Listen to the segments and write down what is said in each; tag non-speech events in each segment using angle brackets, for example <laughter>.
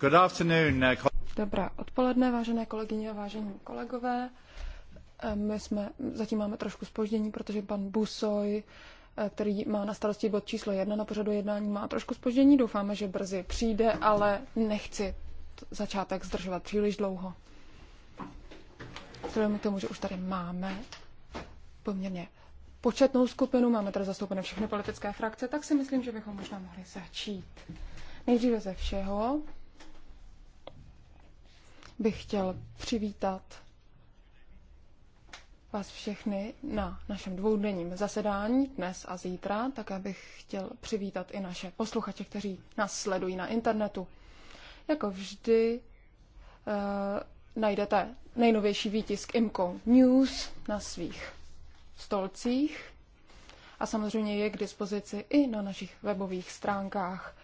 Good afternoon. Uh, Dobrá odpoledne, vážené kolegyně a vážení kolegové. Eh, my jsme, zatím máme trošku spoždění, protože pan Busoj, eh, který má na starosti bod číslo jedna na pořadu jednání, má trošku spoždění. Doufáme, že brzy přijde, ale nechci začátek zdržovat příliš dlouho. Vzhledem k tomu, že už tady máme poměrně početnou skupinu, máme tady zastoupené všechny politické frakce, tak si myslím, že bychom možná mohli začít. Nejdříve ze všeho bych chtěl přivítat vás všechny na našem dvoudenním zasedání dnes a zítra. Také bych chtěl přivítat i naše posluchače, kteří nás sledují na internetu. Jako vždy eh, najdete nejnovější výtisk IMCO News na svých stolcích a samozřejmě je k dispozici i na našich webových stránkách.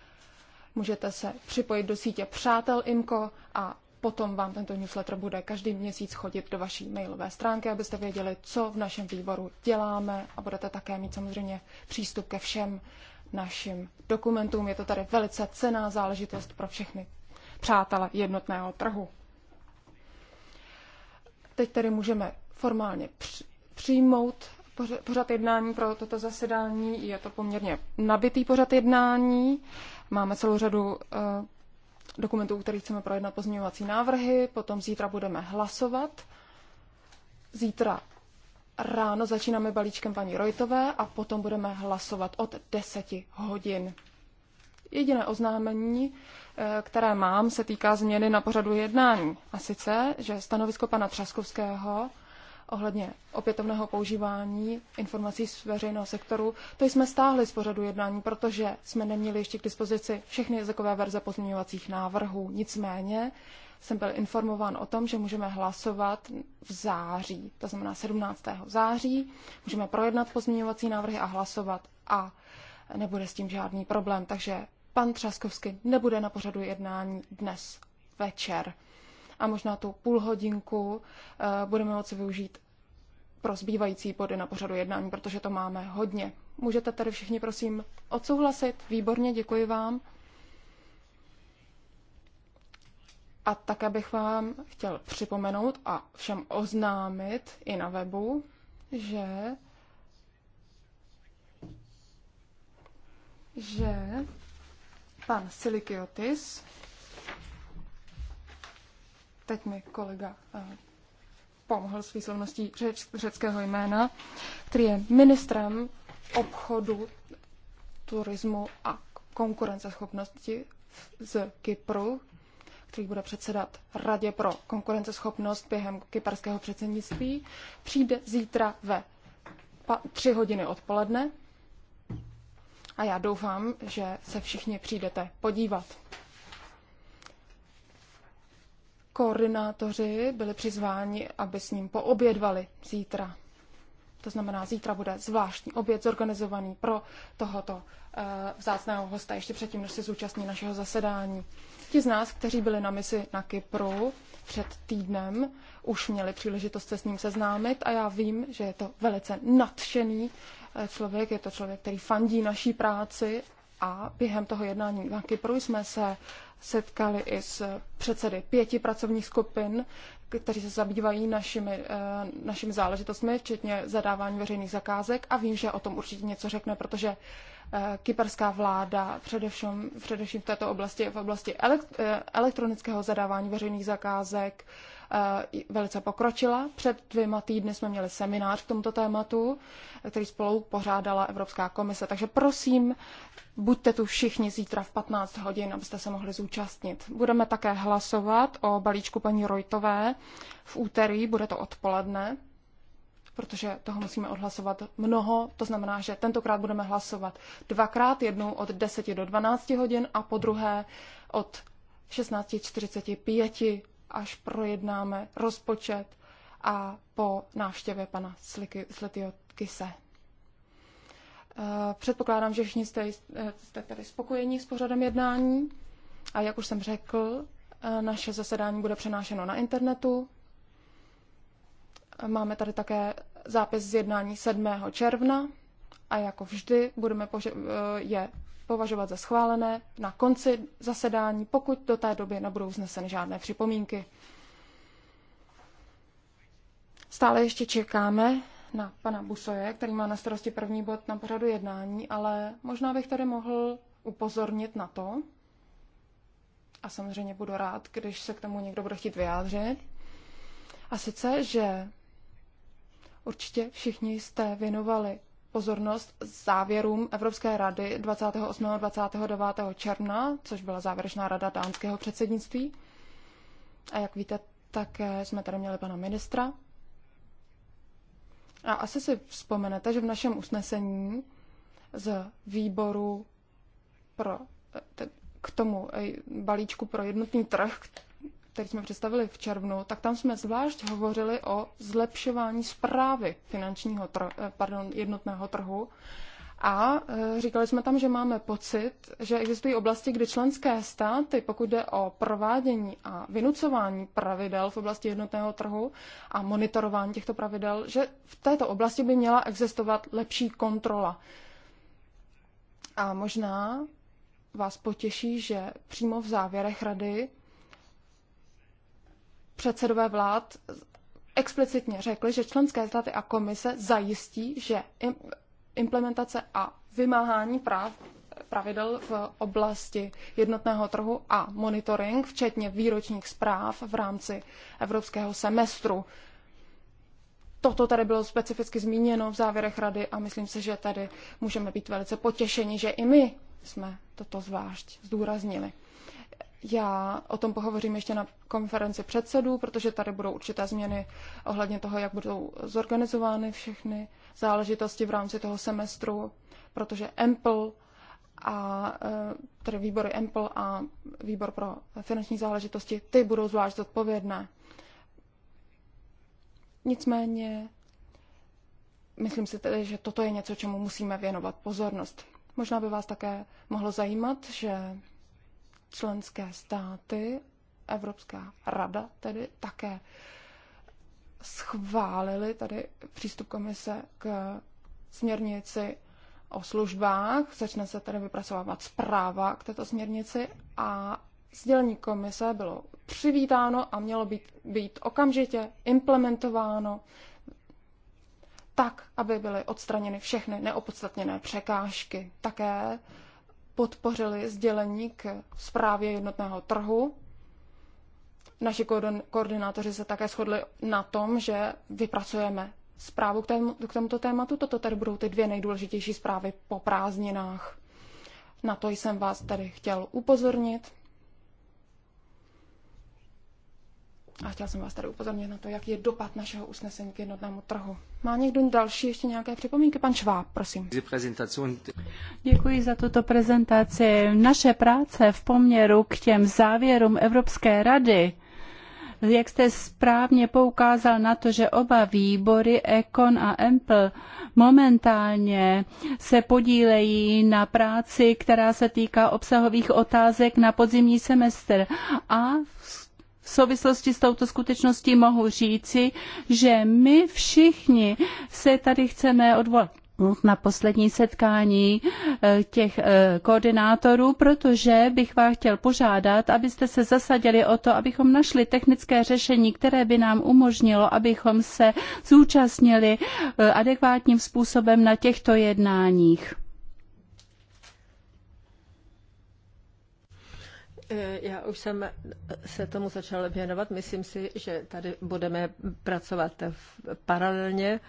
Můžete se připojit do sítě Přátel IMCO a Potom vám tento newsletter bude každý měsíc chodit do vaší mailové stránky, abyste věděli, co v našem výboru děláme a budete také mít samozřejmě přístup ke všem našim dokumentům. Je to tady velice cená záležitost pro všechny přátelé jednotného trhu. Teď tedy můžeme formálně přijmout pořad jednání pro toto zasedání. Je to poměrně nabitý pořad jednání. Máme celou řadu eh, dokumentů, který chceme projednat pozměňovací návrhy, potom zítra budeme hlasovat. Zítra ráno začínáme balíčkem paní Rojtové a potom budeme hlasovat od 10 hodin. Jediné oznámení, eh, které mám, se týká změny na pořadu jednání. A sice, že stanovisko pana Třaskovského ohledně opětovného používání informací z veřejného sektoru. To jsme stáhli z pořadu jednání, protože jsme neměli ještě k dispozici všechny jazykové verze pozměňovacích návrhů. Nicméně jsem byl informován o tom, že můžeme hlasovat v září, to znamená 17. září. Můžeme projednat pozměňovací návrhy a hlasovat a nebude s tím žádný problém. Takže pan Třaskovsky nebude na pořadu jednání dnes večer a možná tu půl hodinku eh, budeme moci využít pro zbývající body na pořadu jednání, protože to máme hodně. Můžete tady všichni, prosím, odsouhlasit. Výborně, děkuji vám. A také bych vám chtěl připomenout a všem oznámit i na webu, že že pan Silikiotis Teď mi kolega eh, pomohl s výslovností řeč, řeckého jména, který je ministrem obchodu, turismu a konkurenceschopnosti z Kypru, který bude předsedat Radě pro konkurenceschopnost během kyperského předsednictví, přijde zítra ve tři hodiny odpoledne a já doufám, že se všichni přijdete podívat. Koordinátoři byli přizváni, aby s ním poobědvali zítra. To znamená, zítra bude zvláštní oběd zorganizovaný pro tohoto eh, vzácného hosta, ještě předtím, než se zúčastní našeho zasedání. Ti z nás, kteří byli na misi na Kypru před týdnem, už měli příležitost se s ním seznámit a já vím, že je to velice nadšený eh, člověk, je to člověk, který fandí naší práci a během toho jednání na Kypru jsme se setkali i s předsedy pěti pracovních skupin, kteří se zabývají našimi, eh, našimi záležitostmi, včetně zadávání veřejných zakázek a vím, že o tom určitě něco řekne, protože eh, kyperská vláda především, především v této oblasti, v oblasti eh, elektronického zadávání veřejných zakázek, Eh, velice pokročila. Před dvěma týdny jsme měli seminář k tomuto tématu, který spolu pořádala Evropská komise. Takže prosím, buďte tu všichni zítra v 15 hodin, abyste se mohli zúčastnit. Budeme také hlasovat o balíčku paní Rojtové v úterý, bude to odpoledne, protože toho musíme odhlasovat mnoho. To znamená, že tentokrát budeme hlasovat dvakrát, jednou od 10 do 12 hodin a po druhé od 16.45 až projednáme rozpočet a po návštěvě pana Kise. Eh, předpokládám, že všichni jste, jste tady spokojení s pořadem jednání a jak už jsem řekl, eh, naše zasedání bude přenášeno na internetu. Eh, máme tady také zápis z jednání 7. června a jako vždy budeme eh, je považovat za schválené na konci zasedání, pokud do té doby nebudou vzneseny žádné připomínky. Stále ještě čekáme na pana Busoje, který má na starosti první bod na pořadu jednání, ale možná bych tady mohl upozornit na to, a samozřejmě budu rád, když se k tomu někdo bude chtít vyjádřit, a sice, že určitě všichni jste věnovali pozornost závěrům Evropské rady 28. a 29. června, což byla závěrečná rada dánského předsednictví. A jak víte, tak jsme tady měli pana ministra. A asi si vzpomenete, že v našem usnesení z výboru pro, eh, k tomu eh, balíčku pro jednotný trh, který jsme představili v červnu, tak tam jsme zvlášť hovořili o zlepšování zprávy finančního trhu, eh, pardon, jednotného trhu. A eh, říkali jsme tam, že máme pocit, že existují oblasti, kdy členské státy, pokud jde o provádění a vynucování pravidel v oblasti jednotného trhu a monitorování těchto pravidel, že v této oblasti by měla existovat lepší kontrola. A možná vás potěší, že přímo v závěrech rady předsedové vlád explicitně řekli, že členské státy a komise zajistí, že implementace a vymáhání práv pravidel v oblasti jednotného trhu a monitoring, včetně výročních zpráv v rámci evropského semestru. Toto tady bylo specificky zmíněno v závěrech rady a myslím si, že tady můžeme být velice potěšeni, že i my jsme toto zvlášť zdůraznili. Já o tom pohovořím ještě na konferenci předsedů, protože tady budou určité změny ohledně toho, jak budou zorganizovány všechny záležitosti v rámci toho semestru, protože EMPL a e, tedy výbory EMPL a výbor pro finanční záležitosti, ty budou zvlášť zodpovědné. Nicméně, myslím si tedy, že toto je něco, čemu musíme věnovat pozornost. Možná by vás také mohlo zajímat, že členské státy, Evropská rada tedy také schválili tady přístup komise k směrnici o službách. Začne se tady vypracovávat zpráva k této směrnici a sdělení komise bylo přivítáno a mělo být, být okamžitě implementováno tak, aby byly odstraněny všechny neopodstatněné překážky. Také podpořili sdělení k zprávě jednotného trhu. Naši koordinátoři se také shodli na tom, že vypracujeme zprávu k, tém, k tomuto tématu. Toto tady budou ty dvě nejdůležitější zprávy po prázdninách. Na to jsem vás tady chtěl upozornit. A chtěla jsem vás tady upozornit na to, jaký je dopad našeho usnesení k jednotnému trhu. Má někdo další ještě nějaké připomínky? Pan Šváb, prosím. Děkuji za tuto prezentaci. Naše práce v poměru k těm závěrům Evropské rady jak jste správně poukázal na to, že oba výbory, Econ a Empl, momentálně se podílejí na práci, která se týká obsahových otázek na podzimní semestr a v v souvislosti s touto skutečností mohu říci, že my všichni se tady chceme odvolat na poslední setkání eh, těch eh, koordinátorů, protože bych vás chtěl požádat, abyste se zasadili o to, abychom našli technické řešení, které by nám umožnilo, abychom se zúčastnili eh, adekvátním způsobem na těchto jednáních. Eh, já už jsem se tomu začala věnovat. Myslím si, že tady budeme pracovat paralelně.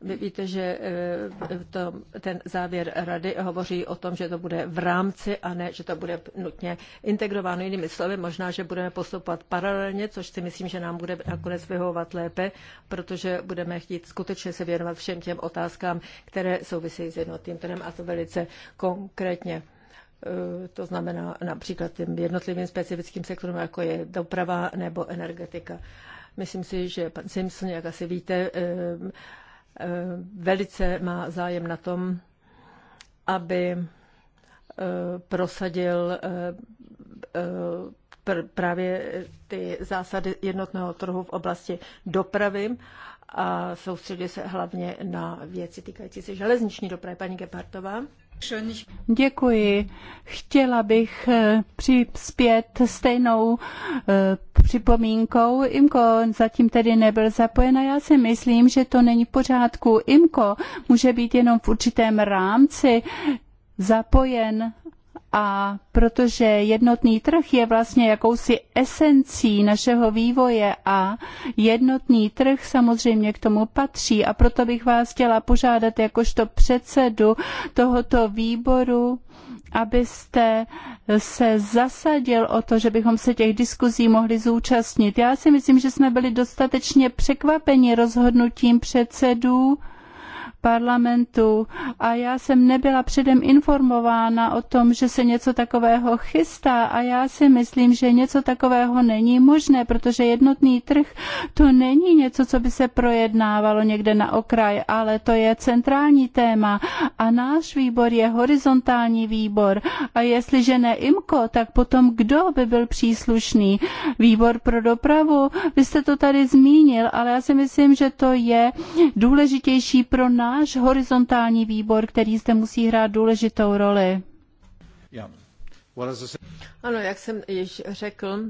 Vy víte, že eh, to, ten závěr rady hovoří o tom, že to bude v rámci a ne, že to bude nutně integrováno. Jinými slovy, možná, že budeme postupovat paralelně, což si myslím, že nám bude nakonec vyhovovat lépe, protože budeme chtít skutečně se věnovat všem těm otázkám, které souvisejí s jednotným trhem a to velice konkrétně. Eh, to znamená například tím jednotlivým specifickým sektorům, jako je doprava nebo energetika. Myslím si, že pan Simpson, jak asi víte, eh, eh, velice má zájem na tom, aby prosadil právě ty zásady jednotného trhu v oblasti dopravy a soustředil se hlavně na věci týkající se železniční dopravy. Paní Gepartová. Děkuji. Chtěla bych eh, přispět stejnou eh, připomínkou. IMKO zatím tedy nebyl zapojen a já si myslím, že to není v pořádku. IMKO může být jenom v určitém rámci zapojen a protože jednotný trh je vlastně jakousi esencí našeho vývoje a jednotný trh samozřejmě k tomu patří. A proto bych vás chtěla požádat jakožto předsedu tohoto výboru, abyste se zasadil o to, že bychom se těch diskuzí mohli zúčastnit. Já si myslím, že jsme byli dostatečně překvapeni rozhodnutím předsedů, parlamentu a já jsem nebyla předem informována o tom, že se něco takového chystá a já si myslím, že něco takového není možné, protože jednotný trh to není něco, co by se projednávalo někde na okraj, ale to je centrální téma a náš výbor je horizontální výbor a jestliže ne IMKO, tak potom kdo by byl příslušný? Výbor pro dopravu? Vy jste to tady zmínil, ale já si myslím, že to je důležitější pro nás náš horizontální výbor, který zde musí hrát důležitou roli. Ano, jak jsem již řekl,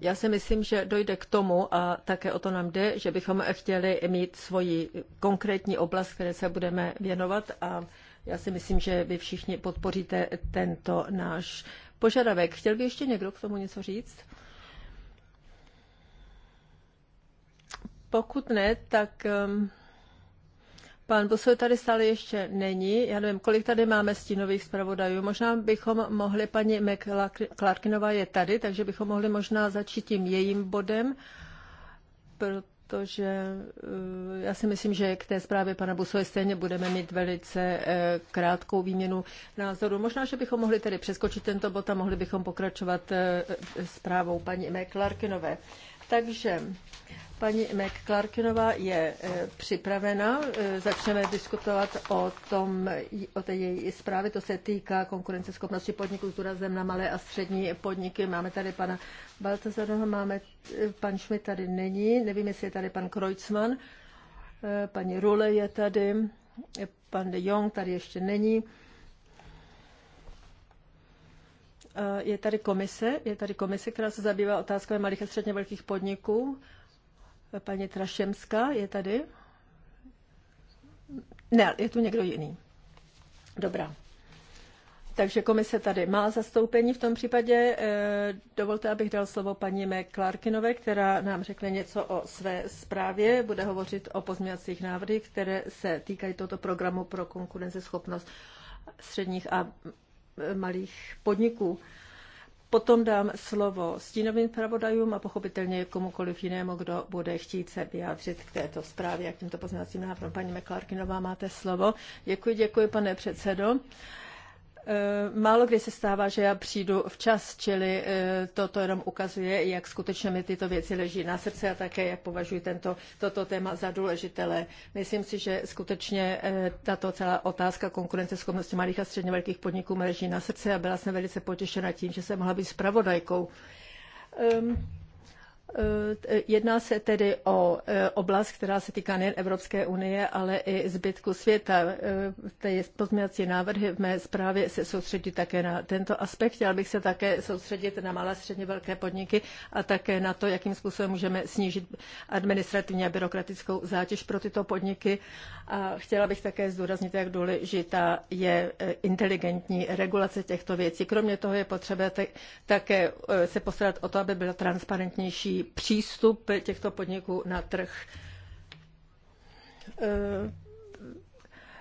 já si myslím, že dojde k tomu, a také o to nám jde, že bychom chtěli mít svoji konkrétní oblast, které se budeme věnovat a já si myslím, že vy všichni podpoříte tento náš požadavek. Chtěl by ještě někdo k tomu něco říct? Pokud ne, tak um, Pan Busoj tady stále ještě není. Já nevím, kolik tady máme stínových zpravodajů. Možná bychom mohli, paní McClarkinová je tady, takže bychom mohli možná začít tím jejím bodem, protože eh, já si myslím, že k té zprávě pana Busové stejně budeme mít velice eh, krátkou výměnu názorů. Možná, že bychom mohli tedy přeskočit tento bod a mohli bychom pokračovat zprávou eh, paní McClarkinové. Takže paní McClarkinová je e, připravena. E, začneme diskutovat o, tom, o té její zprávě. To se týká konkurenceschopnosti podniků s důrazem na malé a střední podniky. Máme tady pana Baltazarova, máme, e, pan Šmit tady není, nevím, jestli je tady pan Kreutzmann, paní Rule je tady, pan de Jong tady ještě není. Eh, je tady komise, je tady komise, která se zabývá otázkami malých a středně velkých podniků. Eh, paní Trašemská je tady. Ne, je tu někdo jiný. Dobrá. Takže komise tady má zastoupení v tom případě. Eh, dovolte, abych dal slovo paní McClarkinové, která nám řekne něco o své zprávě. Bude hovořit o pozměňovacích návrhy, které se týkají tohoto programu pro konkurenceschopnost středních a malých podniků. Potom dám slovo stínovým pravodajům a pochopitelně komukoliv jinému, kdo bude chtít se vyjádřit k této zprávě a k těmto poznacím návrhům. Paní Meklárkinová, máte slovo. Děkuji, děkuji, pane předsedo. Eh, málo kdy se stává, že já přijdu včas, čili eh, to jenom ukazuje, jak skutečně mi tyto věci leží na srdce a také jak považuji tento, toto téma za důležité. Myslím si, že skutečně eh, tato celá otázka konkurenceschopnosti malých a středně velkých podniků mi leží na srdce a byla jsem velice potěšena tím, že jsem mohla být zpravodajkou. Um, Eh, jedná se tedy o eh, oblast, která se týká nejen Evropské unie, ale i zbytku světa. Eh, ty pozměňovací návrhy v mé zprávě se soustředí také na tento aspekt. Chtěl bych se také soustředit na malé středně velké podniky a také na to, jakým způsobem můžeme snížit administrativní a byrokratickou zátěž pro tyto podniky. A chtěla bych také zdůraznit, jak důležitá je inteligentní regulace těchto věcí. Kromě toho je potřeba také se postarat o to, aby byla transparentnější přístup těchto podniků na trh. Eh,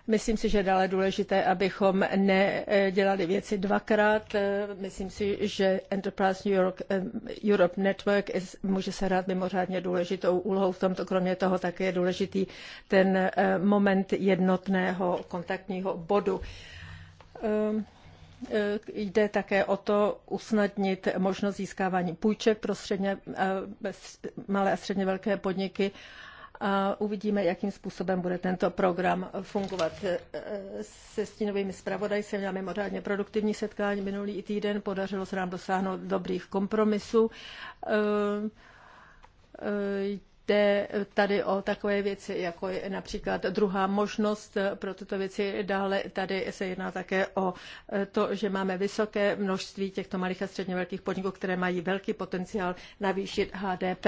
myslím si, že je dále důležité, abychom nedělali věci dvakrát. Eh, myslím si, že Enterprise York, eh, Europe Network může se hrát mimořádně důležitou úlohou v tomto. Kromě toho také je důležitý ten moment jednotného kontaktního bodu. Um, Eh, jde také o to usnadnit možnost získávání půjček pro středně, eh, malé a středně velké podniky a uvidíme, jakým způsobem bude tento program fungovat. Eh, se stínovými zpravodaji jsem měla mimořádně produktivní setkání minulý týden, podařilo se nám dosáhnout dobrých kompromisů jde tady o takové věci, jako je například druhá možnost pro tyto věci. Dále tady se jedná také o to, že máme vysoké množství těchto malých a středně velkých podniků, které mají velký potenciál navýšit HDP.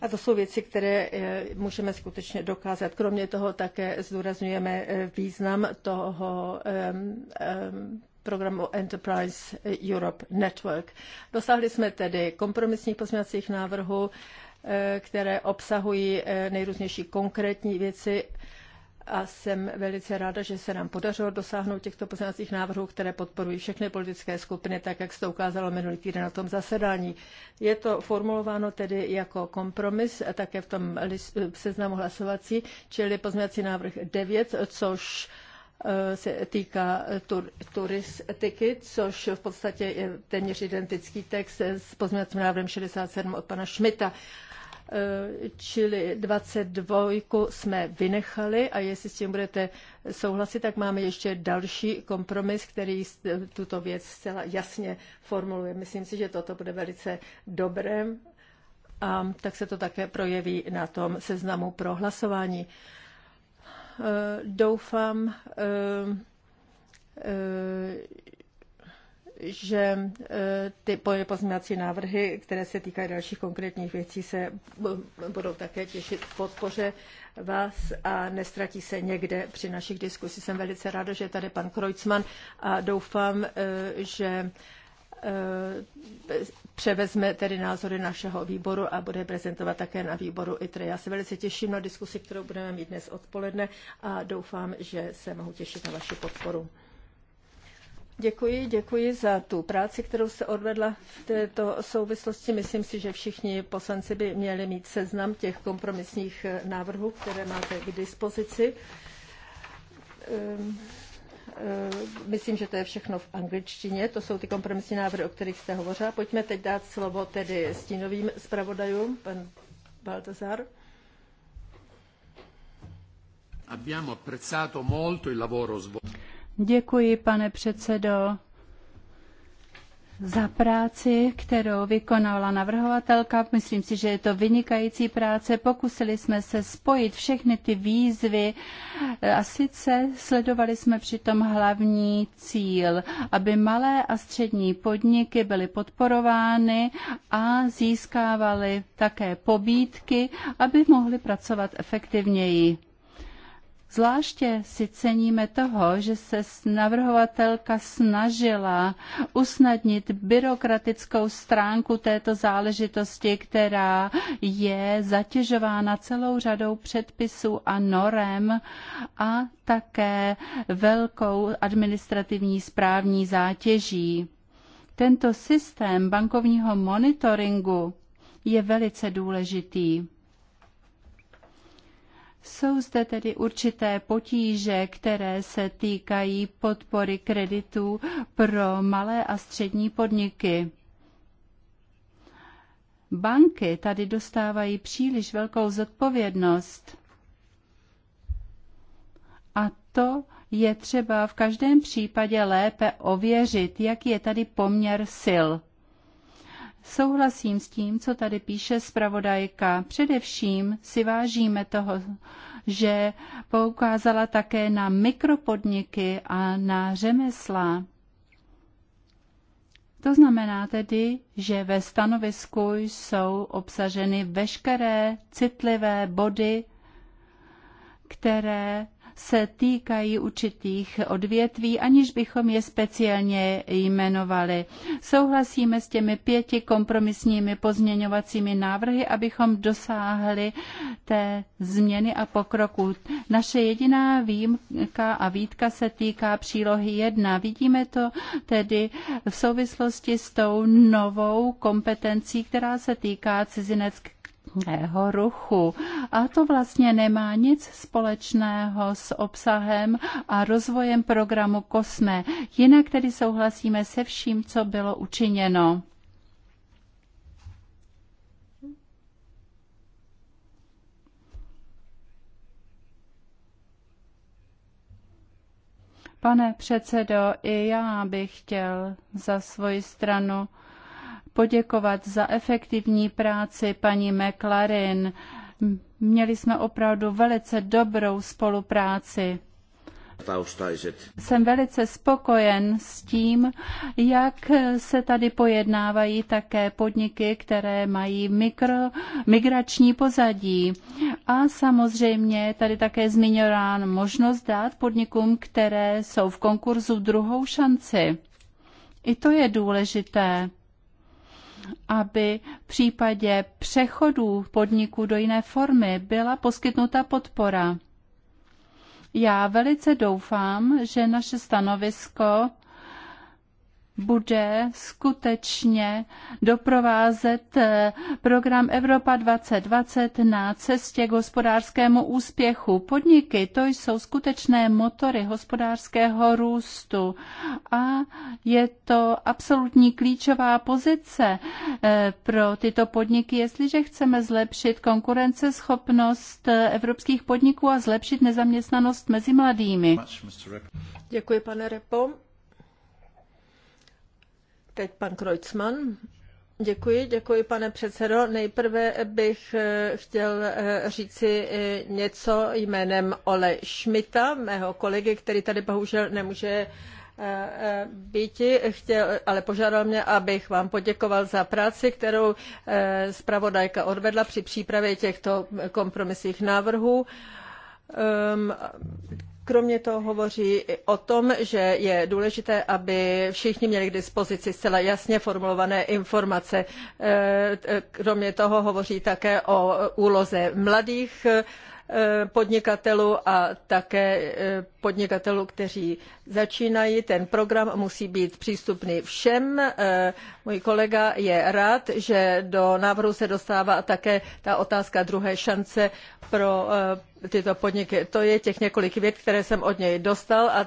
A to jsou věci, které eh, můžeme skutečně dokázat. Kromě toho také zdůrazňujeme eh, význam toho ehm, ehm, programu Enterprise Europe Network. Dosáhli jsme tedy kompromisních pozměňovacích návrhů. Eh, které obsahují eh, nejrůznější konkrétní věci a jsem velice ráda, že se nám podařilo dosáhnout těchto pozměňovacích návrhů, které podporují všechny politické skupiny, tak jak se to ukázalo minulý týden na tom zasedání. Je to formulováno tedy jako kompromis, také v tom seznamu hlasovací, čili pozměňovací návrh 9, což Eh, se týká eh, tur, turistiky, což v podstatě je téměř identický text s pozměňovacím návrhem 67 od pana Šmita. Eh, čili 22 jsme vynechali a jestli s tím budete souhlasit, tak máme ještě další kompromis, který tuto věc zcela jasně formuluje. Myslím si, že toto bude velice dobré a tak se to také projeví na tom seznamu pro hlasování. Eh, doufám, eh, eh, že ty pozměňovací návrhy, které se týkají dalších konkrétních věcí, se budou také těšit podpoře vás a nestratí se někde při našich diskusích. Jsem velice ráda, že je tady pan Kreutzmann a doufám, že Eh, převezme tedy názory našeho výboru a bude prezentovat také na výboru ITRE. Já se velice těším na diskusi, kterou budeme mít dnes odpoledne a doufám, že se mohu těšit na vaši podporu. Děkuji, děkuji za tu práci, kterou se odvedla v této souvislosti. Myslím si, že všichni poslanci by měli mít seznam těch kompromisních eh, návrhů, které máte k dispozici. Um Eh, myslím, že to je všechno v angličtině. To jsou ty kompromisní návrhy, o kterých jste hovořila. Pojďme teď dát slovo tedy stínovým zpravodajům, pan Baltazar. Děkuji, pane předsedo za práci, kterou vykonala navrhovatelka. Myslím si, že je to vynikající práce. Pokusili jsme se spojit všechny ty výzvy eh, a sice sledovali jsme přitom hlavní cíl, aby malé a střední podniky byly podporovány a získávaly také pobídky, aby mohly pracovat efektivněji. Zvláště si ceníme toho, že se navrhovatelka snažila usnadnit byrokratickou stránku této záležitosti, která je zatěžována celou řadou předpisů a norem a také velkou administrativní správní zátěží. Tento systém bankovního monitoringu je velice důležitý. Jsou zde tedy určité potíže, které se týkají podpory kreditů pro malé a střední podniky. Banky tady dostávají příliš velkou zodpovědnost. A to je třeba v každém případě lépe ověřit, jak je tady poměr sil. Souhlasím s tím, co tady píše zpravodajka. Především si vážíme toho, že poukázala také na mikropodniky a na řemesla. To znamená tedy, že ve stanovisku jsou obsaženy veškeré citlivé body, které se týkají určitých odvětví, aniž bychom je speciálně jmenovali. Souhlasíme s těmi pěti kompromisními pozměňovacími návrhy, abychom dosáhli té změny a pokroku. Naše jediná výjimka a výtka se týká přílohy 1. Vidíme to tedy v souvislosti s tou novou kompetencí, která se týká cizinecké mého ruchu. A to vlastně nemá nic společného s obsahem a rozvojem programu Kosme. Jinak tedy souhlasíme se vším, co bylo učiněno. Pane předsedo, i já bych chtěl za svoji stranu poděkovat za efektivní práci paní McLaren. Měli jsme opravdu velice dobrou spolupráci. Jsem velice spokojen s tím, jak se tady pojednávají také podniky, které mají mikro, migrační pozadí. A samozřejmě tady také zmiňován možnost dát podnikům, které jsou v konkurzu druhou šanci. I to je důležité aby v případě přechodu podniku do jiné formy byla poskytnuta podpora. Já velice doufám, že naše stanovisko bude skutečně doprovázet eh, program Evropa 2020 na cestě k hospodářskému úspěchu. Podniky to jsou skutečné motory hospodářského růstu a je to absolutní klíčová pozice eh, pro tyto podniky, jestliže chceme zlepšit konkurenceschopnost eh, evropských podniků a zlepšit nezaměstnanost mezi mladými. Děkuji, pane Repo. Teď pan Kreutzmann. Děkuji, děkuji, pane předsedo. Nejprve bych eh, chtěl eh, říci eh, něco jménem Ole Šmita, mého kolegy, který tady bohužel nemůže býti, ale požádal mě, abych vám poděkoval za práci, kterou zpravodajka odvedla při přípravě těchto kompromisních návrhů ehm, Kromě toho hovoří i o tom, že je důležité, aby všichni měli k dispozici zcela jasně formulované informace. E, kromě toho hovoří také o úloze mladých Eh, podnikatelů a také eh, podnikatelů, kteří začínají. Ten program musí být přístupný všem. Eh, můj kolega je rád, že do návrhu se dostává také ta otázka druhé šance pro tyto podniky. To je těch několik vět, které jsem od něj dostal a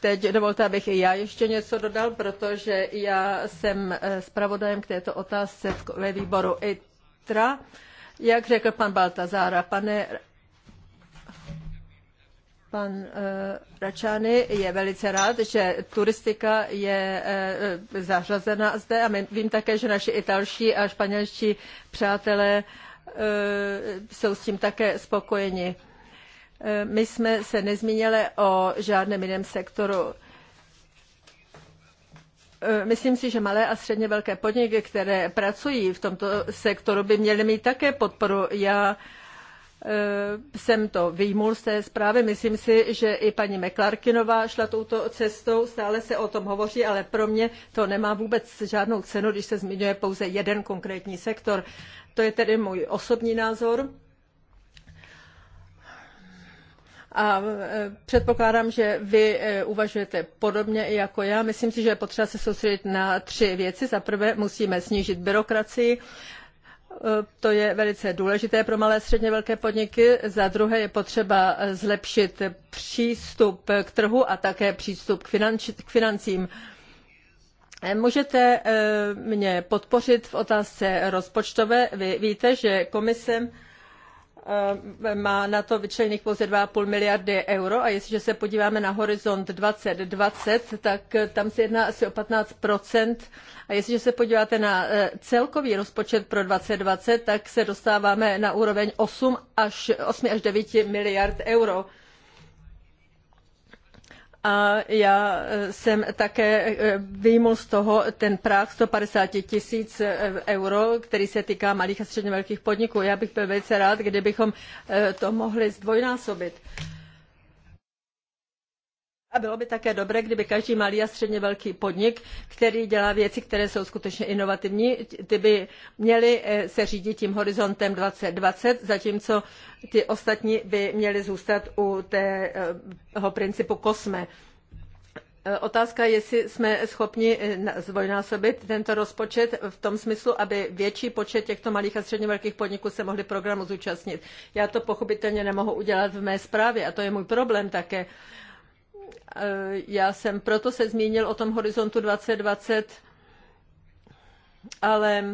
Teď dovolte, abych i já ještě něco dodal, protože já jsem zpravodajem k této otázce ve výboru ITRA. Jak řekl pan Baltazára, pane Pan eh, Račány je velice rád, že turistika je eh, zařazena zde a my, vím také, že naši italští a španělští přátelé eh, jsou s tím také spokojeni. My jsme se nezmínili o žádném jiném sektoru. E, myslím si, že malé a středně velké podniky, které pracují v tomto sektoru, by měly mít také podporu. Já e, jsem to vyjmul z té zprávy. Myslím si, že i paní Meklarkinová šla touto cestou, stále se o tom hovoří, ale pro mě to nemá vůbec žádnou cenu, když se zmiňuje pouze jeden konkrétní sektor. To je tedy můj osobní názor. a e, předpokládám, že vy e, uvažujete podobně i jako já. Myslím si, že je potřeba se soustředit na tři věci. Za prvé musíme snížit byrokracii, e, to je velice důležité pro malé a středně velké podniky. Za druhé je potřeba zlepšit přístup k trhu a také přístup k, finanč, k financím. Můžete mě podpořit v otázce rozpočtové. Vy víte, že komise Eh, má na to vyčleněných pouze 2,5 miliardy euro a jestliže se podíváme na horizont 2020, tak eh, tam se jedná asi o 15 a jestliže se podíváte na eh, celkový rozpočet pro 2020, tak se dostáváme na úroveň 8 až, 8 až 9 miliard euro a já e, jsem také e, vyjmul z toho ten práh 150 tisíc e, euro, který se týká malých a středně velkých podniků. Já bych byl velice rád, kdybychom to mohli zdvojnásobit. Uh, a bylo by také dobré, kdyby každý malý a středně velký podnik, který dělá věci, které jsou skutečně inovativní, ty by měly eh, se řídit tím horizontem 2020, zatímco ty ostatní by měly zůstat u tého principu kosme. Eh, otázka, je, jestli jsme schopni eh, zdvojnásobit tento rozpočet v tom smyslu, aby větší počet těchto malých a středně velkých podniků se mohli programu zúčastnit. Já to pochopitelně nemohu udělat v mé zprávě a to je můj problém také. Eh, já jsem proto se zmínil o tom horizontu 2020, ale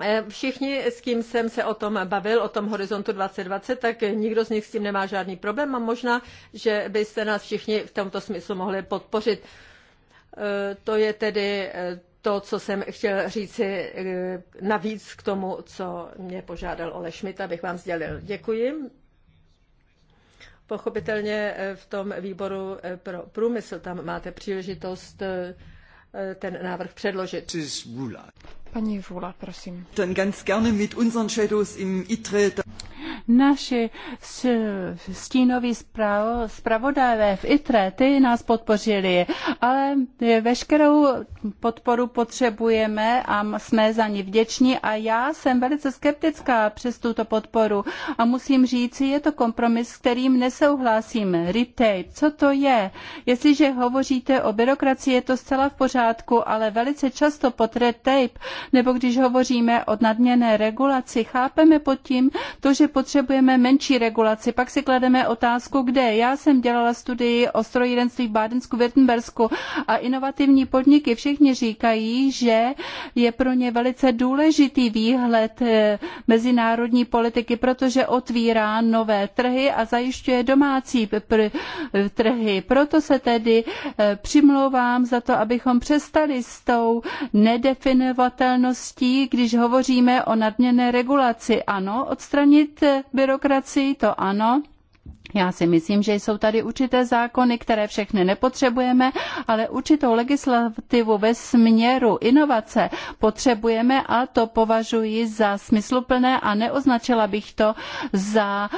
eh, Všichni, s kým jsem se o tom bavil, o tom horizontu 2020, tak nikdo z nich s tím nemá žádný problém a možná, že byste nás všichni v tomto smyslu mohli podpořit. Eh, to je tedy to, co jsem chtěl říci navíc k tomu, co mě požádal Ole Schmidt, abych vám sdělil. Děkuji. Pochopitelně eh, v tom výboru eh, pro průmysl tam máte příležitost eh, ten návrh předložit. Paní Vůla, prosím. Dann ganz gerne mit unseren Shadows im ITRE. Naši stínoví zpravodajové v ITRE, ty nás podpořili, ale veškerou podporu potřebujeme a jsme za ní vděční a já jsem velice skeptická přes tuto podporu a musím říci, je to kompromis, s kterým nesouhlasím. Retail, co to je? Jestliže hovoříte o byrokracii, je to zcela v pořádku, ale velice často pod red tape nebo když hovoříme o nadměrné regulaci, chápeme pod tím to, že potřebujeme menší regulaci. Pak si klademe otázku, kde. Já jsem dělala studii o strojírenství v Bádensku, Württembersku a inovativní podniky všichni říkají, že je pro ně velice důležitý výhled eh, mezinárodní politiky, protože otvírá nové trhy a zajišťuje domácí trhy. Proto se tedy eh, přimlouvám za to, abychom přestali s tou nedefinovatelnou udržitelností, když hovoříme o nadměrné regulaci. Ano, odstranit byrokracii, to ano, já si myslím, že jsou tady určité zákony, které všechny nepotřebujeme, ale určitou legislativu ve směru inovace potřebujeme a to považuji za smysluplné a neoznačila bych to za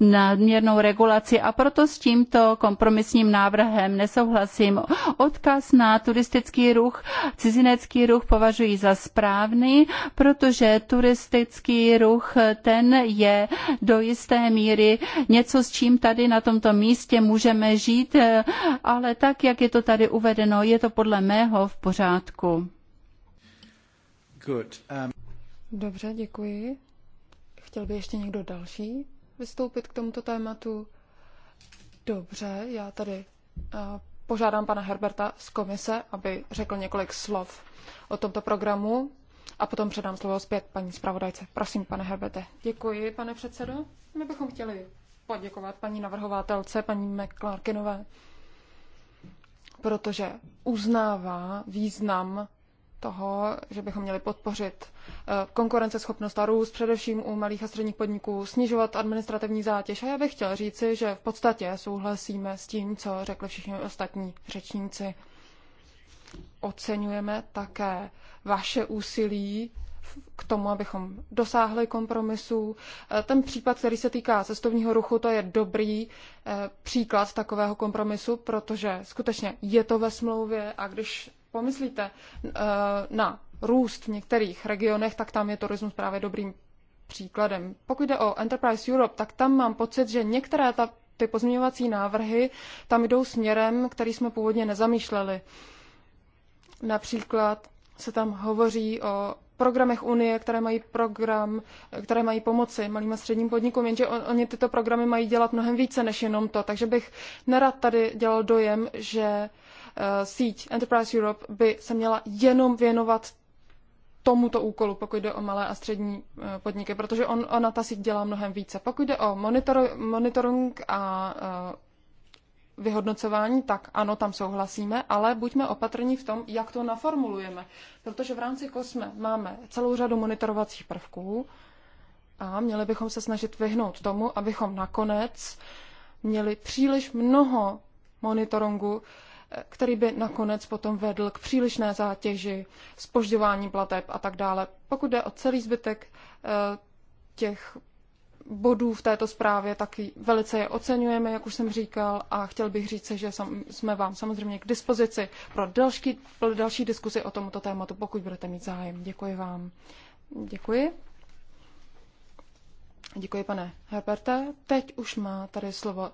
nadměrnou regulaci a proto s tímto kompromisním návrhem nesouhlasím. Odkaz na turistický ruch, cizinecký ruch považuji za správný, protože turistický ruch ten je do jisté míry něco, s čím kterým tady na tomto místě můžeme žít, eh, ale tak, jak je to tady uvedeno, je to podle mého v pořádku. Good. Um... Dobře, děkuji. Chtěl by ještě někdo další vystoupit k tomuto tématu? Dobře, já tady eh, požádám pana Herberta z komise, aby řekl několik slov o tomto programu a potom předám slovo zpět paní zpravodajce. Prosím, pane Herberte. Děkuji, pane předsedo. My bychom chtěli poděkovat paní navrhovatelce, paní McClarkinové, protože uznává význam toho, že bychom měli podpořit eh, konkurenceschopnost a růst především u malých a středních podniků, snižovat administrativní zátěž. A já bych chtěl říci, že v podstatě souhlasíme s tím, co řekli všichni ostatní řečníci. Oceňujeme také vaše úsilí k tomu, abychom dosáhli kompromisů. Eh, ten případ, který se týká cestovního ruchu, to je dobrý eh, příklad takového kompromisu, protože skutečně je to ve smlouvě a když pomyslíte eh, na růst v některých regionech, tak tam je turismus právě dobrým příkladem. Pokud jde o Enterprise Europe, tak tam mám pocit, že některé ta, ty pozměňovací návrhy tam jdou směrem, který jsme původně nezamýšleli. Například se tam hovoří o programech Unie, které mají program, které mají pomoci malým a středním podnikům, jenže on, oni tyto programy mají dělat mnohem více než jenom to. Takže bych nerad tady dělal dojem, že eh, síť Enterprise Europe by se měla jenom věnovat tomuto úkolu, pokud jde o malé a střední eh, podniky, protože on, ona ta síť dělá mnohem více. Pokud jde o monitor, monitoring a eh, vyhodnocování, tak ano, tam souhlasíme, ale buďme opatrní v tom, jak to naformulujeme. Protože v rámci kosme máme celou řadu monitorovacích prvků a měli bychom se snažit vyhnout tomu, abychom nakonec měli příliš mnoho monitoringu, který by nakonec potom vedl k přílišné zátěži, spožďování plateb a tak dále. Pokud jde o celý zbytek eh, těch bodů v této zprávě, taky velice je oceňujeme, jak už jsem říkal, a chtěl bych říct, že jsme vám samozřejmě k dispozici pro další, pro další diskusi o tomto tématu, pokud budete mít zájem. Děkuji vám. Děkuji. Děkuji, pane Herperte. Teď už má tady slovo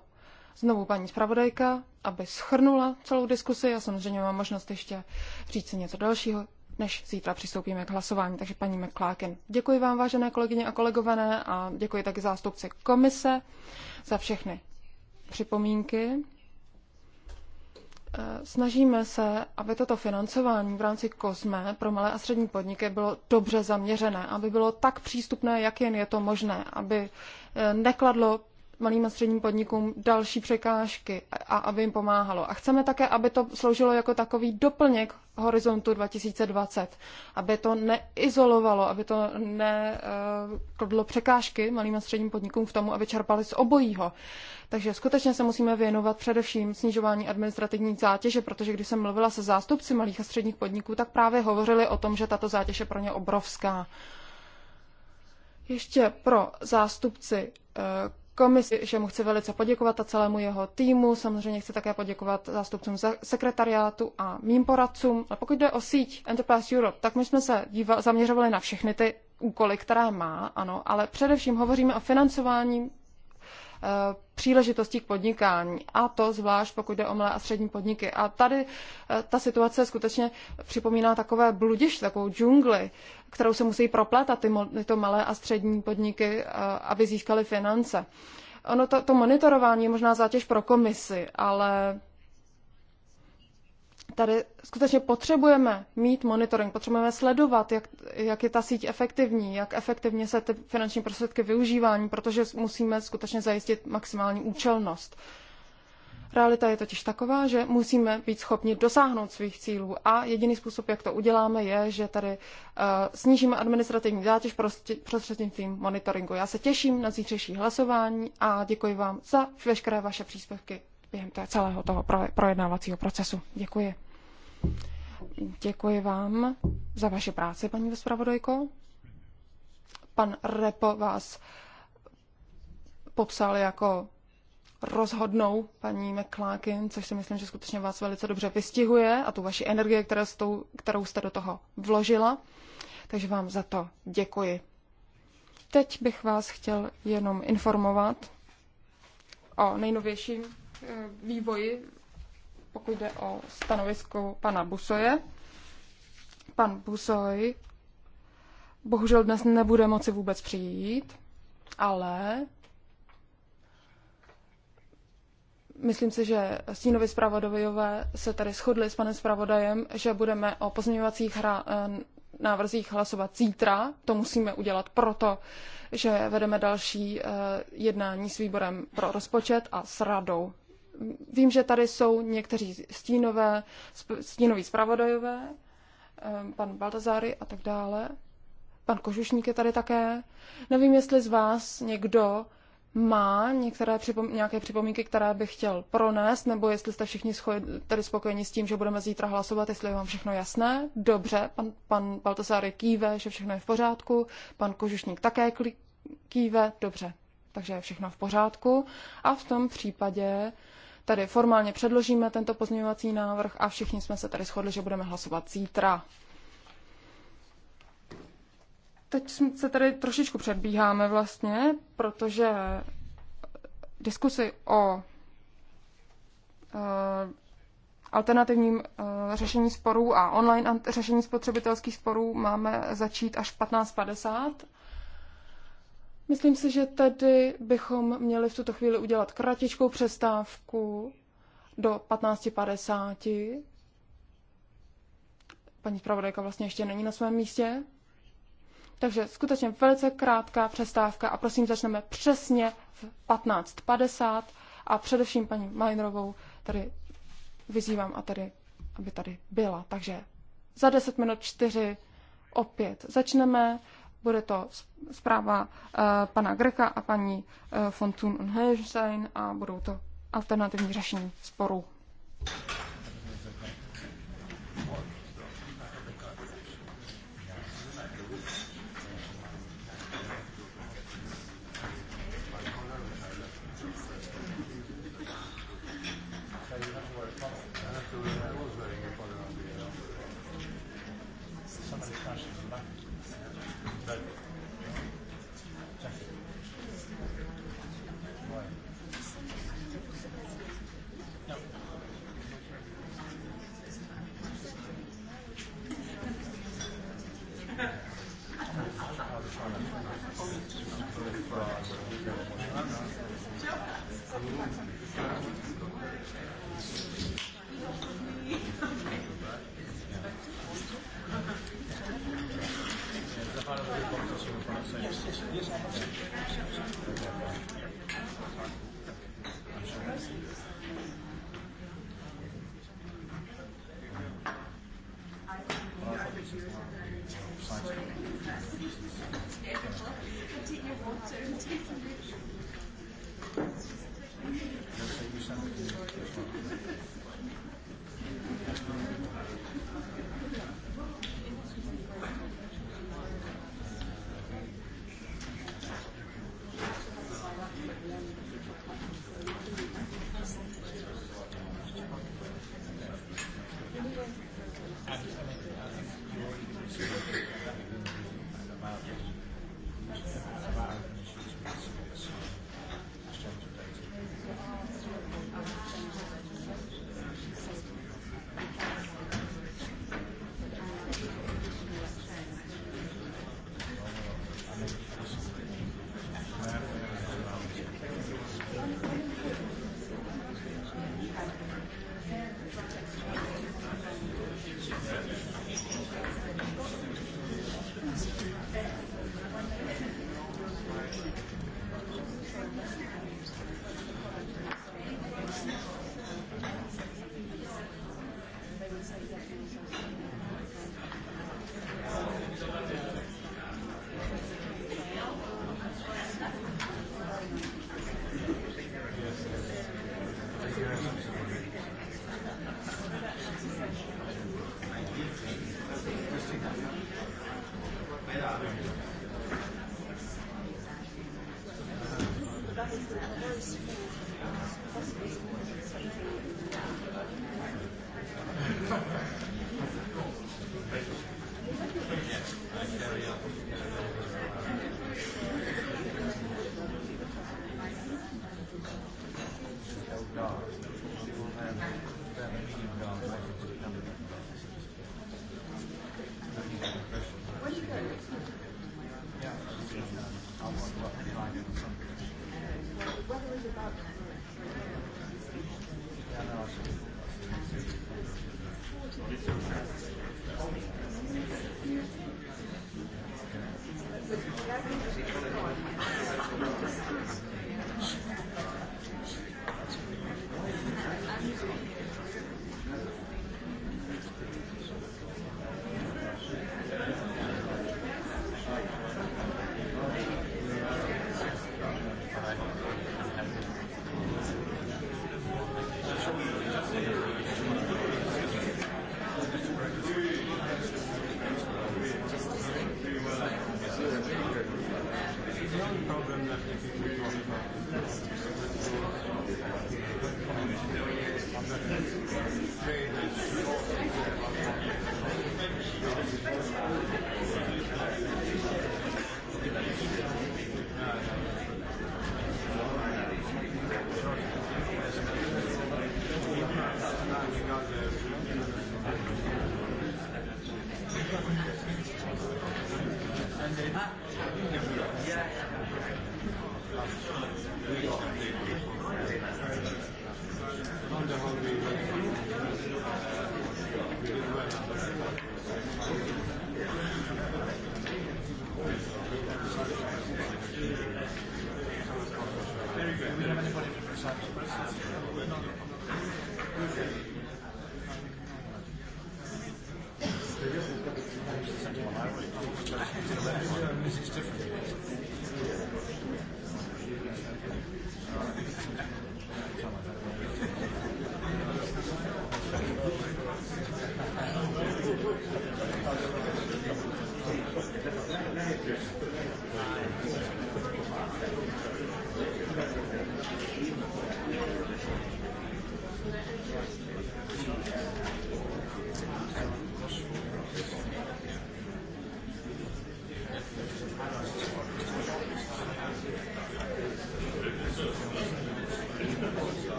znovu paní zpravodajka, aby schrnula celou diskusi. Já samozřejmě mám možnost ještě říct něco dalšího než zítra přistoupíme k hlasování. Takže paní McClarkin, děkuji vám, vážené kolegyně a kolegované, a děkuji taky zástupci komise za všechny připomínky. Eh, snažíme se, aby toto financování v rámci COSME pro malé a střední podniky bylo dobře zaměřené, aby bylo tak přístupné, jak jen je to možné, aby eh, nekladlo malým a středním podnikům další překážky a aby jim pomáhalo. A chceme také, aby to sloužilo jako takový doplněk horizontu 2020, aby to neizolovalo, aby to nekladlo překážky malým a středním podnikům v tomu, aby čerpali z obojího. Takže skutečně se musíme věnovat především snižování administrativní zátěže, protože když jsem mluvila se zástupci malých a středních podniků, tak právě hovořili o tom, že tato zátěž je pro ně obrovská. Ještě pro zástupci eh, komisi, že mu chci velice poděkovat a celému jeho týmu. Samozřejmě chci také poděkovat zástupcům sekretariátu a mým poradcům. A pokud jde o síť Enterprise Europe, tak my jsme se díva, zaměřovali na všechny ty úkoly, které má, ano, ale především hovoříme o financování Eh, příležitostí k podnikání. A to zvlášť, pokud jde o malé a střední podniky. A tady eh, ta situace skutečně připomíná takové bludiště, takovou džungli, kterou se musí proplétat ty, tyto malé a střední podniky, eh, aby získaly finance. Ono to, to monitorování je možná zátěž pro komisi, ale tady skutečně potřebujeme mít monitoring, potřebujeme sledovat, jak, jak je ta síť efektivní, jak efektivně se ty finanční prostředky využívání, protože musíme skutečně zajistit maximální účelnost. Realita je totiž taková, že musíme být schopni dosáhnout svých cílů a jediný způsob, jak to uděláme, je, že tady uh, snížíme administrativní zátěž prostě prostřednictvím monitoringu. Já se těším na zítřejší hlasování a děkuji vám za veškeré vaše příspěvky během té celého toho projednávacího procesu. Děkuji. Děkuji vám za vaši práci, paní zpravodajko. Pan Repo vás popsal jako rozhodnou paní McClarkin, což si myslím, že skutečně vás velice dobře vystihuje a tu vaši energii, kterou jste do toho vložila. Takže vám za to děkuji. Teď bych vás chtěl jenom informovat o nejnovějším eh, vývoji pokud jde o stanovisko pana Busoje. Pan Busoj bohužel dnes nebude moci vůbec přijít, ale myslím si, že stínovi zpravodajové se tady shodli s panem zpravodajem, že budeme o pozměňovacích hra, eh, návrzích hlasovat zítra. To musíme udělat proto, že vedeme další eh, jednání s výborem pro rozpočet a s radou vím, že tady jsou někteří stínové, stínoví zpravodajové, eh, pan Baltazary a tak dále. Pan Kožušník je tady také. Nevím, jestli z vás někdo má některé připom- nějaké připomínky, které bych chtěl pronést, nebo jestli jste všichni scho- tady spokojeni s tím, že budeme zítra hlasovat, jestli je vám všechno jasné. Dobře, pan, pan Baltasáry kýve, že všechno je v pořádku, pan Kožušník také kýve, dobře, takže je všechno v pořádku. A v tom případě tady formálně předložíme tento pozměňovací návrh a všichni jsme se tady shodli, že budeme hlasovat zítra. Teď se tady trošičku předbíháme vlastně, protože diskusy o eh, alternativním eh, řešení sporů a online řešení spotřebitelských sporů máme začít až 15.50 Myslím si, že tady bychom měli v tuto chvíli udělat kratičkou přestávku do 15.50. Paní zpravodajka vlastně ještě není na svém místě. Takže skutečně velice krátká přestávka a prosím začneme přesně v 15.50 a především paní Majnrovou tady vyzývám a tady, aby tady byla. Takže za 10 minut 4 opět začneme. Bude to zpráva eh, pana Greka a paní eh, von Thun und a budou to alternativní řešení sporů.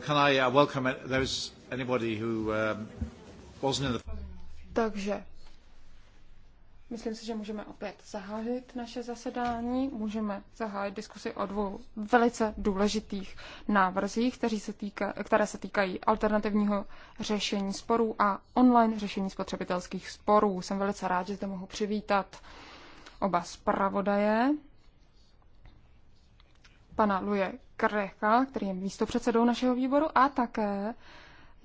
can I uh, welcome those anybody who um, wasn't in the... Takže Myslím si, že můžeme opět zahájit naše zasedání. Můžeme zahájit diskusi o dvou velice důležitých návrzích, se týka, které se týkají alternativního řešení sporů a online řešení spotřebitelských sporů. Jsem velice rád, že zde mohu přivítat oba zpravodaje, pana Luje Krechal, který je místopředsedou našeho výboru a také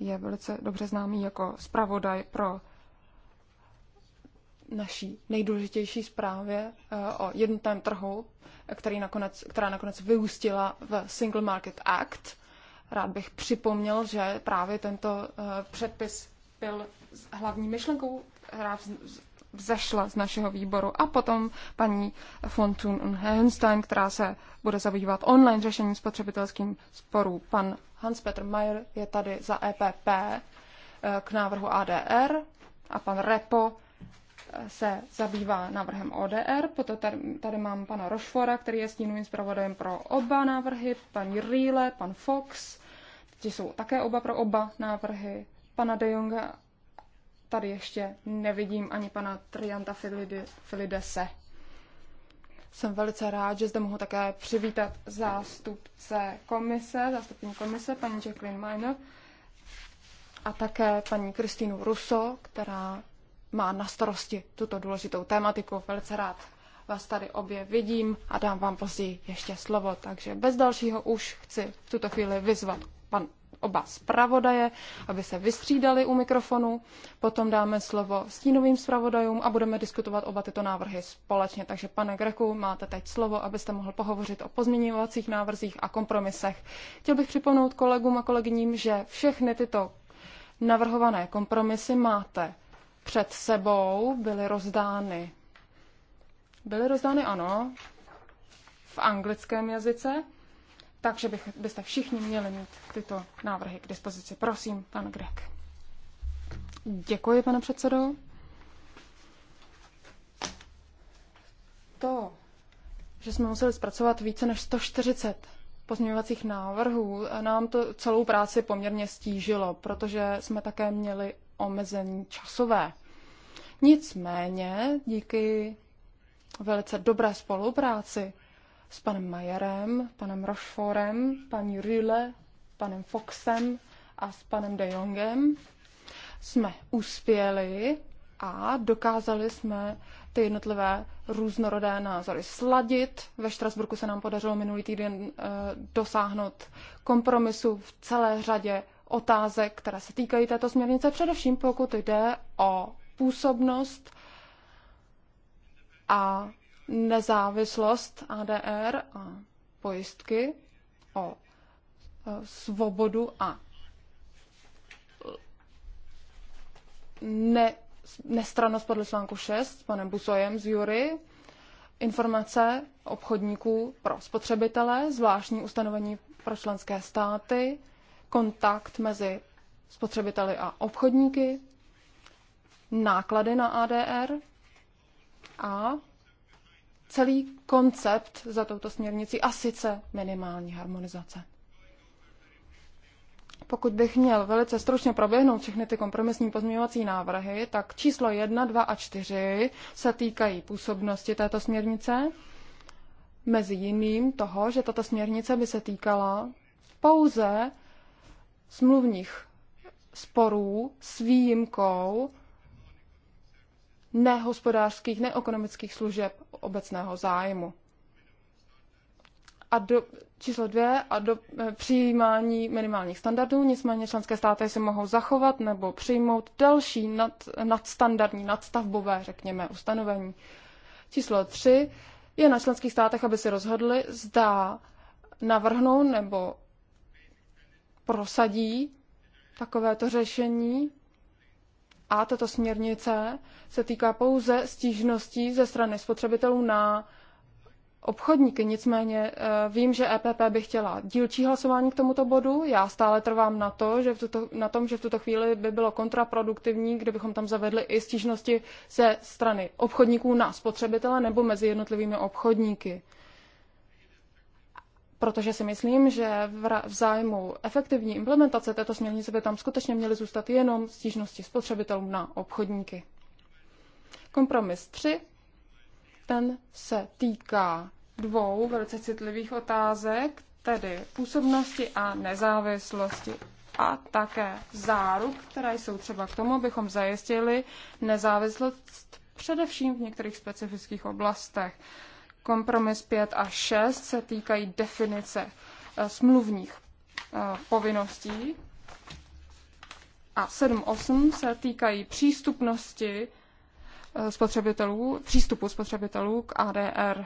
je velice dobře známý jako zpravodaj pro naší nejdůležitější zprávě eh, o jednotném trhu, který nakonec, která nakonec vyústila v Single Market Act. Rád bych připomněl, že právě tento eh, předpis byl hlavní myšlenkou vzešla z našeho výboru. A potom paní von Thun která se bude zabývat online řešením spotřebitelským sporů. Pan Hans-Peter Mayer je tady za EPP eh, k návrhu ADR a pan Repo eh, se zabývá návrhem ODR. Potom tady, tady mám pana Rošfora, který je stínovým zpravodajem pro oba návrhy, paní Rýle, pan Fox, ti jsou také oba pro oba návrhy, pana De Jonga Tady ještě nevidím ani pana Trianta Filidese. Jsem velice rád, že zde mohu také přivítat zástupce komise, zástupní komise, paní Jacqueline Miner a také paní Kristýnu Russo, která má na starosti tuto důležitou tématiku. Velice rád vás tady obě vidím a dám vám později ještě slovo. Takže bez dalšího už chci v tuto chvíli vyzvat pan oba zpravodaje, aby se vystřídali u mikrofonu. Potom dáme slovo stínovým zpravodajům a budeme diskutovat oba tyto návrhy společně. Takže pane Greku, máte teď slovo, abyste mohl pohovořit o pozměňovacích návrzích a kompromisech. Chtěl bych připomnout kolegům a kolegyním, že všechny tyto navrhované kompromisy máte před sebou, byly rozdány. Byly rozdány, ano, v anglickém jazyce takže bych, byste všichni měli mít tyto návrhy k dispozici. Prosím, pan Grek. Děkuji, pane předsedo. To, že jsme museli zpracovat více než 140 pozměňovacích návrhů, nám to celou práci poměrně stížilo, protože jsme také měli omezení časové. Nicméně, díky velice dobré spolupráci s panem Majerem, panem Rochefortem, paní Rille, panem Foxem a s panem De Jongem jsme uspěli a dokázali jsme ty jednotlivé různorodé názory sladit. Ve Štrasburku se nám podařilo minulý týden eh, dosáhnout kompromisu v celé řadě otázek, které se týkají této směrnice, především pokud jde o působnost a nezávislost ADR a pojistky, o e, svobodu a e, ne, nestranost podle článku 6 s panem Busojem z Jury, informace obchodníků pro spotřebitele, zvláštní ustanovení pro členské státy, kontakt mezi spotřebiteli a obchodníky, náklady na ADR a celý koncept za touto směrnicí a sice minimální harmonizace. Pokud bych měl velice stručně proběhnout všechny ty kompromisní pozměňovací návrhy, tak číslo 1, 2 a 4 se týkají působnosti této směrnice. Mezi jiným toho, že tato směrnice by se týkala pouze smluvních sporů s výjimkou nehospodářských, neekonomických služeb obecného zájmu. A do, číslo dvě, a do e, přijímání minimálních standardů, nicméně členské státy si mohou zachovat nebo přijmout další nad, nadstandardní, nadstavbové, řekněme, ustanovení. Číslo tři, je na členských státech, aby si rozhodli, zda navrhnou nebo prosadí takovéto řešení a tato směrnice se týká pouze stížností ze strany spotřebitelů na obchodníky. Nicméně eh, vím, že EPP by chtěla dílčí hlasování k tomuto bodu. Já stále trvám na, to, že v tuto, na tom, že v tuto chvíli by bylo kontraproduktivní, kdybychom tam zavedli i stížnosti ze strany obchodníků na spotřebitele nebo mezi jednotlivými obchodníky protože si myslím, že v zájmu efektivní implementace této směrnice by tam skutečně měly zůstat jenom stížnosti spotřebitelů na obchodníky. Kompromis 3, ten se týká dvou velice citlivých otázek, tedy působnosti a nezávislosti a také záruk, které jsou třeba k tomu, abychom zajistili nezávislost především v některých specifických oblastech. Kompromis 5 a 6 se týkají definice eh, smluvních eh, povinností a 7.8 se týkají přístupnosti eh, spotřebitelů, přístupu spotřebitelů k ADR.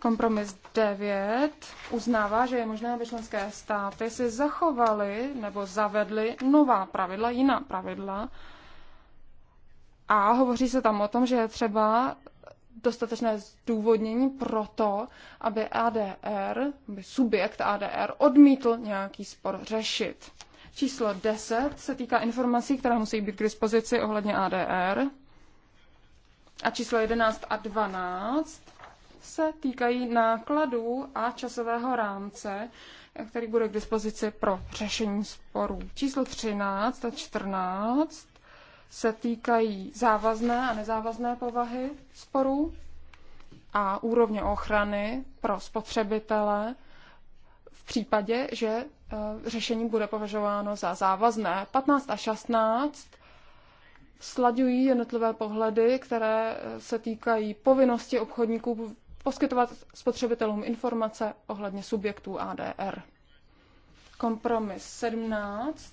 Kompromis 9 uznává, že je možné, aby členské státy si zachovaly nebo zavedly nová pravidla, jiná pravidla. A hovoří se tam o tom, že je třeba dostatečné zdůvodnění pro to, aby ADR, aby subjekt ADR odmítl nějaký spor řešit. Číslo 10 se týká informací, které musí být k dispozici ohledně ADR. A číslo 11 a 12 se týkají nákladů a časového rámce, který bude k dispozici pro řešení sporů. Číslo 13 a 14 se týkají závazné a nezávazné povahy sporů a úrovně ochrany pro spotřebitele v případě, že e, řešení bude považováno za závazné. 15 a 16 slaďují jednotlivé pohledy, které e, se týkají povinnosti obchodníků poskytovat spotřebitelům informace ohledně subjektů ADR. Kompromis 17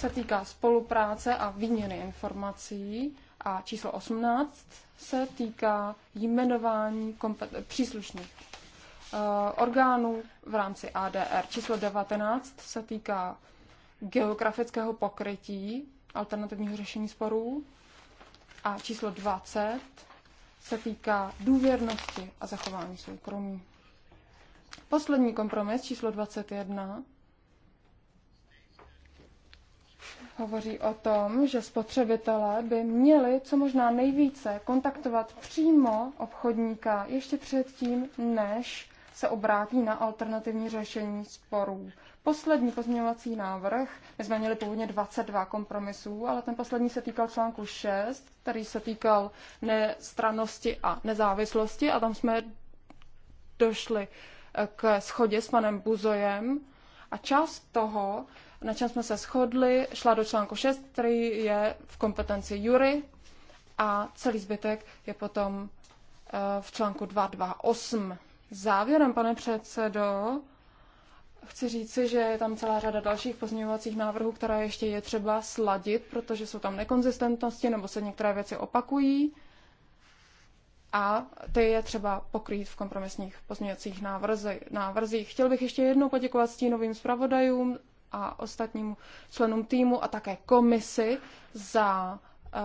se týká spolupráce a výměny informací a číslo 18 se týká jmenování příslušných eh, orgánů v rámci ADR. Číslo 19 se týká geografického pokrytí alternativního řešení sporů a číslo 20 se týká důvěrnosti a zachování soukromí. Poslední kompromis číslo 21 hovoří o tom, že spotřebitelé by měli co možná nejvíce kontaktovat přímo obchodníka ještě předtím, než se obrátí na alternativní řešení sporů. Poslední pozměňovací návrh, my jsme měli původně 22 kompromisů, ale ten poslední se týkal článku 6, který se týkal nestranosti a nezávislosti a tam jsme došli eh, k schodě s panem Buzojem a část toho na čem jsme se shodli, šla do článku 6, který je v kompetenci jury a celý zbytek je potom eh, v článku 228. Závěrem, pane předsedo, chci říci, že je tam celá řada dalších pozměňovacích návrhů, které ještě je třeba sladit, protože jsou tam nekonzistentnosti nebo se některé věci opakují a ty je třeba pokrýt v kompromisních pozměňovacích návrzích. Chtěl bych ještě jednou poděkovat stínovým zpravodajům a ostatním členům týmu a také komisi za eh,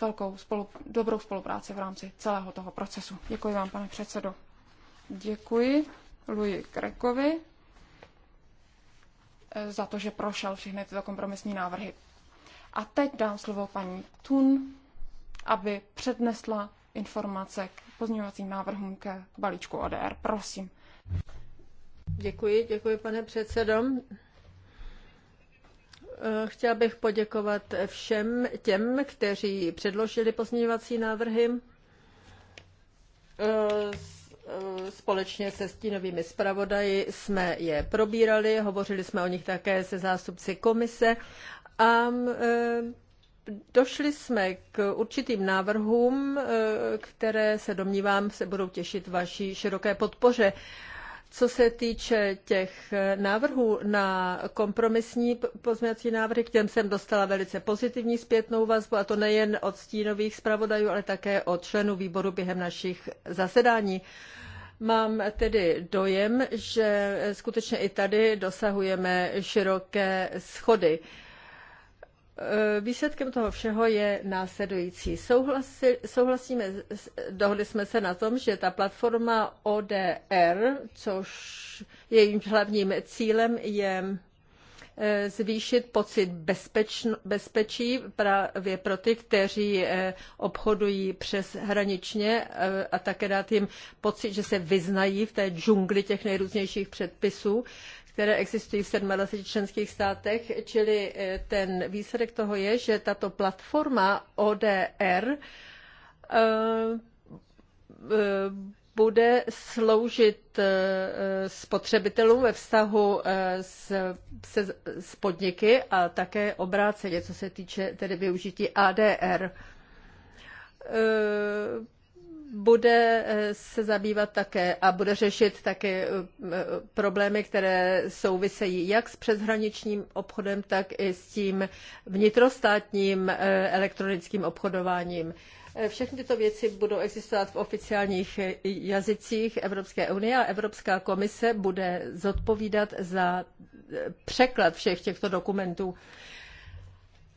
velkou spolu, dobrou spolupráci v rámci celého toho procesu. Děkuji vám, pane předsedo. Děkuji Luji Krekovi eh, za to, že prošel všechny tyto kompromisní návrhy. A teď dám slovo paní Tun, aby přednesla informace k pozměňovacím návrhům ke balíčku ODR. Prosím. Děkuji, děkuji, pane předsedo. Eh, chtěla bych poděkovat všem těm, kteří předložili pozměňovací návrhy eh, eh, společně se stínovými zpravodaji jsme je probírali, hovořili jsme o nich také se zástupci komise a došli jsme k určitým návrhům, které se domnívám se budou těšit vaší široké podpoře. Co se týče těch eh, návrhů na kompromisní pozměňovací návrhy, k těm jsem dostala velice pozitivní zpětnou vazbu, a to nejen od stínových zpravodajů, ale také od členů výboru během našich zasedání. Mám tedy dojem, že skutečně i tady dosahujeme široké schody. E, výsledkem toho všeho je následující. Souhlasi, souhlasíme, dohodli jsme se na tom, že ta platforma ODR, což jejím hlavním cílem je e, zvýšit pocit bezpečno, bezpečí právě pro ty, kteří e, obchodují přes hraničně a také dát jim pocit, že se vyznají v té džungli těch nejrůznějších předpisů, které existují v 27 členských státech, čili eh, ten výsledek toho je, že tato platforma ODR eh, eh, bude sloužit spotřebitelům ve vztahu s, se, s podniky a také obráceně, co se týče tedy využití ADR bude eh, se zabývat také a bude řešit také eh, problémy, které souvisejí jak s přeshraničním obchodem, tak i s tím vnitrostátním eh, elektronickým obchodováním. Všechny tyto věci budou existovat v oficiálních jazycích Evropské unie a Evropská komise bude zodpovídat za překlad všech těchto dokumentů.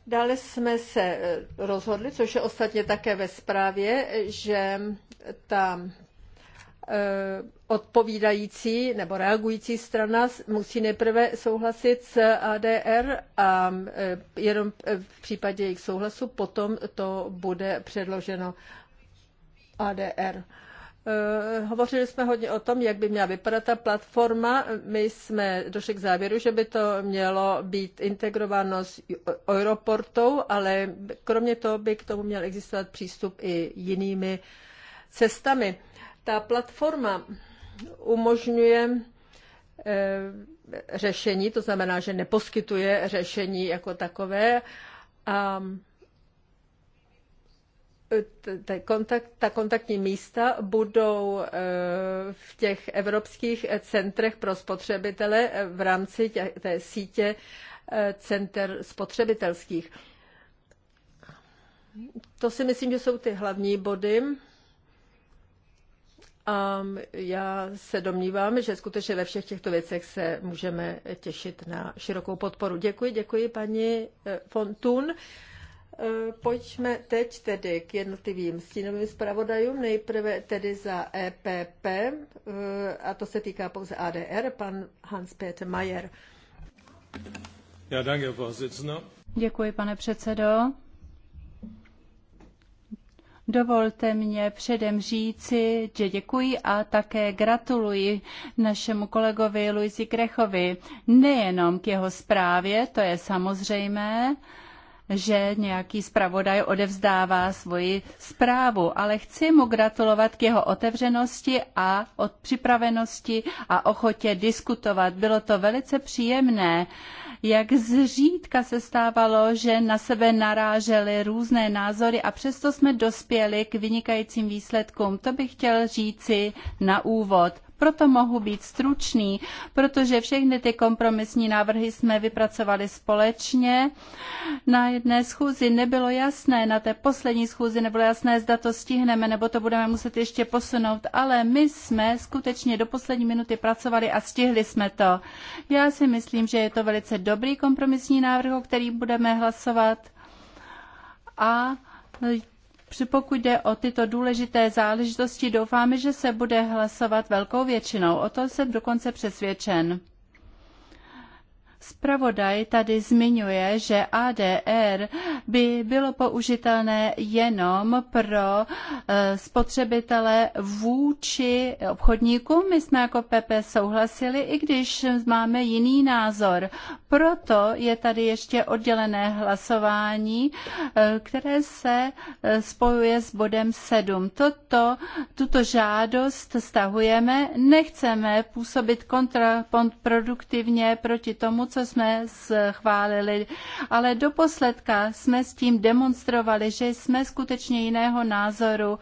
Dále jsme se eh, rozhodli, což je ostatně také ve zprávě, že ta eh, odpovídající nebo reagující strana musí nejprve souhlasit s ADR a eh, jenom v případě jejich souhlasu potom to bude předloženo ADR. Eh, hovořili jsme hodně o tom, jak by měla vypadat ta platforma. My jsme došli k závěru, že by to mělo být integrováno s Europortou, ale kromě toho by k tomu měl existovat přístup i jinými cestami. Ta platforma umožňuje eh, řešení, to znamená, že neposkytuje řešení jako takové. A Kontakt, ta kontaktní místa budou e, v těch evropských centrech pro spotřebitele e, v rámci tě, té sítě e, center spotřebitelských. To si myslím, že jsou ty hlavní body. A já se domnívám, že skutečně ve všech těchto věcech se můžeme těšit na širokou podporu. Děkuji, děkuji paní Fontun. Eh, pojďme teď tedy k jednotlivým stínovým zpravodajům. Nejprve tedy za EPP, eh, a to se týká pouze ADR, pan Hans-Peter Mayer. Děkuji, pane předsedo. Dovolte mě předem říci, že děkuji a také gratuluji našemu kolegovi Luisi Krechovi nejenom k jeho zprávě, to je samozřejmé, že nějaký zpravodaj odevzdává svoji zprávu, ale chci mu gratulovat k jeho otevřenosti a od připravenosti a ochotě diskutovat. Bylo to velice příjemné jak zřídka se stávalo, že na sebe narážely různé názory a přesto jsme dospěli k vynikajícím výsledkům. To bych chtěl říci na úvod. Proto mohu být stručný, protože všechny ty kompromisní návrhy jsme vypracovali společně. Na jedné schůzi nebylo jasné, na té poslední schůzi nebylo jasné, zda to stihneme, nebo to budeme muset ještě posunout, ale my jsme skutečně do poslední minuty pracovali a stihli jsme to. Já si myslím, že je to velice dobrý kompromisní návrh, o který budeme hlasovat. A pokud jde o tyto důležité záležitosti, doufáme, že se bude hlasovat velkou většinou. O to jsem dokonce přesvědčen. Spravodaj tady zmiňuje, že ADR by bylo použitelné jenom pro eh, spotřebitele vůči obchodníkům. My jsme jako PP souhlasili, i když máme jiný názor. Proto je tady ještě oddělené hlasování, eh, které se eh, spojuje s bodem 7. Toto, tuto žádost stahujeme, nechceme působit kontraproduktivně proti tomu, co jsme schválili, ale doposledka jsme s tím demonstrovali, že jsme skutečně jiného názoru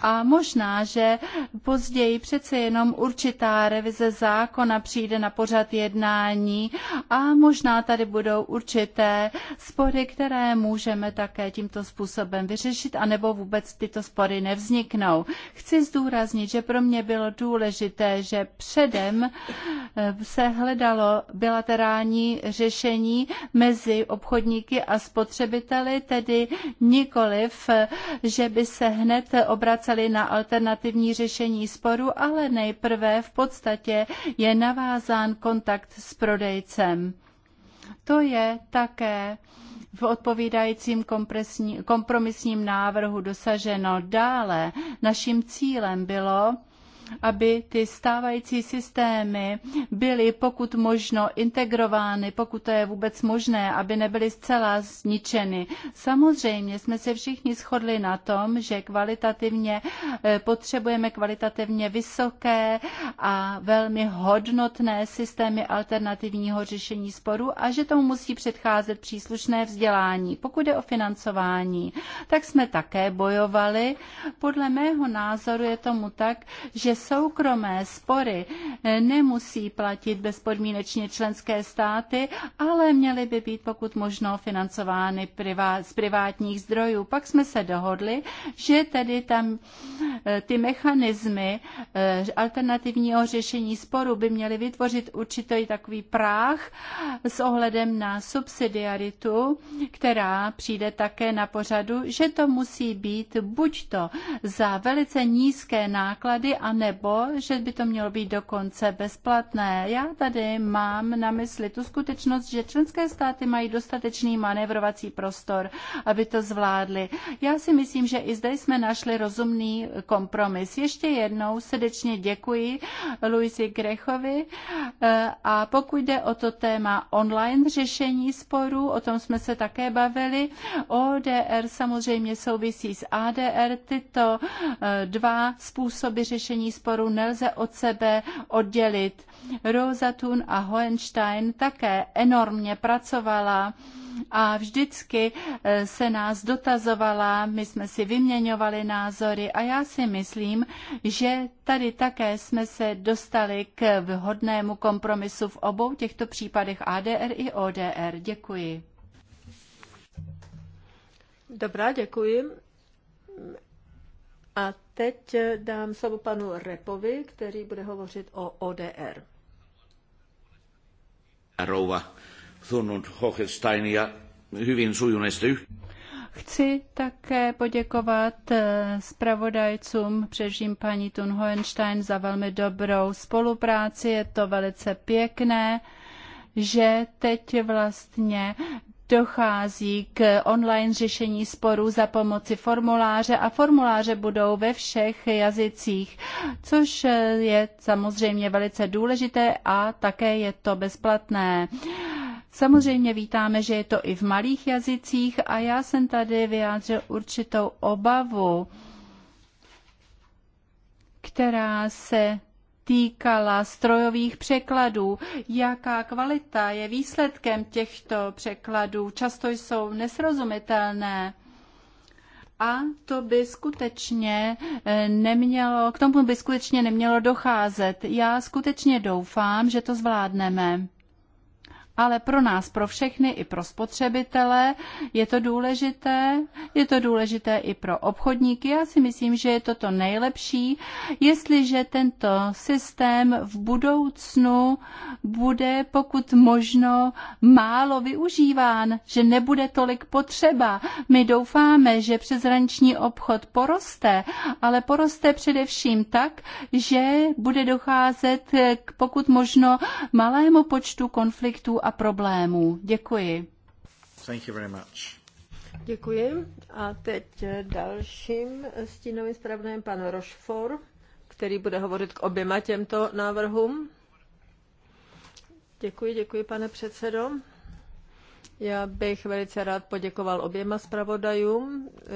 a možná, že později přece jenom určitá revize zákona přijde na pořad jednání a možná tady budou určité spory, které můžeme také tímto způsobem vyřešit, anebo vůbec tyto spory nevzniknou. Chci zdůraznit, že pro mě bylo důležité, že předem se hledalo bilaterální hledání řešení mezi obchodníky a spotřebiteli, tedy nikoliv, že by se hned obraceli na alternativní řešení sporu, ale nejprve v podstatě je navázán kontakt s prodejcem. To je také v odpovídajícím kompromisním návrhu dosaženo. Dále naším cílem bylo aby ty stávající systémy byly pokud možno integrovány, pokud to je vůbec možné, aby nebyly zcela zničeny. Samozřejmě jsme se všichni shodli na tom, že kvalitativně eh, potřebujeme kvalitativně vysoké a velmi hodnotné systémy alternativního řešení sporu a že tomu musí předcházet příslušné vzdělání. Pokud je o financování, tak jsme také bojovali. Podle mého názoru je tomu tak, že soukromé spory nemusí platit bezpodmínečně členské státy, ale měly by být pokud možno financovány z privátních zdrojů. Pak jsme se dohodli, že tedy tam eh, ty mechanismy eh, alternativního řešení sporu by měly vytvořit určitý takový práh s ohledem na subsidiaritu, která přijde také na pořadu, že to musí být buď to za velice nízké náklady, a ne nebo že by to mělo být dokonce bezplatné. Já tady mám na mysli tu skutečnost, že členské státy mají dostatečný manévrovací prostor, aby to zvládly. Já si myslím, že i zde jsme našli rozumný kompromis. Ještě jednou srdečně děkuji Luisi Grechovi eh, a pokud jde o to téma online řešení sporů, o tom jsme se také bavili, ODR samozřejmě souvisí s ADR, tyto eh, dva způsoby řešení sporu nelze od sebe oddělit. Rosatun a Hohenstein také enormně pracovala a vždycky eh, se nás dotazovala, my jsme si vyměňovali názory a já si myslím, že tady také jsme se dostali k vhodnému kompromisu v obou těchto případech ADR i ODR. Děkuji. Dobrá, děkuji. A teď eh, dám slovo panu Repovi, který bude hovořit o ODR. Rouva Thunund hyvin sujuneesta Chci také poděkovat eh, zpravodajcům, přežím paní Thun Hohenstein, za velmi dobrou spolupráci. Je to velice pěkné, že teď vlastně dochází k online řešení sporů za pomoci formuláře a formuláře budou ve všech jazycích, což je samozřejmě velice důležité a také je to bezplatné. Samozřejmě vítáme, že je to i v malých jazycích a já jsem tady vyjádřil určitou obavu, která se týkala strojových překladů, jaká kvalita je výsledkem těchto překladů, často jsou nesrozumitelné. A to by skutečně eh, nemělo, k tomu by skutečně nemělo docházet. Já skutečně doufám, že to zvládneme ale pro nás, pro všechny i pro spotřebitele je to důležité, je to důležité i pro obchodníky. Já si myslím, že je to to nejlepší, jestliže tento systém v budoucnu bude pokud možno málo využíván, že nebude tolik potřeba. My doufáme, že přezranční obchod poroste, ale poroste především tak, že bude docházet k pokud možno malému počtu konfliktů a problémů. Děkuji. Thank you very much. Děkuji. A teď eh, dalším stínovým zpravodajem pan Rochefort, který bude hovořit k oběma těmto návrhům. Děkuji, děkuji, pane předsedo. Já bych velice rád poděkoval oběma zpravodajům eh,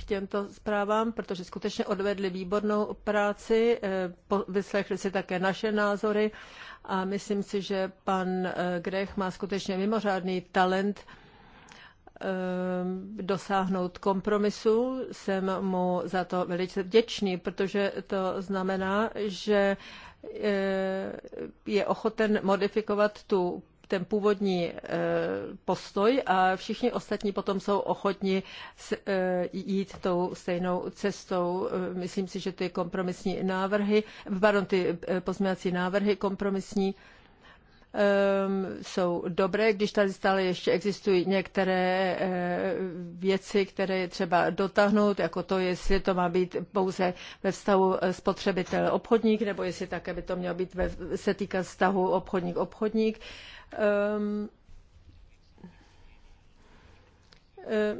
k těmto zprávám, protože skutečně odvedli výbornou práci, eh, vyslechli si také naše názory a myslím si, že pan eh, Grech má skutečně mimořádný talent dosáhnout kompromisu. Jsem mu za to velice vděčný, protože to znamená, že je ochoten modifikovat tu ten původní eh, postoj a všichni ostatní potom jsou ochotni eh, jít tou stejnou cestou. Eh, myslím si, že ty kompromisní návrhy, pardon, ty pozměňovací návrhy kompromisní, um, jsou dobré, když tady stále ještě existují některé uh, věci, které je třeba dotáhnout, jako to, jestli to má být pouze ve vztahu spotřebitel-obchodník, nebo jestli také by to mělo být ve, se týkat vztahu obchodník-obchodník. Uh, Um,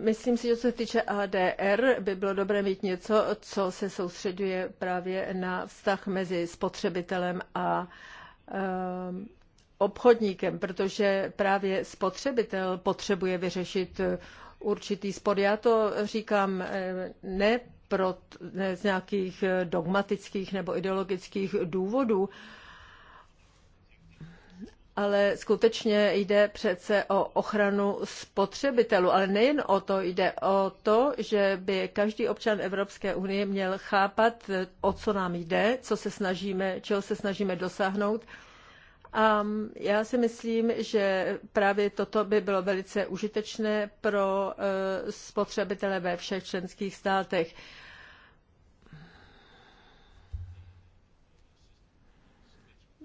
Myslím si, že co se týče ADR, by bylo dobré mít něco, co se soustředuje právě na vztah mezi spotřebitelem a um, obchodníkem, protože právě spotřebitel potřebuje vyřešit eh, určitý spor. Já to říkám eh, ne, pro, ne z nějakých eh, dogmatických nebo ideologických důvodů, ale skutečně jde přece o ochranu spotřebitelů. Ale nejen o to, jde o to, že by každý občan Evropské unie měl chápat, o co nám jde, co se snažíme, čeho se snažíme dosáhnout. A já si myslím, že právě toto by bylo velice užitečné pro eh, spotřebitele ve všech členských státech.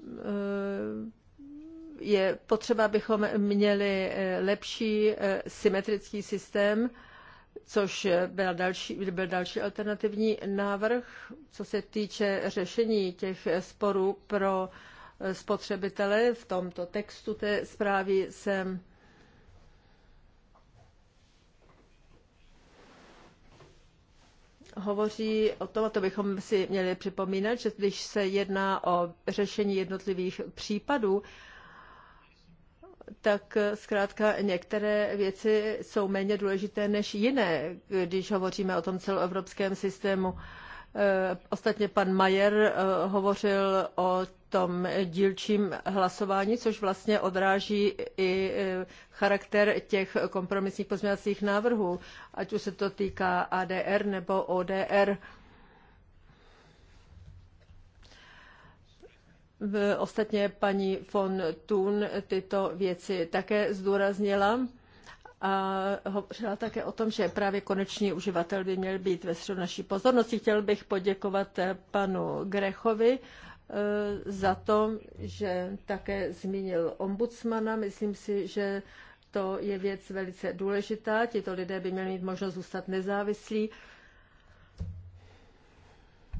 Uh, je potřeba, abychom měli eh, lepší eh, symetrický systém, což byl další, byl další alternativní návrh, co se týče řešení těch sporů pro eh, spotřebitele. V tomto textu té zprávy jsem hovoří o tom, a to bychom si měli připomínat, že když se jedná o řešení jednotlivých případů, tak zkrátka některé věci jsou méně důležité než jiné, když hovoříme o tom celoevropském systému. Eh, ostatně pan Majer eh, hovořil o tom dílčím hlasování, což vlastně odráží i eh, charakter těch kompromisních pozměňovacích návrhů, ať už se to týká ADR nebo ODR. V, ostatně paní von Thun tyto věci také zdůraznila a hovořila také o tom, že právě konečný uživatel by měl být ve středu naší pozornosti. Chtěl bych poděkovat panu Grechovi eh, za to, že také zmínil ombudsmana. Myslím si, že to je věc velice důležitá. Tito lidé by měli mít možnost zůstat nezávislí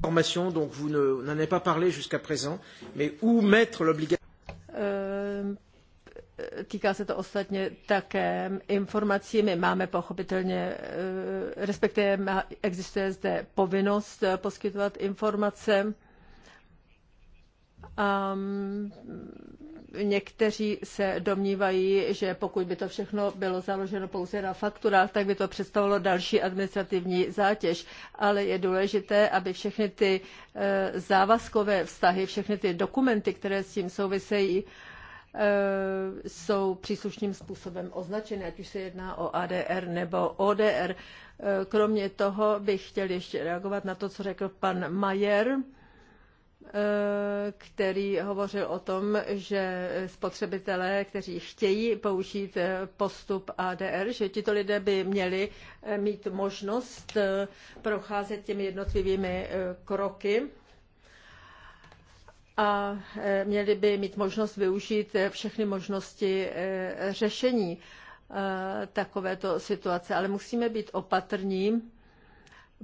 Formation, dont vous n'en avez pas parlé jusqu'à présent, mais où mettre l'obligation ehm, Týká se to ostatně také informací. My máme pochopitelně, eh, respektive existuje zde povinnost eh, poskytovat informace. A ehm, Někteří se domnívají, že pokud by to všechno bylo založeno pouze na fakturách, tak by to představovalo další administrativní zátěž. Ale je důležité, aby všechny ty e, závazkové vztahy, všechny ty dokumenty, které s tím souvisejí, e, jsou příslušným způsobem označeny, ať už se jedná o ADR nebo ODR. E, kromě toho bych chtěl ještě reagovat na to, co řekl pan Majer který hovořil o tom, že spotřebitelé, kteří chtějí použít postup ADR, že tito lidé by měli mít možnost procházet těmi jednotlivými eh, kroky a eh, měli by mít možnost využít všechny možnosti eh, řešení takovéto situace. Ale musíme být opatrní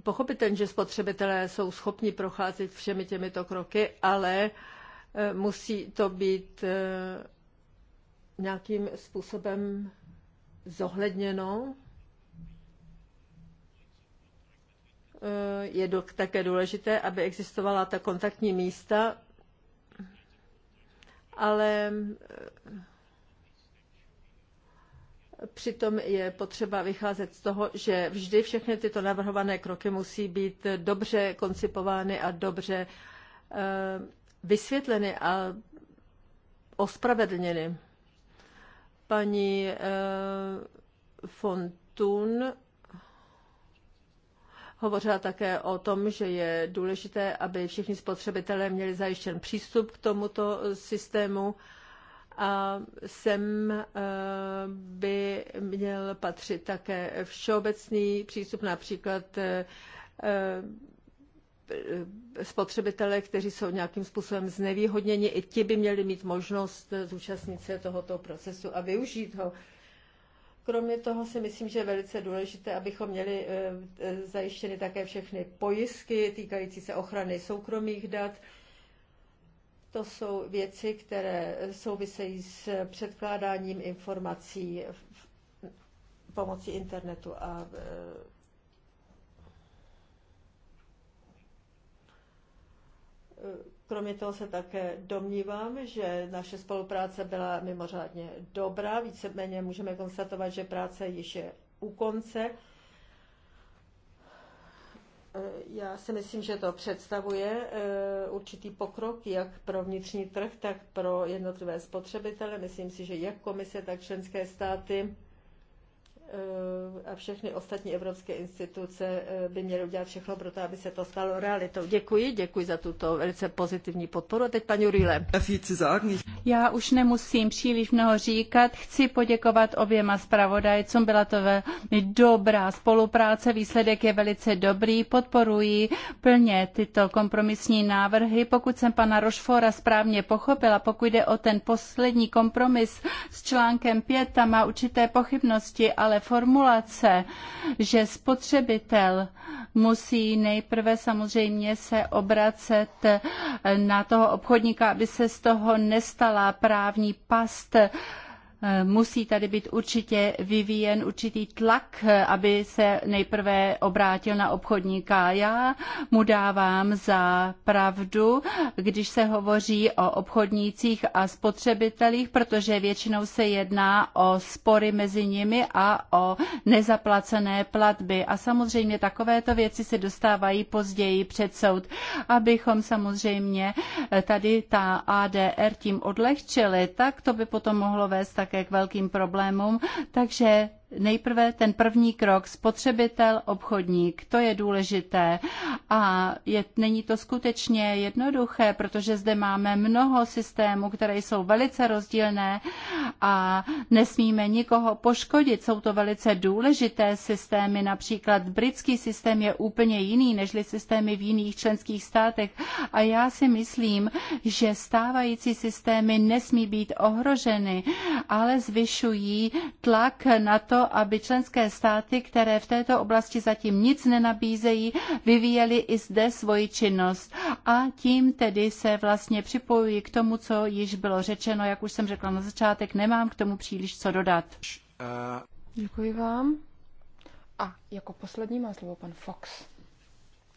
pochopitelně, že spotřebitelé jsou schopni procházet všemi těmito kroky, ale e, musí to být e, nějakým způsobem zohledněno. E, je také důležité, aby existovala ta kontaktní místa, ale Přitom je potřeba vycházet z toho, že vždy všechny tyto navrhované kroky musí být dobře koncipovány a dobře eh, vysvětleny a ospravedlněny. Paní eh, Fontun hovořila také o tom, že je důležité, aby všichni spotřebitelé měli zajištěn přístup k tomuto systému a sem eh, by měl patřit také všeobecný přístup, například eh, eh, spotřebitele, kteří jsou nějakým způsobem znevýhodněni, i ti by měli mít možnost zúčastnit se tohoto procesu a využít ho. Kromě toho si myslím, že je velice důležité, abychom měli zajištěny také všechny pojistky týkající se ochrany soukromých dat, to jsou věci, které souvisejí s předkládáním informací pomocí internetu a e, Kromě toho se také domnívám, že naše spolupráce byla mimořádně dobrá. Víceméně můžeme konstatovat, že práce již je u konce. Eh, já si myslím, že to představuje eh, určitý pokrok jak pro vnitřní trh, tak pro jednotlivé spotřebitele. Myslím si, že jak komise, tak členské státy a všechny ostatní evropské instituce eh, by měly udělat všechno pro to, aby se to stalo realitou. Děkuji, děkuji za tuto velice pozitivní podporu. A teď paní Rýle. Já už nemusím příliš mnoho říkat. Chci poděkovat oběma zpravodajcům. Byla to velmi dobrá spolupráce. Výsledek je velice dobrý. Podporuji plně tyto kompromisní návrhy. Pokud jsem pana Rošfora správně pochopila, pokud jde o ten poslední kompromis s článkem 5, tam má určité pochybnosti, ale formulace, že spotřebitel musí nejprve samozřejmě se obracet na toho obchodníka, aby se z toho nestala právní past, Musí tady být určitě vyvíjen určitý tlak, aby se nejprve obrátil na obchodníka. Já mu dávám za pravdu, když se hovoří o obchodnících a spotřebitelích, protože většinou se jedná o spory mezi nimi a o nezaplacené platby. A samozřejmě takovéto věci se dostávají později před soud, abychom samozřejmě tady ta ADR tím odlehčili, tak to by potom mohlo vést také také k velkým problémům, takže nejprve ten první krok, spotřebitel, obchodník, to je důležité. A je, není to skutečně jednoduché, protože zde máme mnoho systémů, které jsou velice rozdílné a nesmíme nikoho poškodit. Jsou to velice důležité systémy, například britský systém je úplně jiný než systémy v jiných členských státech. A já si myslím, že stávající systémy nesmí být ohroženy, ale zvyšují tlak na to, aby členské státy, které v této oblasti zatím nic nenabízejí, vyvíjely i zde svoji činnost. A tím tedy se vlastně připojuji k tomu, co již bylo řečeno. Jak už jsem řekla na začátek, nemám k tomu příliš co dodat. Děkuji vám. A jako poslední má slovo pan Fox.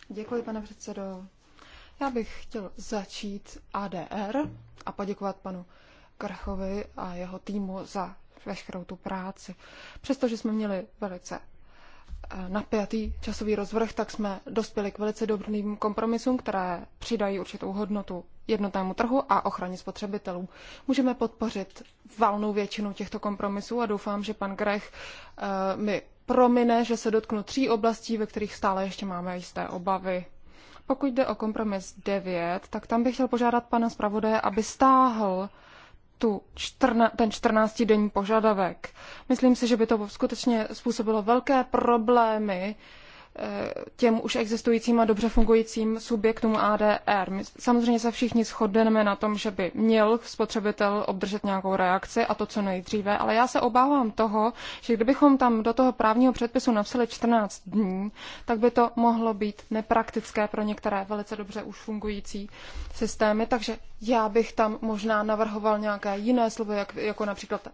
Děkuji, pane předsedo. Já bych chtěl začít ADR a poděkovat panu Krachovi a jeho týmu za veškerou tu práci. Přestože jsme měli velice eh, napjatý časový rozvrh, tak jsme dospěli k velice dobrým kompromisům, které přidají určitou hodnotu jednotnému trhu a ochraně spotřebitelů. Můžeme podpořit valnou většinu těchto kompromisů a doufám, že pan Grech uh, mi promine, že se dotknu tří oblastí, ve kterých stále ještě máme jisté obavy. Pokud jde o kompromis 9, tak tam bych chtěl požádat pana zpravodaje, aby stáhl tu čtrna, ten 14-denní požadavek. Myslím si, že by to skutečně způsobilo velké problémy uh, těm už existujícím a dobře fungujícím subjektům ADR. My samozřejmě se všichni shodneme na tom, že by měl spotřebitel obdržet nějakou reakci a to co nejdříve, ale já se obávám toho, že kdybychom tam do toho právního předpisu napsali 14 dní, tak by to mohlo být nepraktické pro některé velice dobře už fungující systémy, takže já bych tam možná navrhoval nějaké jiné slovo, jak, jako například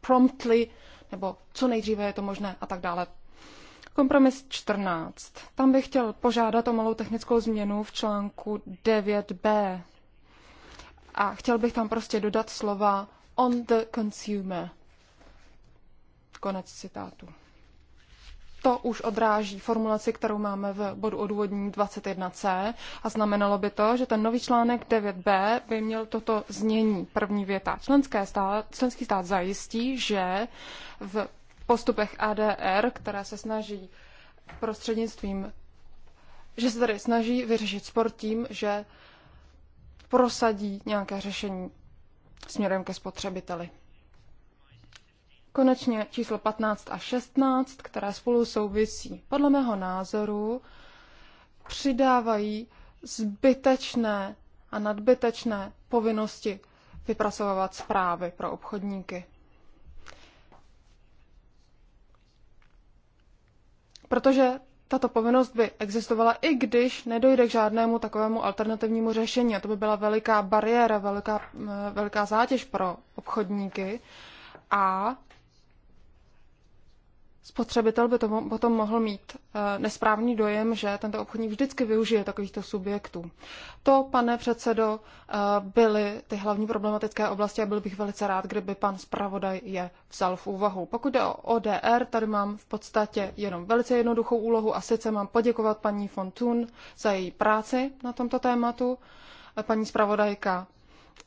promptly, nebo co nejdříve je to možné a tak dále. Kompromis 14. Tam bych chtěl požádat o malou technickou změnu v článku 9b. A chtěl bych tam prostě dodat slova on the consumer. Konec citátu. To už odráží formulaci, kterou máme v bodu odvodní 21c a znamenalo by to, že ten nový článek 9b by měl toto znění. První věta. Členské stát, členský stát zajistí, že v postupech ADR, která se snaží prostřednictvím, že se tady snaží vyřešit spor tím, že prosadí nějaké řešení směrem ke spotřebiteli. Konečně číslo 15 a 16, které spolu souvisí. Podle mého názoru přidávají zbytečné a nadbytečné povinnosti vypracovávat zprávy pro obchodníky. protože tato povinnost by existovala, i když nedojde k žádnému takovému alternativnímu řešení. A to by byla veliká bariéra, veliká, eh, veliká zátěž pro obchodníky. A spotřebitel by to potom mohl mít eh, nesprávný dojem, že tento obchodník vždycky využije takovýchto subjektů. To, pane předsedo, eh, byly ty hlavní problematické oblasti a byl bych velice rád, kdyby pan zpravodaj je vzal v úvahu. Pokud jde o ODR, tady mám v podstatě jenom velice jednoduchou úlohu a sice mám poděkovat paní Fontun za její práci na tomto tématu. Paní zpravodajka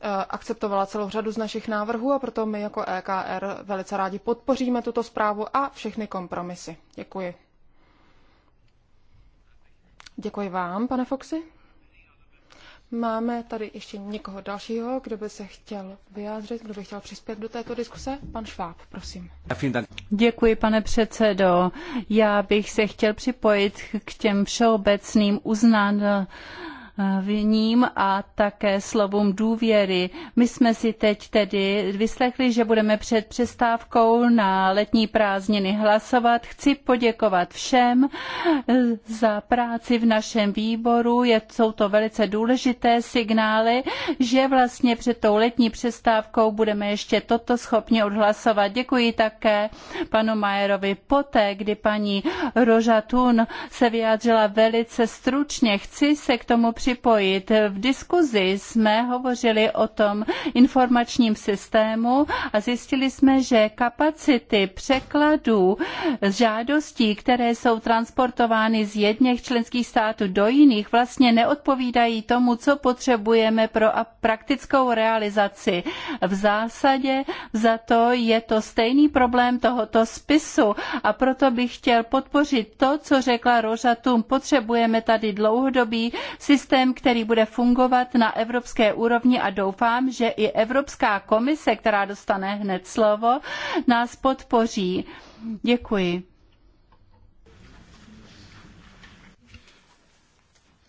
Eh, akceptovala celou řadu z našich návrhů a proto my jako EKR velice rádi podpoříme tuto zprávu a všechny kompromisy. Děkuji. Děkuji vám, pane Foxy. Máme tady ještě někoho dalšího, kdo by se chtěl vyjádřit, kdo by chtěl přispět do této diskuse. Pan Šváb, prosím. Děkuji, pane předsedo. Já bych se chtěl připojit k těm všeobecným uznán ním a také slovům důvěry. My jsme si teď tedy vyslechli, že budeme před přestávkou na letní prázdniny hlasovat. Chci poděkovat všem eh, za práci v našem výboru. Je, jsou to velice důležité signály, že vlastně před tou letní přestávkou budeme ještě toto schopni odhlasovat. Děkuji také panu Majerovi poté, kdy paní Rožatun se vyjádřila velice stručně. Chci se k tomu připojit. V diskuzi jsme hovořili o tom informačním systému a zjistili jsme, že kapacity překladů žádostí, které jsou transportovány z jedněch členských států do jiných, vlastně neodpovídají tomu, co potřebujeme pro praktickou realizaci. V zásadě za to je to stejný problém tohoto spisu a proto bych chtěl podpořit to, co řekla Rosa, Tum. Potřebujeme tady dlouhodobý systém systém, který bude fungovat na evropské úrovni a doufám, že i Evropská komise, která dostane hned slovo, nás podpoří. Děkuji.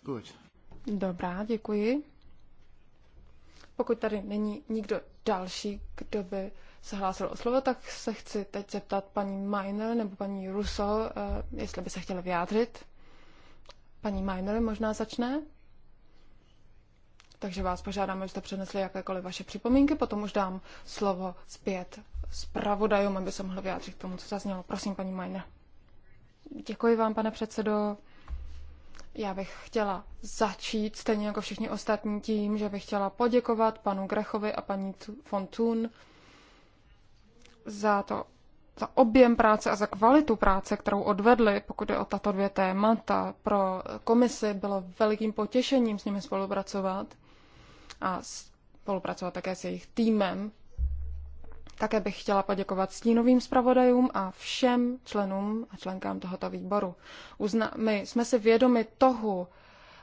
Good. Dobrá, děkuji. Pokud tady není nikdo další, kdo by se hlásil o slovo, tak se chci teď zeptat paní Miner nebo paní Russo, eh, jestli by se chtěla vyjádřit. Paní Miner možná začne. Takže vás požádám, abyste přenesli jakékoliv vaše připomínky, potom už dám slovo zpět zpravodajům, aby se mohli vyjádřit k tomu, co zaznělo. Prosím, paní Majne. Děkuji vám, pane předsedo. Já bych chtěla začít, stejně jako všichni ostatní, tím, že bych chtěla poděkovat panu Grechovi a paní Fontun za to, za objem práce a za kvalitu práce, kterou odvedli, pokud je o tato dvě témata. Pro komisi bylo velikým potěšením s nimi spolupracovat a spolupracovat také s jejich týmem. Také bych chtěla poděkovat stínovým zpravodajům a všem členům a členkám tohoto výboru. Uzna- my jsme si vědomi toho,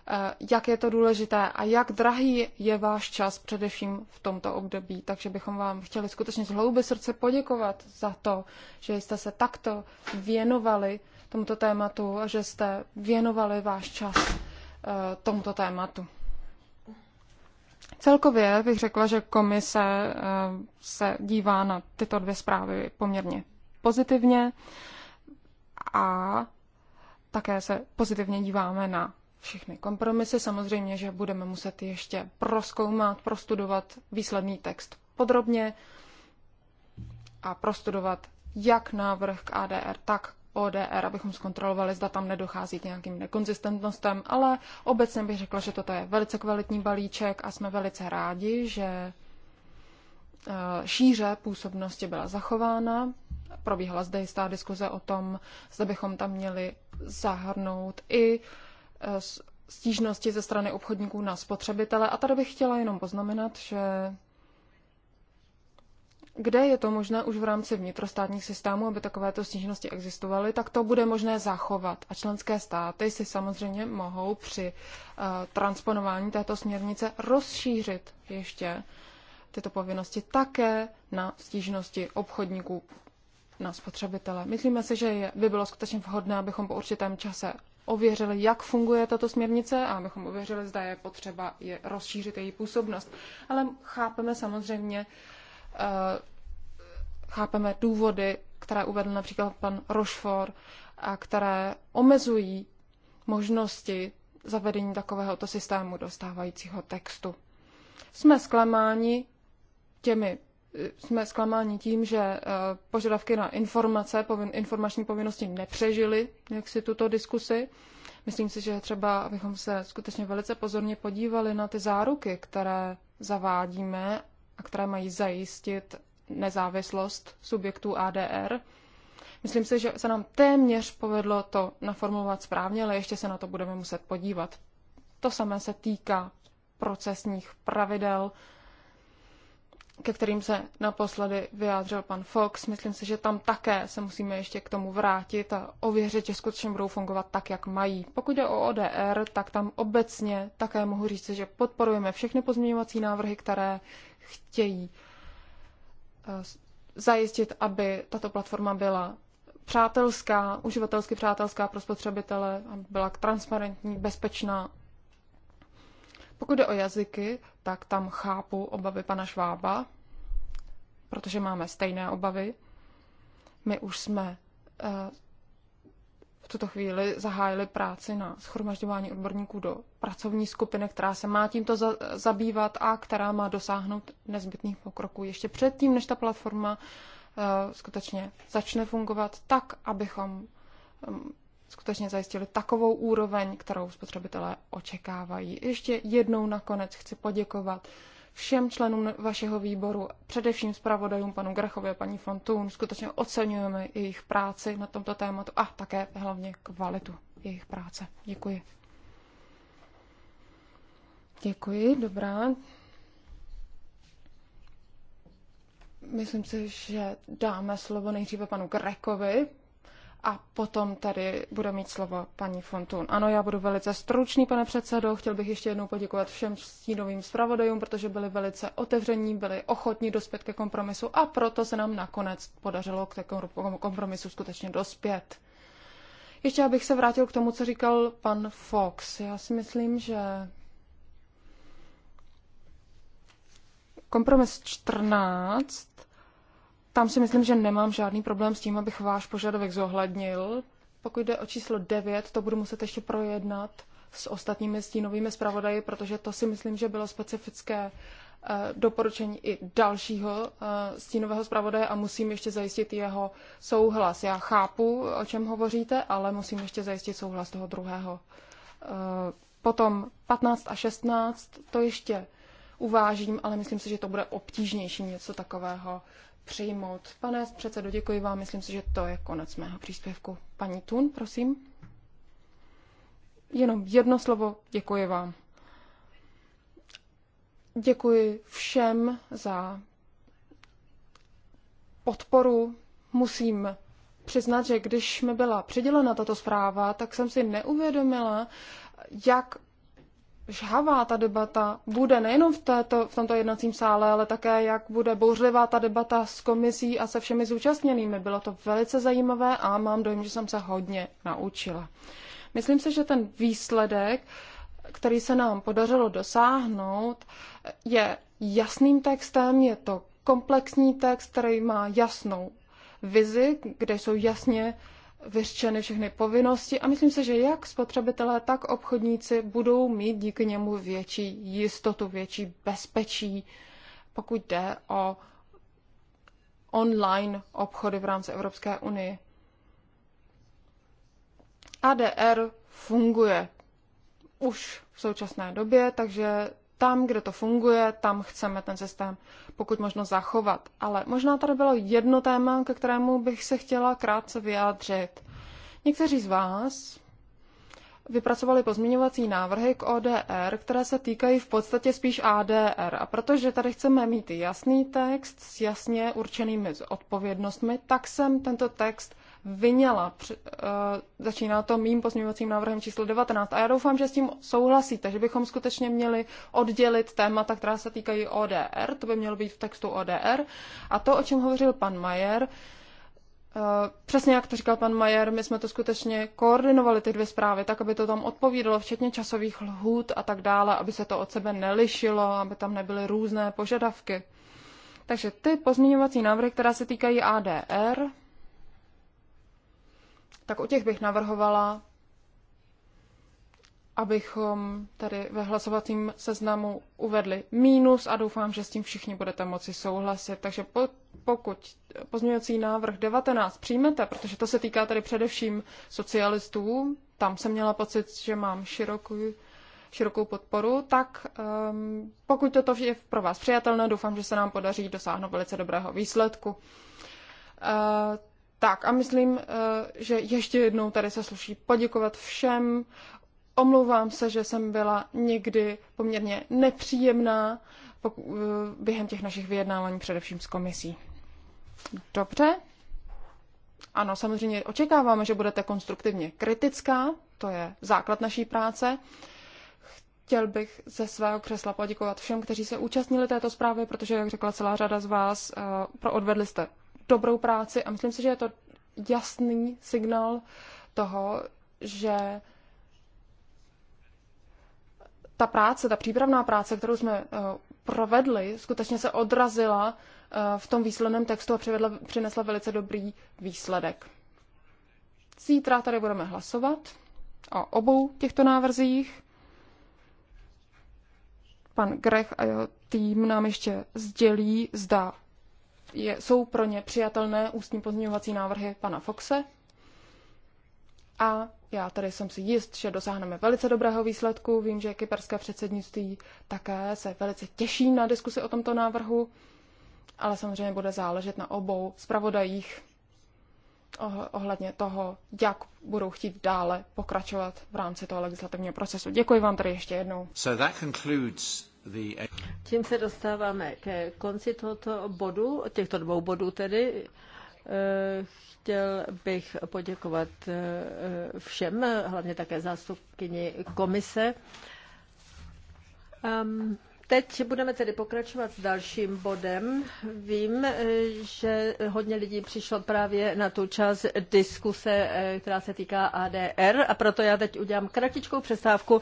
eh, jak je to důležité a jak drahý je váš čas především v tomto období. Takže bychom vám chtěli skutečně z hlouby srdce poděkovat za to, že jste se takto věnovali tomuto tématu a že jste věnovali váš čas eh, tomuto tématu. Celkově bych řekla, že komise eh, se dívá na tyto dvě zprávy poměrně pozitivně a také se pozitivně díváme na všechny kompromisy. Samozřejmě, že budeme muset ještě proskoumat, prostudovat výsledný text podrobně a prostudovat jak návrh k ADR, tak ODR, abychom zkontrolovali, zda tam nedochází k nějakým nekonzistentnostem, ale obecně bych řekla, že toto je velice kvalitní balíček a jsme velice rádi, že eh, šíře působnosti byla zachována. Probíhala zde jistá diskuze o tom, zda bychom tam měli zahrnout i eh, stížnosti ze strany obchodníků na spotřebitele. A tady bych chtěla jenom poznamenat, že kde je to možné už v rámci vnitrostátních systémů, aby takovéto stížnosti existovaly, tak to bude možné zachovat. A členské státy si samozřejmě mohou při uh, transponování této směrnice rozšířit ještě tyto povinnosti také na stížnosti obchodníků na spotřebitele. Myslíme si, že by bylo skutečně vhodné, abychom po určitém čase ověřili, jak funguje tato směrnice a abychom ověřili, zda je potřeba je rozšířit její působnost. Ale chápeme samozřejmě uh, Eh, chápeme důvody, které uvedl například pan Rochefort, a které omezují možnosti zavedení takovéhoto systému dostávajícího textu. Jsme zklamáni těmi eh, jsme zklamáni tím, že eh, požadavky na informace, povin, informační povinnosti nepřežily jak si tuto diskusi. Myslím si, že třeba, abychom se skutečně velice pozorně podívali na ty záruky, které zavádíme a které mají zajistit nezávislost subjektů ADR. Myslím si, že se nám téměř povedlo to naformulovat správně, ale ještě se na to budeme muset podívat. To samé se týká procesních pravidel, ke kterým se naposledy vyjádřil pan Fox. Myslím si, že tam také se musíme ještě k tomu vrátit a ověřit, že skutečně budou fungovat tak, jak mají. Pokud je o ODR, tak tam obecně také mohu říct, že podporujeme všechny pozměňovací návrhy, které chtějí eh, zajistit, aby tato platforma byla přátelská, uživatelsky přátelská pro spotřebitele, aby byla transparentní, bezpečná. Pokud jde o jazyky, tak tam chápu obavy pana Švába, protože máme stejné obavy. My už jsme eh, v tuto chvíli zahájili práci na schromažďování odborníků do pracovní skupiny, která se má tímto za- zabývat a která má dosáhnout nezbytných pokroků ještě předtím, než ta platforma uh, skutečně začne fungovat, tak, abychom um, skutečně zajistili takovou úroveň, kterou spotřebitelé očekávají. Ještě jednou nakonec chci poděkovat uh, všem členům vašeho výboru, především zpravodajům panu Grachově a paní Fontun. Skutečně oceňujeme jejich práci na tomto tématu a také hlavně kvalitu jejich práce. Děkuji. Děkuji, dobrá. Myslím si, že dáme slovo nejdříve panu Grekovi, a potom tady bude mít slovo paní Fontun. Ano, já budu velice stručný, pane předsedo. Chtěl bych ještě jednou poděkovat všem stínovým zpravodajům, protože byli velice otevření, byli ochotní dospět ke kompromisu a proto se nám nakonec podařilo k takovému kompromisu skutečně dospět. Ještě abych se vrátil k tomu, co říkal pan Fox. Já si myslím, že kompromis 14 tam si myslím, že nemám žádný problém s tím, abych váš požadavek zohlednil. Pokud jde o číslo 9, to budu muset ještě projednat s ostatními stínovými zpravodaji, protože to si myslím, že bylo specifické eh, doporučení i dalšího eh, stínového zpravodaje a musím ještě zajistit jeho souhlas. Já chápu, o čem hovoříte, ale musím ještě zajistit souhlas toho druhého. Eh, potom 15 a 16, to ještě uvážím, ale myslím si, že to bude obtížnější něco takového přijmout. Pane předsedo, děkuji vám. Myslím si, že to je konec mého příspěvku. Paní Tun, prosím. Jenom jedno slovo. Děkuji vám. Děkuji všem za podporu. Musím přiznat, že když mi byla přidělena tato zpráva, tak jsem si neuvědomila, jak žhavá ta debata bude nejenom v, této, v tomto jednacím sále, ale také jak bude bouřlivá ta debata s komisí a se všemi zúčastněnými. Bylo to velice zajímavé a mám dojem, že jsem se hodně naučila. Myslím si, že ten výsledek, který se nám podařilo dosáhnout, je jasným textem, je to komplexní text, který má jasnou vizi, kde jsou jasně vyřčeny všechny povinnosti a myslím si, že jak spotřebitelé, tak obchodníci budou mít díky němu větší jistotu, větší bezpečí, pokud jde o online obchody v rámci Evropské unie. ADR funguje už v současné době, takže tam, kde to funguje, tam chceme ten systém pokud možno zachovat. Ale možná tady bylo jedno téma, ke kterému bych se chtěla krátce vyjádřit. Někteří z vás vypracovali pozměňovací návrhy k ODR, které se týkají v podstatě spíš ADR. A protože tady chceme mít jasný text s jasně určenými odpovědnostmi, tak jsem tento text Vyněla eh, Začíná to mým pozměňovacím návrhem číslo 19 a já doufám, že s tím souhlasíte, že bychom skutečně měli oddělit témata, která se týkají ODR, to by mělo být v textu ODR a to, o čem hovořil pan Majer, eh, Přesně jak to říkal pan Majer, my jsme to skutečně koordinovali ty dvě zprávy, tak aby to tam odpovídalo, včetně časových lhůt a tak dále, aby se to od sebe nelišilo, aby tam nebyly různé požadavky. Takže ty pozměňovací návrhy, které se týkají ADR, tak o těch bych navrhovala, abychom tady ve hlasovacím seznamu uvedli mínus a doufám, že s tím všichni budete moci souhlasit. Takže po, pokud pozměňovací návrh 19 přijmete, protože to se týká tady především socialistů, tam jsem měla pocit, že mám širokou, širokou podporu, tak um, pokud toto je pro vás přijatelné, doufám, že se nám podaří dosáhnout velice dobrého výsledku. Uh, tak a myslím, eh, že ještě jednou tady se sluší poděkovat všem. Omlouvám se, že jsem byla někdy poměrně nepříjemná eh, během těch našich vyjednávání, především s komisí. Dobře. Ano, samozřejmě očekáváme, že budete konstruktivně kritická, to je základ naší práce. Chtěl bych ze svého křesla poděkovat všem, kteří se účastnili této zprávy, protože, jak řekla celá řada z vás, eh, odvedli jste dobrou práci a myslím si, že je to jasný signál toho, že ta práce, ta přípravná práce, kterou jsme eh, provedli, skutečně se odrazila eh, v tom výsledném textu a přivedla, přinesla velice dobrý výsledek. Zítra tady budeme hlasovat o obou těchto návrzích. Pan Grech a jeho tým nám ještě sdělí, zda je, jsou pro ně přijatelné ústní pozměňovací návrhy pana Foxe. A já tady jsem si jist, že dosáhneme velice dobrého výsledku. Vím, že kyperské předsednictví také se velice těší na diskusi o tomto návrhu, ale samozřejmě bude záležet na obou zpravodajích ohledně toho, jak budou chtít dále pokračovat v rámci toho legislativního procesu. Děkuji vám tady ještě jednou. So that concludes tím se dostáváme ke konci tohoto bodu, těchto dvou bodů tedy. Eh, chtěl bych poděkovat eh, všem, hlavně také zástupkyni komise. Ehm, teď budeme tedy pokračovat s dalším bodem. Vím, eh, že hodně lidí přišlo právě na tu část diskuse, která se týká ADR, a proto já teď udělám kratičkou přestávku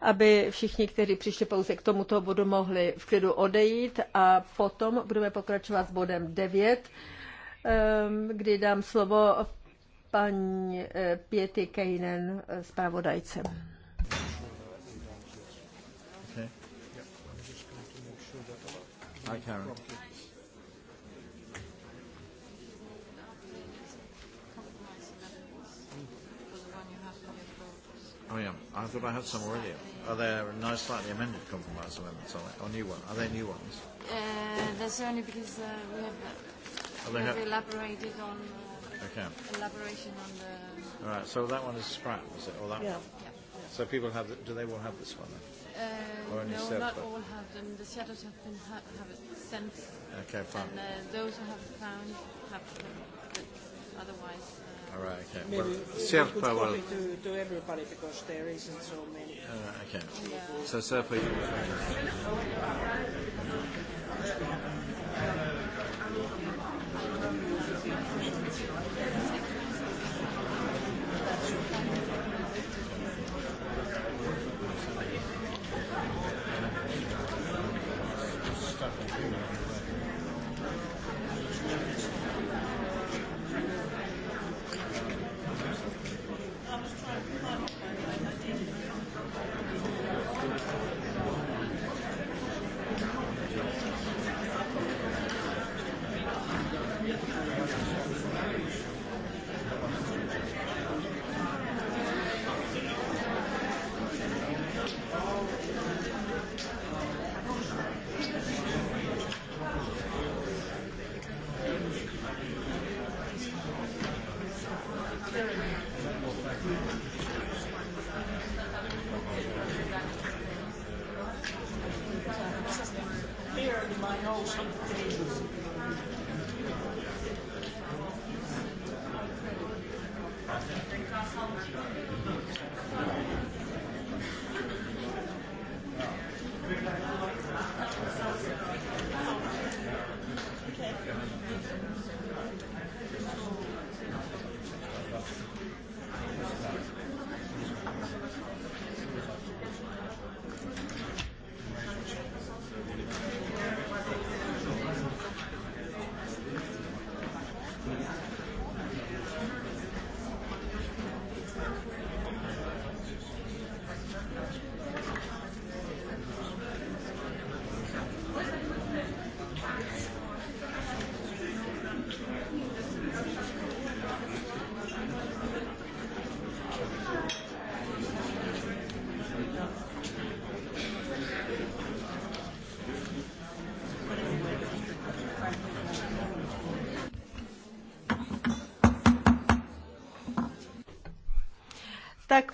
aby všichni, kteří přišli pouze k tomuto bodu, mohli v klidu odejít a potom budeme pokračovat s bodem 9, ehm, kdy dám slovo paní eh, Pěty Kejnen, eh, zpravodajce. Hi, Karen. Oh, yeah. I thought I had some already. Are there no slightly amended compromise amendments on it, or new ones? Are they new ones? Uh, that's only because uh, we have, uh, we have ha- elaborated on uh, okay. elaboration on the. All right. So that one is scrapped, is it? Or that yeah. one? Yeah. yeah. So people have. The, do they all have this one? Then? Uh, or only no, not but? all have them. The shadows have been ha- have it sent. Okay, fine. And uh, those who have found have them, but otherwise. All right, okay. Maybe well, we Sherpa will... To, to everybody because there isn't so many. Uh, okay. Yeah. So Sherpa... You...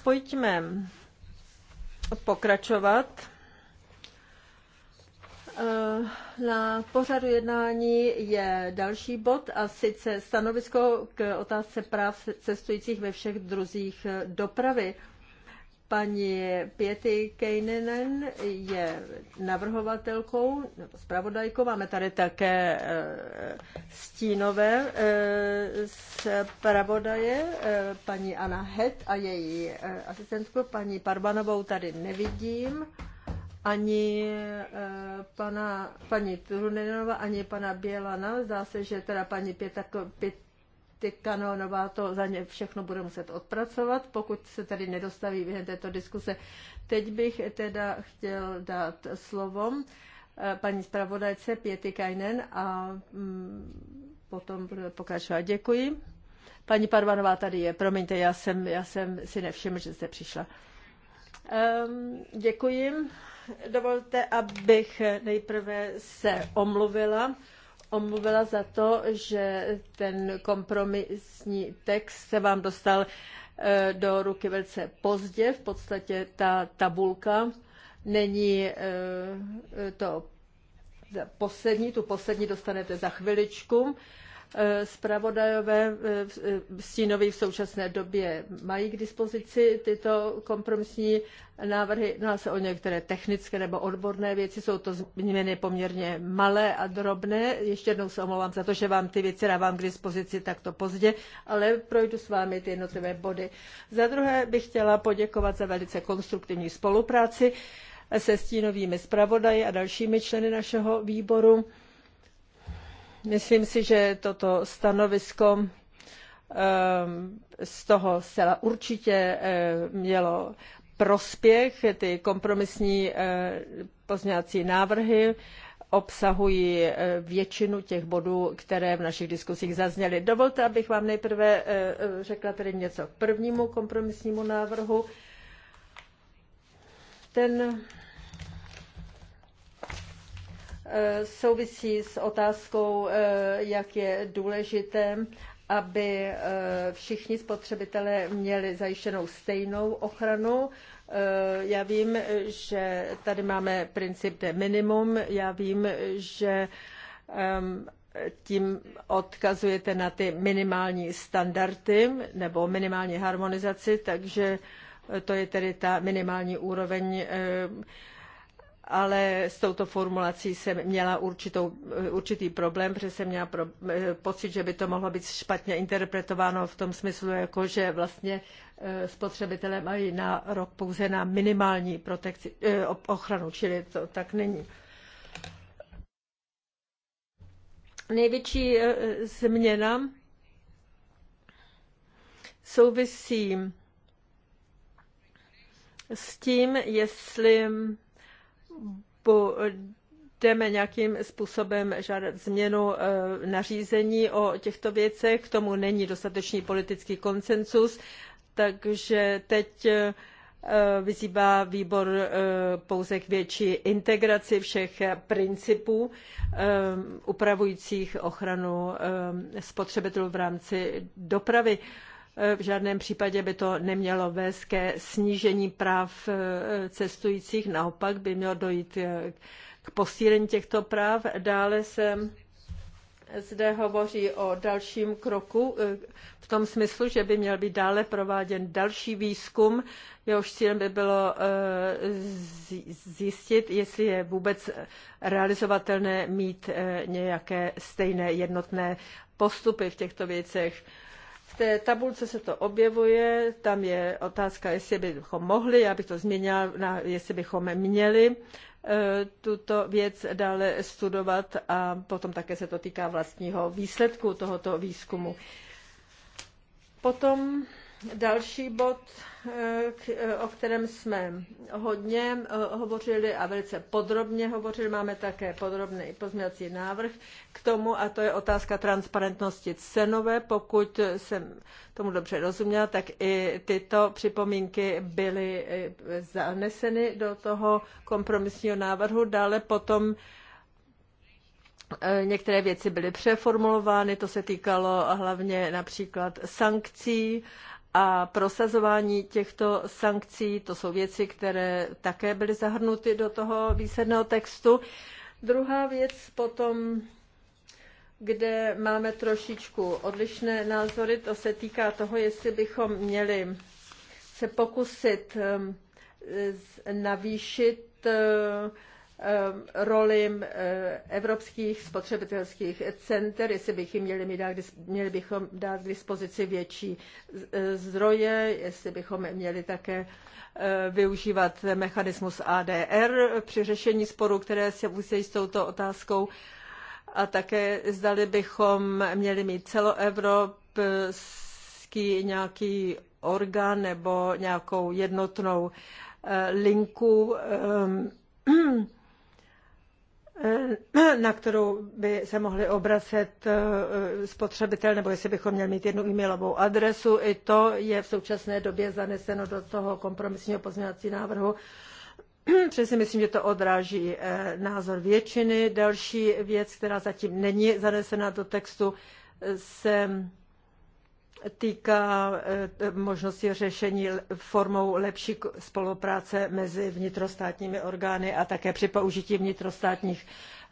pojďme pokračovat. Eh, na pořadu jednání je další bod a sice stanovisko k otázce práv cestujících ve všech druzích dopravy. Paní Pěty Kejnenen je navrhovatelkou, nebo zpravodajkou. Máme tady také eh, stínové eh, zpravodaje, eh, paní Anna Het a její asistentku, paní Parbanovou tady nevidím. Ani pana, paní Turunenová, ani pana Bělana. Zdá se, že teda paní Pěta, Pět, Tykano Nová to za ně všechno bude muset odpracovat, pokud se tady nedostaví během této diskuse. Teď bych teda chtěl dát slovo eh, paní zpravodajce Pěty Kajnen a mm, potom budeme pokračovat. Děkuji. Paní Parvanová tady je. Promiňte, já jsem, já jsem si nevšiml, že jste přišla. Um, děkuji. Dovolte, abych nejprve se omluvila omluvila za to, že ten kompromisní text se vám dostal eh, do ruky velice pozdě. V podstatě ta tabulka není eh, to poslední, tu poslední dostanete za chviličku. Spravodajové eh, eh, eh, stínoví v současné době mají k dispozici tyto kompromisní návrhy. Jedná se o některé technické nebo odborné věci, jsou to změny poměrně malé a drobné. Ještě jednou se omlouvám za to, že vám ty věci dávám k dispozici takto pozdě, ale projdu s vámi ty jednotlivé body. Za druhé bych chtěla poděkovat za velice konstruktivní spolupráci se stínovými zpravodaji a dalšími členy našeho výboru. Myslím si, že toto stanovisko ehm, z toho zcela určitě ehm, mělo prospěch. Ty kompromisní ehm, pozměňovací návrhy obsahují většinu těch bodů, které v našich diskusích zazněly. Dovolte, abych vám nejprve řekla tedy něco k prvnímu kompromisnímu návrhu. Ten Eh, souvisí s otázkou, eh, jak je důležité, aby eh, všichni spotřebitelé měli zajištěnou stejnou ochranu. Já vím, že tady máme princip de minimum, já vím, že ehm, tím odkazujete na ty minimální standardy nebo minimální harmonizaci, takže to je tedy ta minimální úroveň ale s touto formulací jsem měla určitou, určitý problém, protože jsem měla pro, pocit, že by to mohlo být špatně interpretováno v tom smyslu, jako že vlastně e, spotřebitelé mají na rok pouze na minimální protekci, e, ochranu, čili to tak není. Největší e, změna souvisí s tím, jestli budeme nějakým způsobem žádat změnu eh, nařízení o těchto věcech. K tomu není dostatečný politický konsensus, takže teď eh, vyzývá výbor eh, pouze k větší integraci všech principů upravujících ochranu spotřebitelů v rámci dopravy. E, v žádném případě by to nemělo vést ke snížení práv e, cestujících, naopak by mělo dojít e, k posílení těchto práv. Dále jsem zde hovoří o dalším kroku v tom smyslu, že by měl být dále prováděn další výzkum, jehož cílem by bylo zjistit, jestli je vůbec realizovatelné mít nějaké stejné jednotné postupy v těchto věcech. V té tabulce se to objevuje, tam je otázka, jestli bychom mohli, já bych to změnila, na, jestli bychom měli e, tuto věc dále studovat a potom také se to týká vlastního výsledku tohoto výzkumu. Potom další bod o kterém jsme hodně eh, hovořili a velice podrobně hovořili. Máme také podrobný pozměňovací návrh k tomu a to je otázka transparentnosti cenové. Pokud jsem tomu dobře rozuměla, tak i tyto připomínky byly eh, zaneseny do toho kompromisního návrhu. Dále potom eh, Některé věci byly přeformulovány, to se týkalo hlavně například sankcí a prosazování těchto sankcí, to jsou věci, které také byly zahrnuty do toho výsledného textu. Druhá věc potom, kde máme trošičku odlišné názory, to se týká toho, jestli bychom měli se pokusit ehm, navýšit ehm, Ehm, roli ehm, evropských spotřebitelských center, jestli bych jim měli, dát, měli bychom dát k dispozici větší eh, zdroje, jestli bychom měli také eh, využívat mechanismus ADR při řešení sporů, které se musí s touto otázkou a také zdali bychom měli mít celoevropský nějaký orgán nebo nějakou jednotnou eh, linku ehm, <clears throat> Eh, <clears throat> na kterou by se mohli obracet eh, spotřebitel, nebo jestli bychom měli mít jednu e-mailovou adresu. I to je v současné době zaneseno do toho kompromisního pozměňovacího návrhu. <clears throat> Přesně myslím, že to odráží eh, názor většiny. Další věc, která zatím není zanesena do textu, se týká eh, možnosti řešení formou lepší spolupráce mezi vnitrostátními orgány a také při použití vnitrostátních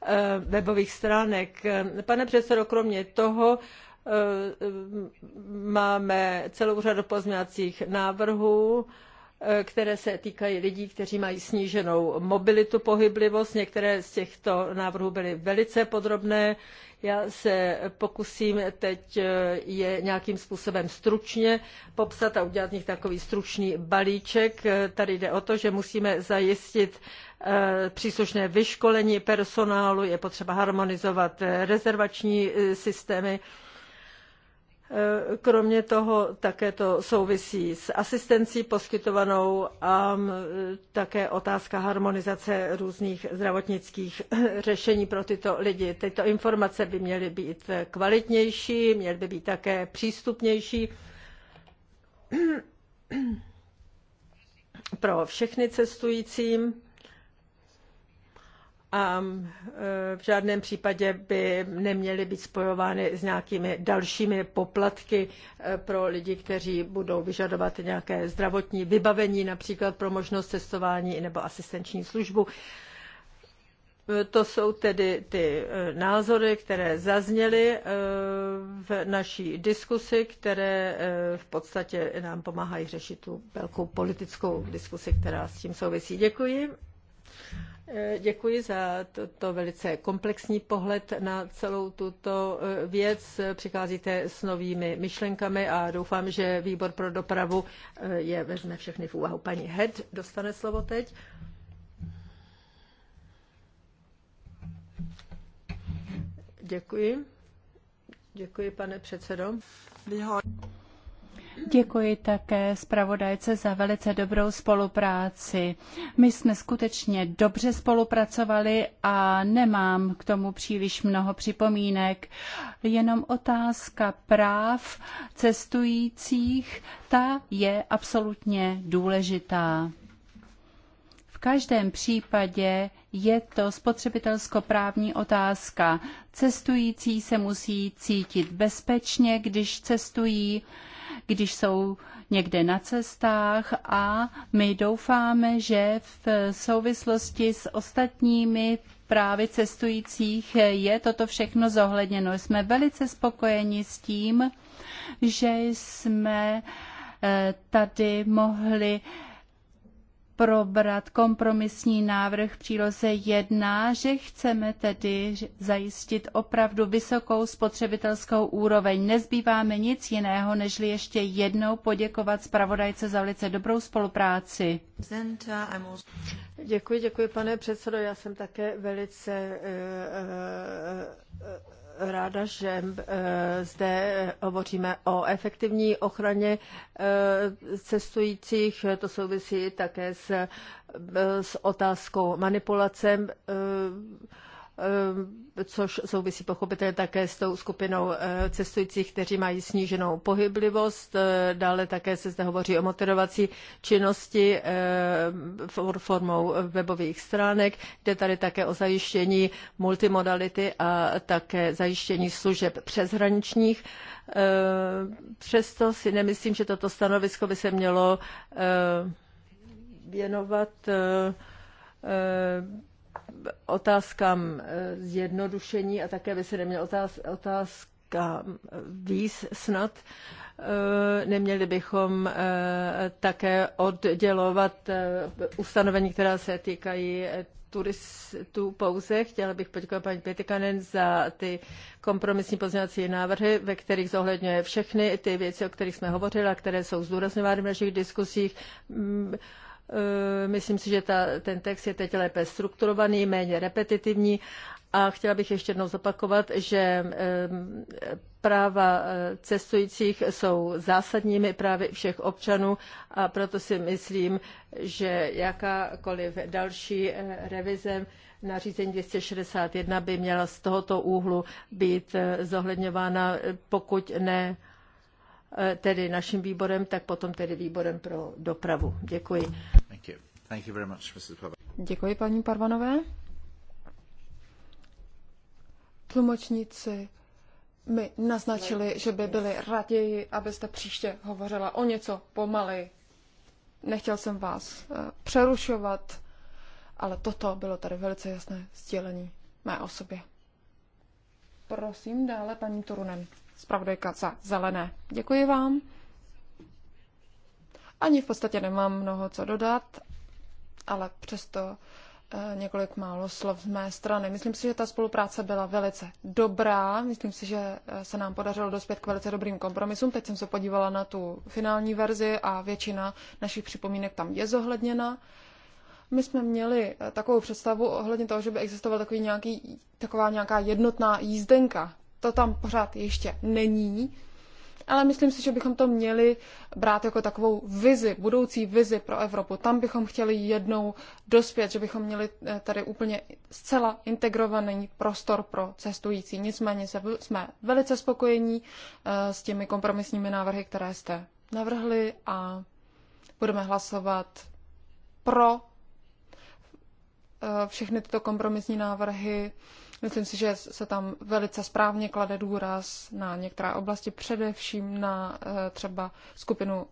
eh, webových stránek. Pane předsedo, kromě toho eh, máme celou řadu pozměňovacích návrhů, které se týkají lidí, kteří mají sníženou mobilitu, pohyblivost. Některé z těchto návrhů byly velice podrobné, já se pokusím teď eh, je nějakým způsobem stručně popsat a udělat z nich takový stručný balíček. Eh, Tady jde o to, že musíme zajistit eh, příslušné vyškolení personálu, je potřeba harmonizovat rezervační systémy, Eh, kromě toho také to souvisí s asistencí poskytovanou a mm, eh, také otázka harmonizace různých zdravotnických eh, řešení pro tyto lidi. Tyto informace by měly být kvalitnější, měly by být také přístupnější <clears throat> pro všechny cestujícím a e, v žádném případě by neměly být spojovány s nějakými dalšími poplatky e, pro lidi, kteří budou vyžadovat nějaké zdravotní vybavení, například pro možnost cestování nebo asistenční službu. E, to jsou tedy ty názory, které zazněly v naší diskusi, které v podstatě nám pomáhají řešit tu velkou politickou diskusi, která s tím souvisí. Děkuji. Eh, děkuji za to velice komplexní pohled na celou tuto eh, věc. Přicházíte s novými myšlenkami a doufám, že výbor pro dopravu eh, je vezme všechny v úvahu. Paní Head dostane slovo teď. Děkuji. Děkuji, pane předsedo. Vyho- Děkuji také zpravodajce za velice dobrou spolupráci. My jsme skutečně dobře spolupracovali a nemám k tomu příliš mnoho připomínek. Jenom otázka práv cestujících, ta je absolutně důležitá. V každém případě je to spotřebitelskoprávní otázka. Cestující se musí cítit bezpečně, když cestují když jsou někde na cestách a my doufáme, že v souvislosti s ostatními právě cestujících je toto všechno zohledněno. Jsme velice spokojeni s tím, že jsme eh, tady mohli probrat kompromisní návrh příloze 1, že chceme tedy zajistit opravdu vysokou spotřebitelskou úroveň. Nezbýváme nic jiného, nežli ještě jednou poděkovat zpravodajce za velice dobrou spolupráci. Děkuji, děkuji pane předsedo. Já jsem také velice uh, uh, ráda, že eh, zde eh, hovoříme o efektivní ochraně eh, cestujících. To souvisí také s, s otázkou manipulace. Ehm, což souvisí pochopitelně také s tou skupinou eh, cestujících, kteří mají sníženou pohyblivost. Eh, dále také se zde hovoří o motorovací činnosti ehm, formou webových stránek, kde tady také o zajištění multimodality a také zajištění služeb přeshraničních. Ehm, přesto si nemyslím, že toto stanovisko by se mělo věnovat eh, otázkám eh, zjednodušení a také by se neměl otáz, otázka víc snad. Eh, neměli bychom eh, také oddělovat ustanovení, která se týkají turistů pouze. Chtěla bych poděkovat paní Pětikanen za ty kompromisní pozměňovací návrhy, ve kterých zohledňuje všechny ty věci, o kterých jsme hovořili a které jsou zdůrazňovány v našich diskusích. Mm, Eh, myslím si, že ta, ten text je teď lépe strukturovaný, méně repetitivní a chtěla bych ještě jednou zopakovat, že eh, práva eh, cestujících jsou zásadními právy všech občanů a proto si myslím, že jakákoliv další revize nařízení 261 by měla z tohoto úhlu být zohledňována, pokud ne tedy naším výborem, tak potom tedy výborem pro dopravu. Děkuji. Děkuji paní Parvanové. Tlumočníci mi naznačili, že by byli raději, abyste příště hovořila o něco pomaly. Nechtěl jsem vás eh, přerušovat, ale toto bylo tady velice jasné sdělení mé osobě. Prosím dále paní Turunen, zpravodajka za zelené. Děkuji vám. Ani v podstatě nemám mnoho co dodat ale přesto eh, několik málo slov z mé strany. Myslím si, že ta spolupráce byla velice dobrá. Myslím si, že eh, se nám podařilo dospět k velice dobrým kompromisům. Teď jsem se podívala na tu finální verzi a většina našich připomínek tam je zohledněna. My jsme měli eh, takovou představu ohledně toho, že by existoval takový nějaký, taková nějaká jednotná jízdenka. To tam pořád ještě není ale myslím si, že bychom to měli brát jako takovou vizi, budoucí vizi pro Evropu. Tam bychom chtěli jednou dospět, že bychom měli eh, tady úplně zcela integrovaný prostor pro cestující. Nicméně jsme velice spokojení eh, s těmi kompromisními návrhy, které jste navrhli a budeme hlasovat pro eh, všechny tyto kompromisní návrhy Myslím si, že se tam velice správně klade důraz na některé oblasti, především na eh, třeba skupinu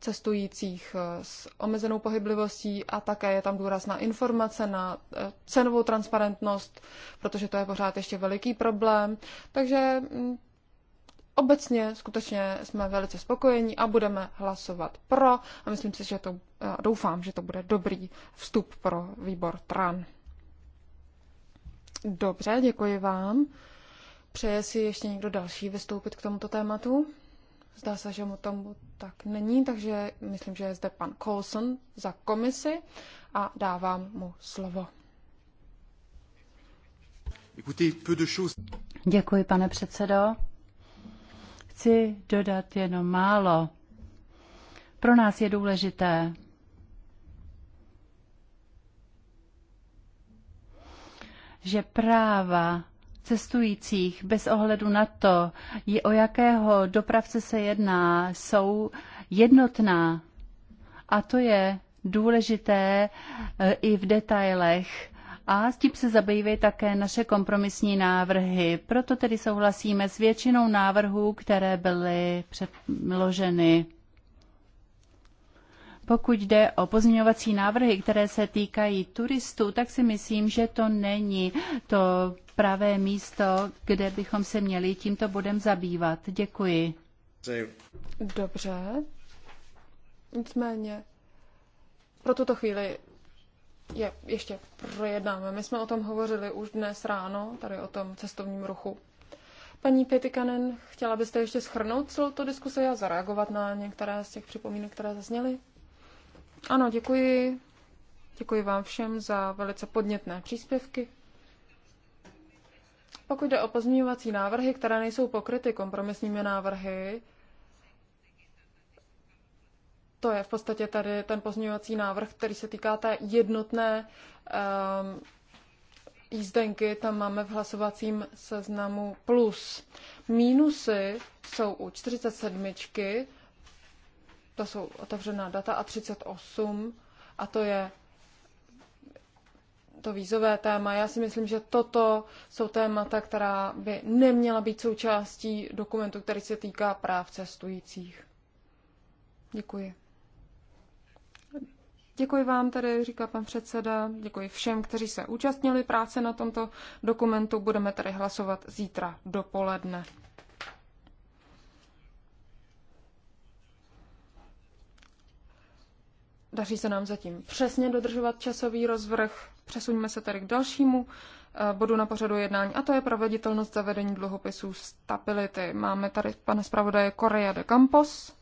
cestujících eh, s omezenou pohyblivostí a také je tam důraz na informace, na eh, cenovou transparentnost, protože to je pořád ještě veliký problém. Takže mm, obecně skutečně jsme velice spokojení a budeme hlasovat pro a myslím si, že to, doufám, že to bude dobrý vstup pro výbor TRAN. Dobře, děkuji vám. Přeje si ještě někdo další vystoupit k tomuto tématu? Zdá se, že mu tomu tak není, takže myslím, že je zde pan Colson za komisi a dávám mu slovo. Děkuji, pane předsedo. Chci dodat jenom málo. Pro nás je důležité, že práva cestujících bez ohledu na to, o jakého dopravce se jedná, jsou jednotná. A to je důležité eh, i v detailech. A s tím se zabývají také naše kompromisní návrhy. Proto tedy souhlasíme s většinou návrhů, které byly předloženy. Pokud jde o pozměňovací návrhy, které se týkají turistů, tak si myslím, že to není to pravé místo, kde bychom se měli tímto bodem zabývat. Děkuji. Dobře. Nicméně pro tuto chvíli je ještě projednáme. My jsme o tom hovořili už dnes ráno, tady o tom cestovním ruchu. Paní Pětikanen, chtěla byste ještě schrnout celou tu diskusi a zareagovat na některé z těch připomínek, které zazněly? Ano, děkuji. Děkuji vám všem za velice podnětné příspěvky. Pokud jde o pozměňovací návrhy, které nejsou pokryty kompromisními návrhy, to je v podstatě tady ten pozměňovací návrh, který se týká té jednotné um, jízdenky, tam máme v hlasovacím seznamu plus. Mínusy jsou u 47 to jsou otevřená data, a 38, a to je to vízové téma. Já si myslím, že toto jsou témata, která by neměla být součástí dokumentu, který se týká práv cestujících. Děkuji. Děkuji vám tedy, říká pan předseda, děkuji všem, kteří se účastnili práce na tomto dokumentu. Budeme tedy hlasovat zítra dopoledne. Daří se nám zatím přesně dodržovat časový rozvrh. Přesuňme se tedy k dalšímu eh, bodu na pořadu jednání, a to je proveditelnost zavedení dluhopisů stability. Máme tady pane zpravodaje Korea de Campos.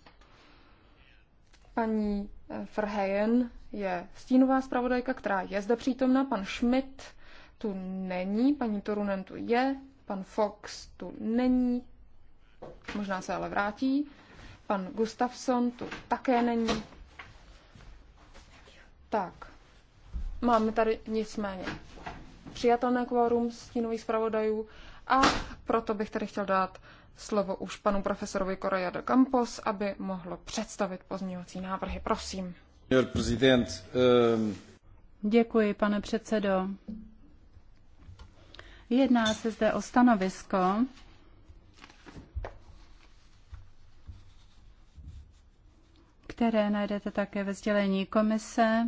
Paní eh, Verheyen je stínová zpravodajka, která je zde přítomna. Pan Schmidt tu není, paní Torunen tu je, pan Fox tu není, možná se ale vrátí. Pan Gustafsson tu také není, tak, máme tady nicméně přijatelné kvórum stínových zpravodajů a proto bych tady chtěl dát slovo už panu profesorovi Koraja de Campos, aby mohlo představit pozměňovací návrhy. Prosím. Ehm, Děkuji, pane předsedo. Jedná se zde o stanovisko, které najdete také ve sdělení komise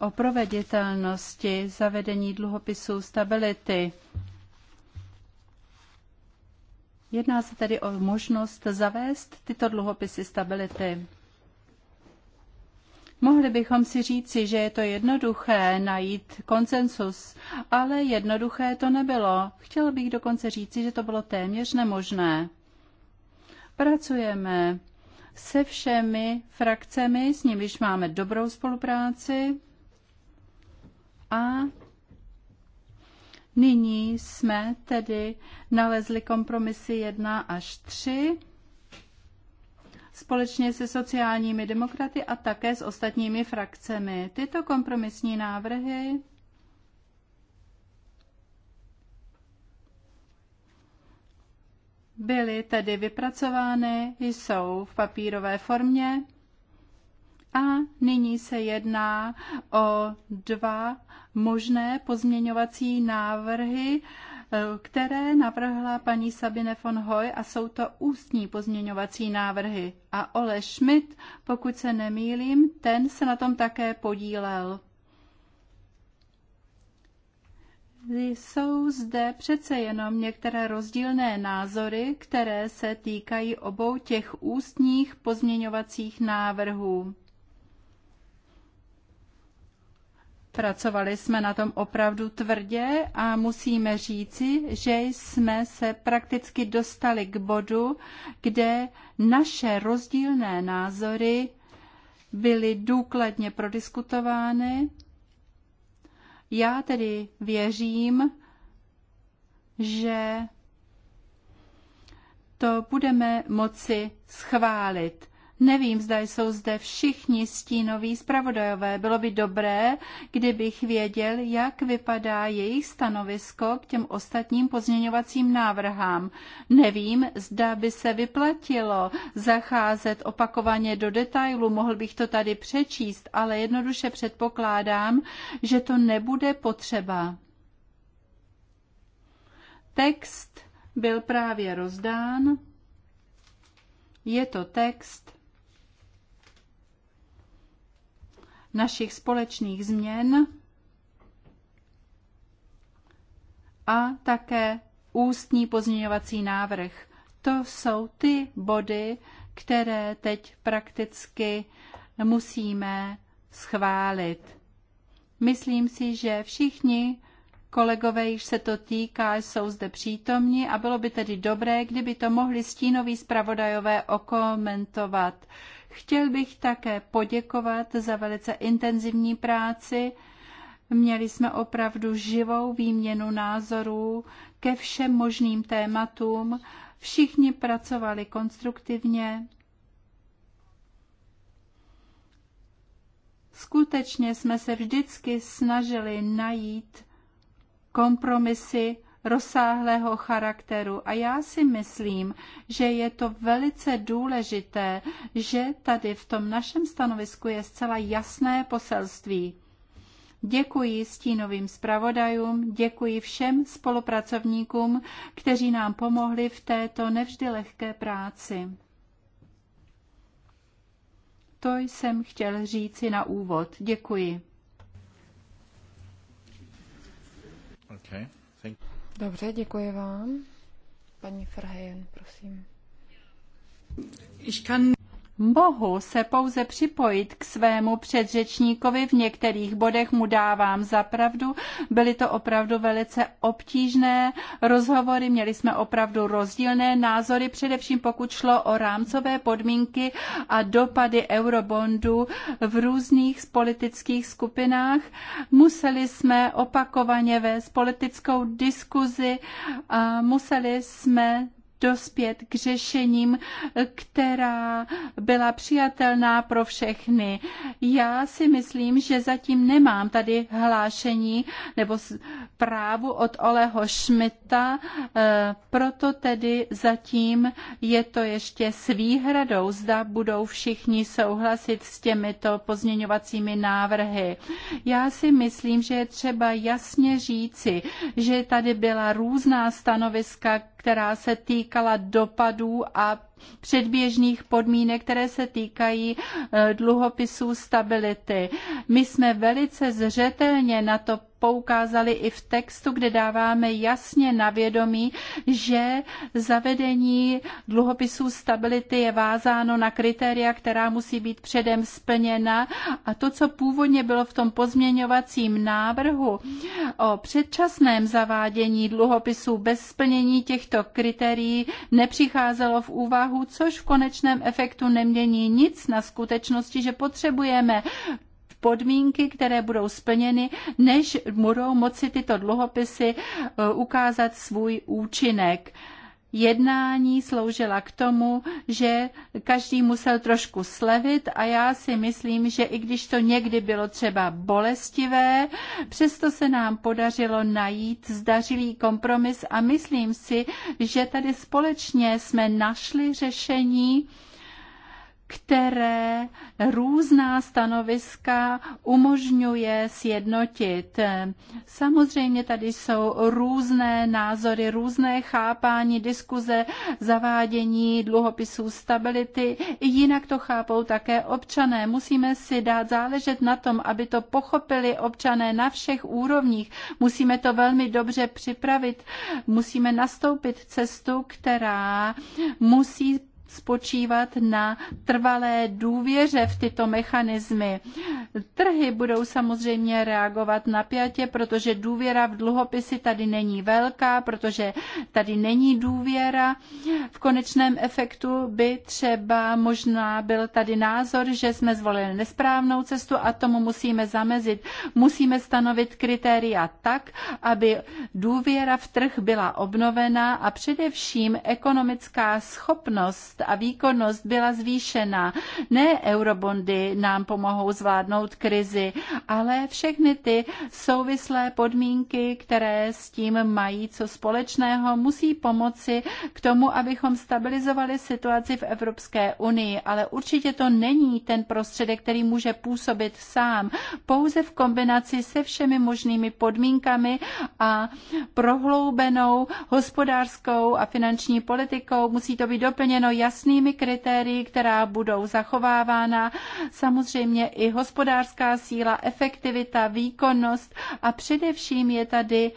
o proveditelnosti zavedení dluhopisů stability. Jedná se tedy o možnost zavést tyto dluhopisy stability. Mohli bychom si říci, že je to jednoduché najít konsensus, ale jednoduché to nebylo. Chtěl bych dokonce říci, že to bylo téměř nemožné. Pracujeme se všemi frakcemi, s nimiž máme dobrou spolupráci, a nyní jsme tedy nalezli kompromisy 1 až 3 společně se sociálními demokraty a také s ostatními frakcemi. Tyto kompromisní návrhy byly tedy vypracovány, jsou v papírové formě a nyní se jedná o dva možné pozměňovací návrhy, eh, které navrhla paní Sabine von Hoy a jsou to ústní pozměňovací návrhy. A Ole Schmidt, pokud se nemýlím, ten se na tom také podílel. Jsou zde přece jenom některé rozdílné názory, které se týkají obou těch ústních pozměňovacích návrhů. Pracovali jsme na tom opravdu tvrdě a musíme říci, že jsme se prakticky dostali k bodu, kde naše rozdílné názory byly důkladně prodiskutovány. Já tedy věřím, že to budeme moci schválit. Nevím, zda jsou zde všichni stínoví zpravodajové. Bylo by dobré, kdybych věděl, jak vypadá jejich stanovisko k těm ostatním pozměňovacím návrhám. Nevím, zda by se vyplatilo zacházet opakovaně do detailu, mohl bych to tady přečíst, ale jednoduše předpokládám, že to nebude potřeba. Text byl právě rozdán. Je to text, našich společných změn a také ústní pozměňovací návrh. To jsou ty body, které teď prakticky musíme schválit. Myslím si, že všichni kolegové, již se to týká, jsou zde přítomni a bylo by tedy dobré, kdyby to mohli stínoví zpravodajové okomentovat. Chtěl bych také poděkovat za velice intenzivní práci. Měli jsme opravdu živou výměnu názorů ke všem možným tématům. Všichni pracovali konstruktivně. Skutečně jsme se vždycky snažili najít kompromisy, rozsáhlého charakteru. A já si myslím, že je to velice důležité, že tady v tom našem stanovisku je zcela jasné poselství. Děkuji stínovým zpravodajům, děkuji všem spolupracovníkům, kteří nám pomohli v této nevždy lehké práci. To jsem chtěl říci na úvod. Děkuji. Okay, thank you. Dobře, děkuji vám. Paní Frhejen, prosím. Ich kann... Mohu se pouze připojit k svému předřečníkovi, v některých bodech mu dávám za pravdu. Byly to opravdu velice obtížné rozhovory, měli jsme opravdu rozdílné názory, především pokud šlo o rámcové podmínky a dopady eurobondu v různých politických skupinách. Museli jsme opakovaně vést politickou diskuzi, a museli jsme dospět k řešením, která byla přijatelná pro všechny. Já si myslím, že zatím nemám tady hlášení nebo právu od Oleho Šmita, eh, proto tedy zatím je to ještě s výhradou, zda budou všichni souhlasit s těmito pozměňovacími návrhy. Já si myslím, že je třeba jasně říci, že tady byla různá stanoviska, která se týká týkala dopadů a předběžných podmínek, které se týkají e, dluhopisů stability. My jsme velice zřetelně na to poukázali i v textu, kde dáváme jasně na vědomí, že zavedení dluhopisů stability je vázáno na kritéria, která musí být předem splněna a to, co původně bylo v tom pozměňovacím návrhu o předčasném zavádění dluhopisů bez splnění těchto kritérií nepřicházelo v úvahu, což v konečném efektu nemění nic na skutečnosti, že potřebujeme podmínky, které budou splněny, než budou moci tyto dluhopisy eh, ukázat svůj účinek jednání sloužila k tomu, že každý musel trošku slevit a já si myslím, že i když to někdy bylo třeba bolestivé, přesto se nám podařilo najít zdařilý kompromis a myslím si, že tady společně jsme našli řešení, které různá stanoviska umožňuje sjednotit. Samozřejmě tady jsou různé názory, různé chápání, diskuze, zavádění dluhopisů stability. I jinak to chápou také občané. Musíme si dát záležet na tom, aby to pochopili občané na všech úrovních. Musíme to velmi dobře připravit. Musíme nastoupit cestu, která musí spočívat na trvalé důvěře v tyto mechanismy. Trhy budou samozřejmě reagovat pětě, protože důvěra v dluhopisy tady není velká, protože tady není důvěra. V konečném efektu by třeba možná byl tady názor, že jsme zvolili nesprávnou cestu a tomu musíme zamezit. Musíme stanovit kritéria tak, aby důvěra v trh byla obnovená a především ekonomická schopnost účinnost a výkonnost byla zvýšena. Ne eurobondy nám pomohou zvládnout krizi, ale všechny ty souvislé podmínky, které s tím mají co společného, musí pomoci k tomu, abychom stabilizovali situaci v Evropské unii, ale určitě to není ten prostředek, který může působit sám, pouze v kombinaci se všemi možnými podmínkami a prohloubenou hospodářskou a finanční politikou. Musí to být doplněno jasnými kritérii, která budou zachovávána. Samozřejmě i hospodářská síla, efektivita, výkonnost a především je tady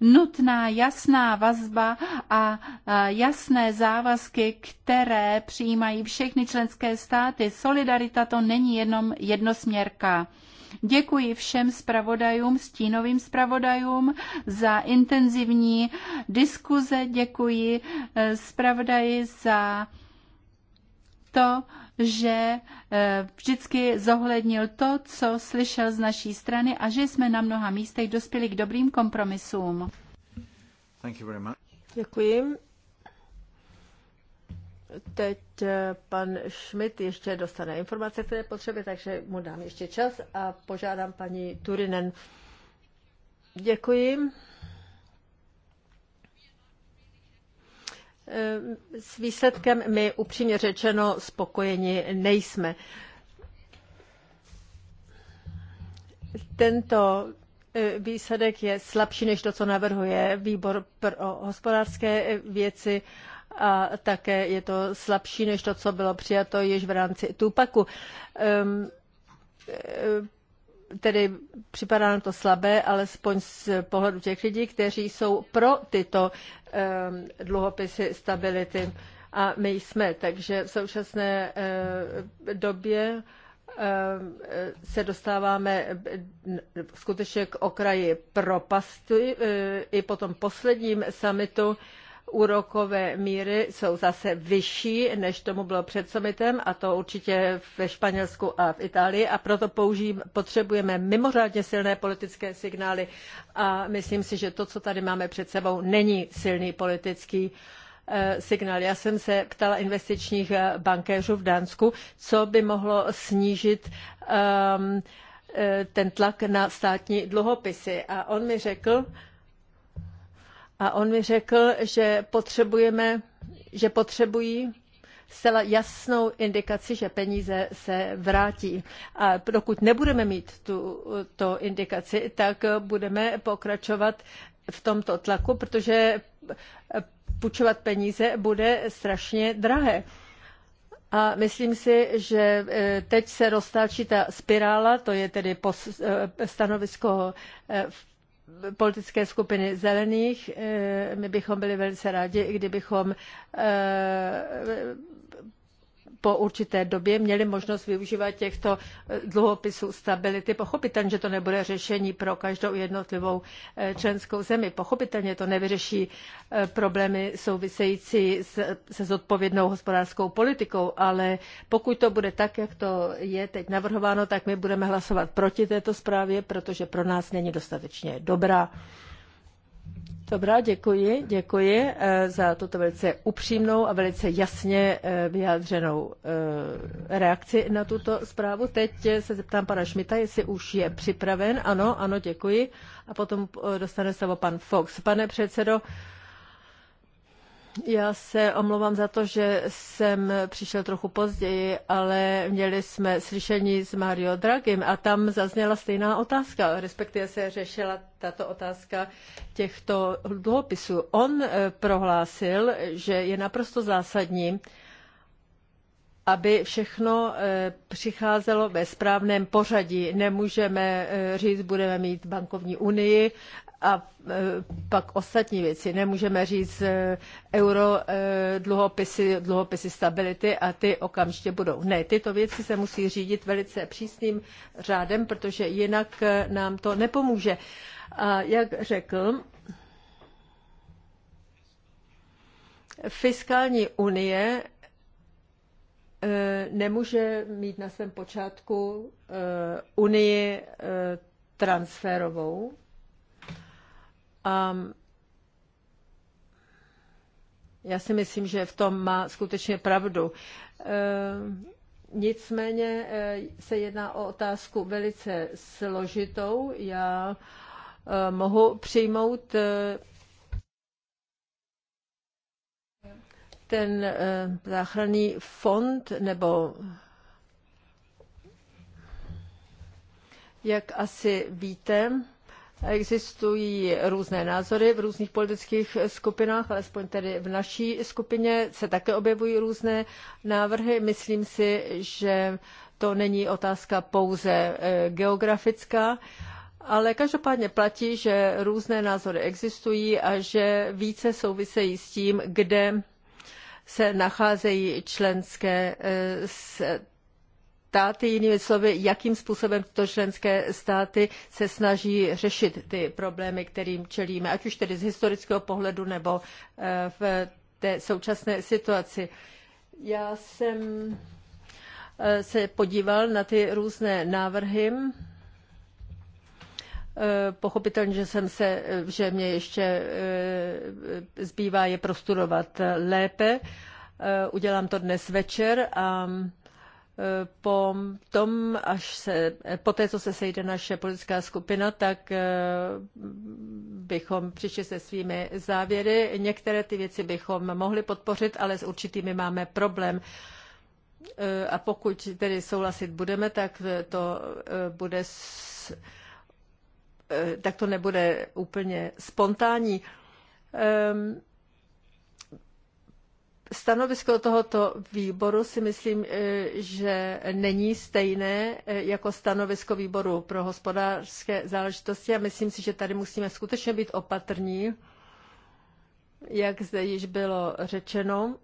nutná jasná vazba a jasné závazky, které přijímají všechny členské státy. Solidarita to není jenom jednosměrka. Děkuji všem zpravodajům, stínovým zpravodajům za intenzivní diskuze, děkuji eh, zpravodaji za to, že eh, vždycky zohlednil to, co slyšel z naší strany a že jsme na mnoha místech dospěli k dobrým kompromisům. Děkuji. Teď eh, pan Schmidt ještě dostane informace, které potřebuje, takže mu dám ještě čas a požádám paní Turinen. Děkuji. Eh, s výsledkem my upřímně řečeno spokojeni nejsme. Tento eh, výsledek je slabší než to, co navrhuje výbor pro hospodářské eh, věci a také je to slabší než to, co bylo přijato již v rámci Tupaku. Ehm, tedy připadá nám to slabé, alespoň z pohledu těch lidí, kteří jsou pro tyto ehm, dluhopisy stability. A my jsme, takže v současné eh, době ehm, se dostáváme eh, skutečně k okraji propasti. Eh, I po tom posledním summitu úrokové míry jsou zase vyšší, než tomu bylo před summitem, a to určitě ve Španělsku a v Itálii, a proto použijím, potřebujeme mimořádně silné politické signály a myslím si, že to, co tady máme před sebou, není silný politický eh, signál. Já jsem se ptala investičních eh, bankéřů v Dánsku, co by mohlo snížit um, ten tlak na státní dluhopisy. A on mi řekl, a on mi řekl, že potřebujeme, že potřebují zcela jasnou indikaci, že peníze se vrátí. A dokud nebudeme mít tu, to indikaci, tak budeme pokračovat v tomto tlaku, protože půjčovat peníze bude strašně drahé. A myslím si, že e, teď se roztáčí ta spirála, to je tedy e, stanovisko e, politické skupiny zelených. Eh, my bychom byli velice rádi, kdybychom eh, po určité době měli možnost využívat těchto eh, dluhopisů stability. Pochopitelně, že to nebude řešení pro každou jednotlivou eh, členskou zemi. Pochopitelně to nevyřeší eh, problémy související se zodpovědnou hospodářskou politikou, ale pokud to bude tak, jak to je teď navrhováno, tak my budeme hlasovat proti této zprávě, protože pro nás není dostatečně dobrá. Dobrá, děkuji, děkuji eh, za tuto velice upřímnou a velice jasně eh, vyjádřenou eh, reakci na tuto zprávu. Teď se zeptám pana Šmita, jestli už je připraven. Ano, ano, děkuji. A potom dostane slovo pan Fox. Pane předsedo, já se omlouvám za to, že jsem přišel trochu později, ale měli jsme slyšení s Mario Dragim a tam zazněla stejná otázka, respektive se řešila tato otázka těchto dluhopisů. On eh, prohlásil, že je naprosto zásadní, aby všechno eh, přicházelo ve správném pořadí. Nemůžeme eh, říct, budeme mít bankovní unii a eh, pak ostatní věci. Nemůžeme říct euro, dluhopisy, dluhopisy stability a ty okamžitě budou. Ne, tyto věci se musí řídit velice přísným řádem, protože jinak nám to nepomůže. A jak řekl, fiskální unie E, nemůže mít na svém počátku e, unii e, transferovou. A já si myslím, že v tom má skutečně pravdu. Nicméně se jedná o otázku velice složitou. Já mohu přijmout ten eh, záchranný fond nebo jak asi víte, Existují různé názory v různých politických skupinách, alespoň tedy v naší skupině se také objevují různé návrhy. Myslím si, že to není otázka pouze eh, geografická, ale každopádně platí, že různé názory existují a že více souvisejí s tím, kde se nacházejí členské eh, státy, jinými slovy, jakým způsobem tyto členské státy se snaží řešit ty problémy, kterým čelíme, ať už tedy z historického pohledu nebo eh, v té současné situaci. Já jsem eh, se podíval na ty různé návrhy Eh, pochopitelně, že jsem se, eh, že mě ještě eh, zbývá je prostudovat lépe. Udělám to dnes večer a po tom, až se, po té, co se sejde naše politická skupina, tak bychom přišli se svými závěry. Některé ty věci bychom mohli podpořit, ale s určitými máme problém. A pokud tedy souhlasit budeme, tak to bude s Eh, tak to nebude úplně spontánní. Ehm, stanovisko tohoto výboru si myslím, eh, že není stejné eh, jako stanovisko výboru pro hospodářské záležitosti a myslím si, že tady musíme skutečně být opatrní, jak zde již bylo řečeno.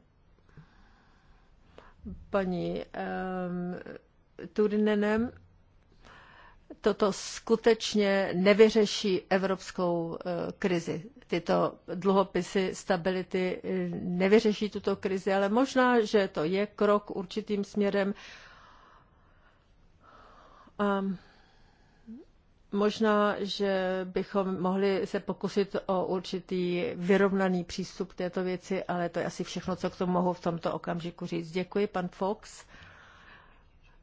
Paní um, ehm, Turinenem toto skutečně nevyřeší evropskou eh, krizi. Tyto dluhopisy stability eh, nevyřeší tuto krizi, ale možná, že to je krok určitým směrem. A možná, že bychom mohli se pokusit o určitý vyrovnaný přístup k této věci, ale to je asi všechno, co k tomu mohu v tomto okamžiku říct. Děkuji, pan Fox.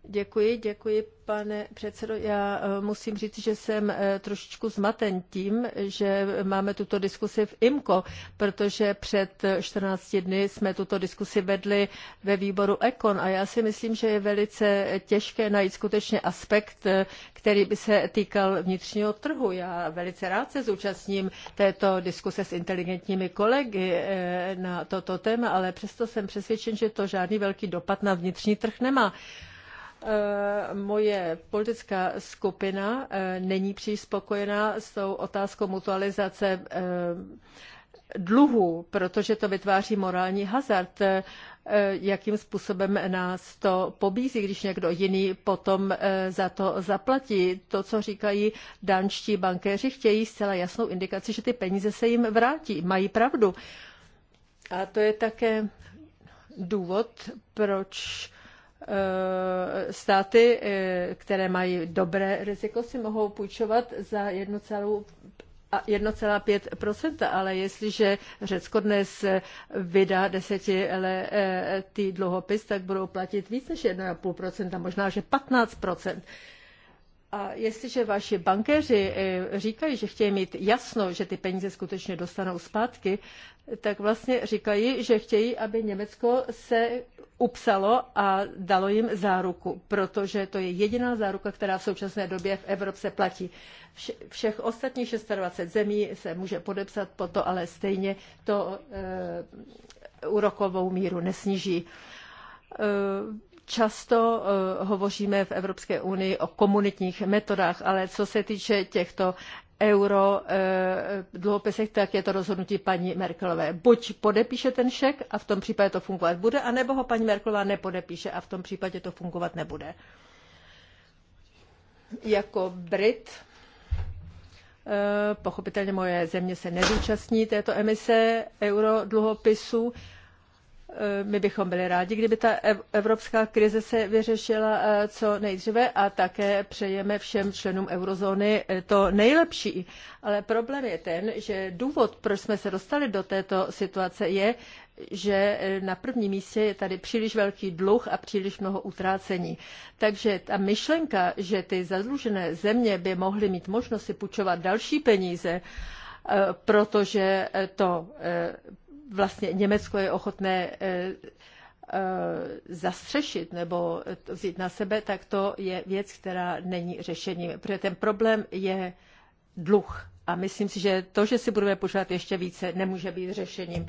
Děkuji, děkuji, pane předsedo. Já eh, musím říct, že jsem eh, trošičku zmaten tím, že máme tuto diskusi v IMKO, protože před 14 eh, dny jsme tuto diskusi vedli ve výboru EKON a já si myslím, že je velice těžké najít skutečně aspekt, který by se týkal vnitřního trhu. Já velice rád se zúčastním této diskuse s inteligentními kolegy na toto téma, ale přesto jsem přesvědčen, že to žádný velký dopad na vnitřní trh nemá. Eh, moje politická skupina eh, není příliš spokojená s tou otázkou mutualizace eh, dluhů, protože to vytváří morální hazard. Jakým způsobem nás to pobízí, když někdo jiný potom za to zaplatí. To, co říkají danští bankéři, chtějí zcela jasnou indikaci, že ty peníze se jim vrátí. Mají pravdu. A to je také důvod, proč Eh, státy, eh, které mají dobré riziko, si mohou půjčovat za 1,5%, ale jestliže Řecko dnes vydá ty eh, dluhopis, tak budou platit více než 1,5%, možná že 15%. A jestliže vaši bankéři eh, říkají, že chtějí mít jasno, že ty peníze skutečně dostanou zpátky, tak vlastně říkají, že chtějí, aby Německo se upsalo a dalo jim záruku, protože to je jediná záruka, která v současné době v Evropě platí. Všech ostatních 26 zemí se může podepsat po to, ale stejně to e, úrokovou míru nesníží. E, Často eh, hovoříme v Evropské unii o komunitních metodách, ale co se týče těchto euro eh, dluhopisech, tak je to rozhodnutí paní Merkelové. Buď podepíše ten šek a v tom případě to fungovat bude, anebo ho paní Merkelová nepodepíše a v tom případě to fungovat nebude. Jako Brit eh, Pochopitelně moje země se nezúčastní této emise euro dluhopisu. Eh, my bychom byli rádi, kdyby ta evropská krize se vyřešila eh, co nejdříve a také přejeme všem členům eurozóny eh, to nejlepší. Ale problém je ten, že důvod, proč jsme se dostali do této situace, je, že na prvním místě je tady příliš velký dluh a příliš mnoho utrácení. Takže ta myšlenka, že ty zadlužené země by mohly mít možnost si půjčovat další peníze, protože to vlastně Německo je ochotné eh, eh, zastřešit nebo vzít na sebe, tak to je věc, která není řešením. Protože ten problém je dluh. A myslím si, že to, že si budeme požádat ještě více, nemůže být řešením.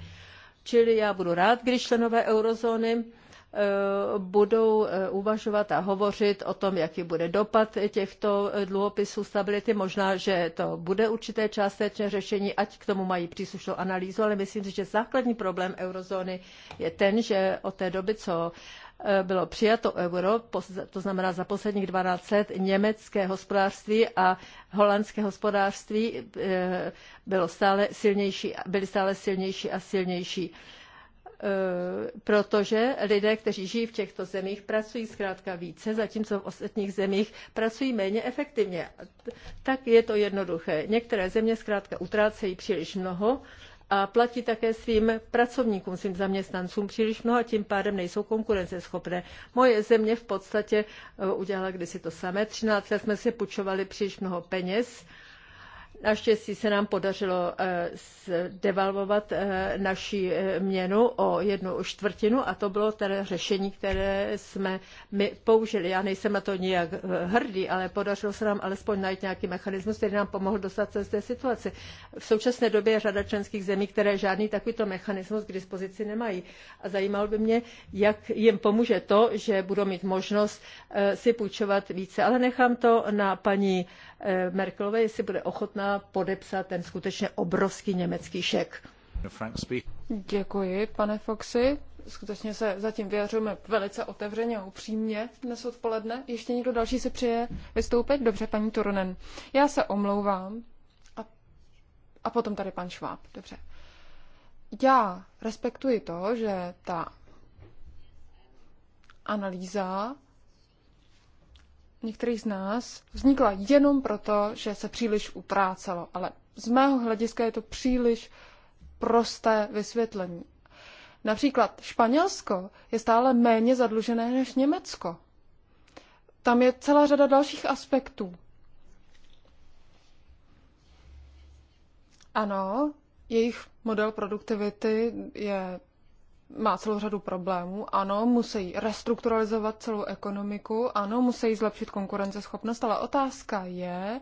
Čili já budu rád, když členové eurozóny Eh, budou eh, uvažovat a hovořit o tom, jaký bude dopad těchto dluhopisů stability. Možná, že to bude určité částečné řešení, ať k tomu mají příslušnou analýzu, ale myslím si, že základní problém eurozóny je ten, že od té doby, co eh, bylo přijato euro, to znamená za posledních 12 let německé hospodářství a holandské hospodářství bylo stále silnější, byly stále silnější a silnější. Eh, protože lidé, kteří žijí v těchto zemích, pracují zkrátka více, zatímco v ostatních zemích pracují méně efektivně. Tak je to jednoduché. Některé země zkrátka utrácejí příliš mnoho a platí také svým pracovníkům, svým zaměstnancům příliš mnoho a tím pádem nejsou konkurenceschopné. Moje země v podstatě eh, udělala kdysi to samé. 13 let jsme si půjčovali příliš mnoho peněz Naštěstí se nám podařilo eh, devalvovat eh, naši eh, měnu o jednu čtvrtinu a to bylo tedy řešení, které jsme my použili. Já nejsem na to nijak hrdý, ale podařilo se nám alespoň najít nějaký mechanismus, který nám pomohl dostat se z té situace. V současné době je řada členských zemí, které žádný takovýto mechanismus k dispozici nemají. A zajímalo by mě, jak jim pomůže to, že budou mít možnost si půjčovat více. Ale nechám to na paní Merkelové, jestli bude ochotná podepsat ten skutečně obrovský německý šek. Děkuji, pane Foxy. Skutečně se zatím vyjadřujeme velice otevřeně a upřímně dnes odpoledne. Ještě někdo další se přeje vystoupit? Dobře, paní Turunen. Já se omlouvám. A, a potom tady pan Šváb. Dobře. Já respektuji to, že ta analýza některých z nás vznikla jenom proto, že se příliš utrácelo, ale z mého hlediska je to příliš prosté vysvětlení. Například Španělsko je stále méně zadlužené než Německo. Tam je celá řada dalších aspektů. Ano, jejich model produktivity je má celou řadu problémů. Ano, musí restrukturalizovat celou ekonomiku, ano, musí zlepšit konkurenceschopnost, ale otázka je,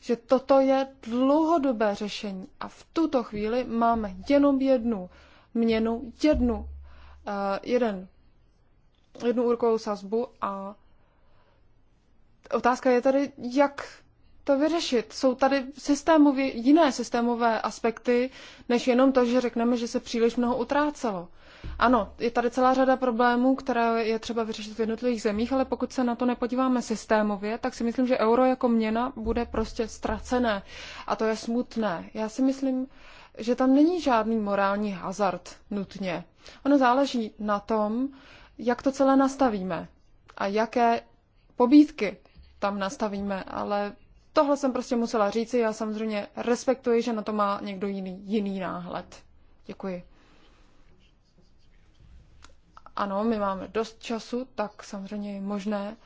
že toto je dlouhodobé řešení a v tuto chvíli máme jenom jednu měnu, jednu, uh, jeden, jednu úrokovou sazbu a otázka je tady, jak to vyřešit. Jsou tady systémově, jiné systémové aspekty, než jenom to, že řekneme, že se příliš mnoho utrácelo. Ano, je tady celá řada problémů, které je třeba vyřešit v jednotlivých zemích, ale pokud se na to nepodíváme systémově, tak si myslím, že euro jako měna bude prostě ztracené. A to je smutné. Já si myslím, že tam není žádný morální hazard nutně. Ono záleží na tom, jak to celé nastavíme a jaké pobídky tam nastavíme, ale tohle jsem prostě musela říci. Já samozřejmě respektuji, že na to má někdo jiný, jiný náhled. Děkuji ano, my máme dost času, tak samozřejmě je možné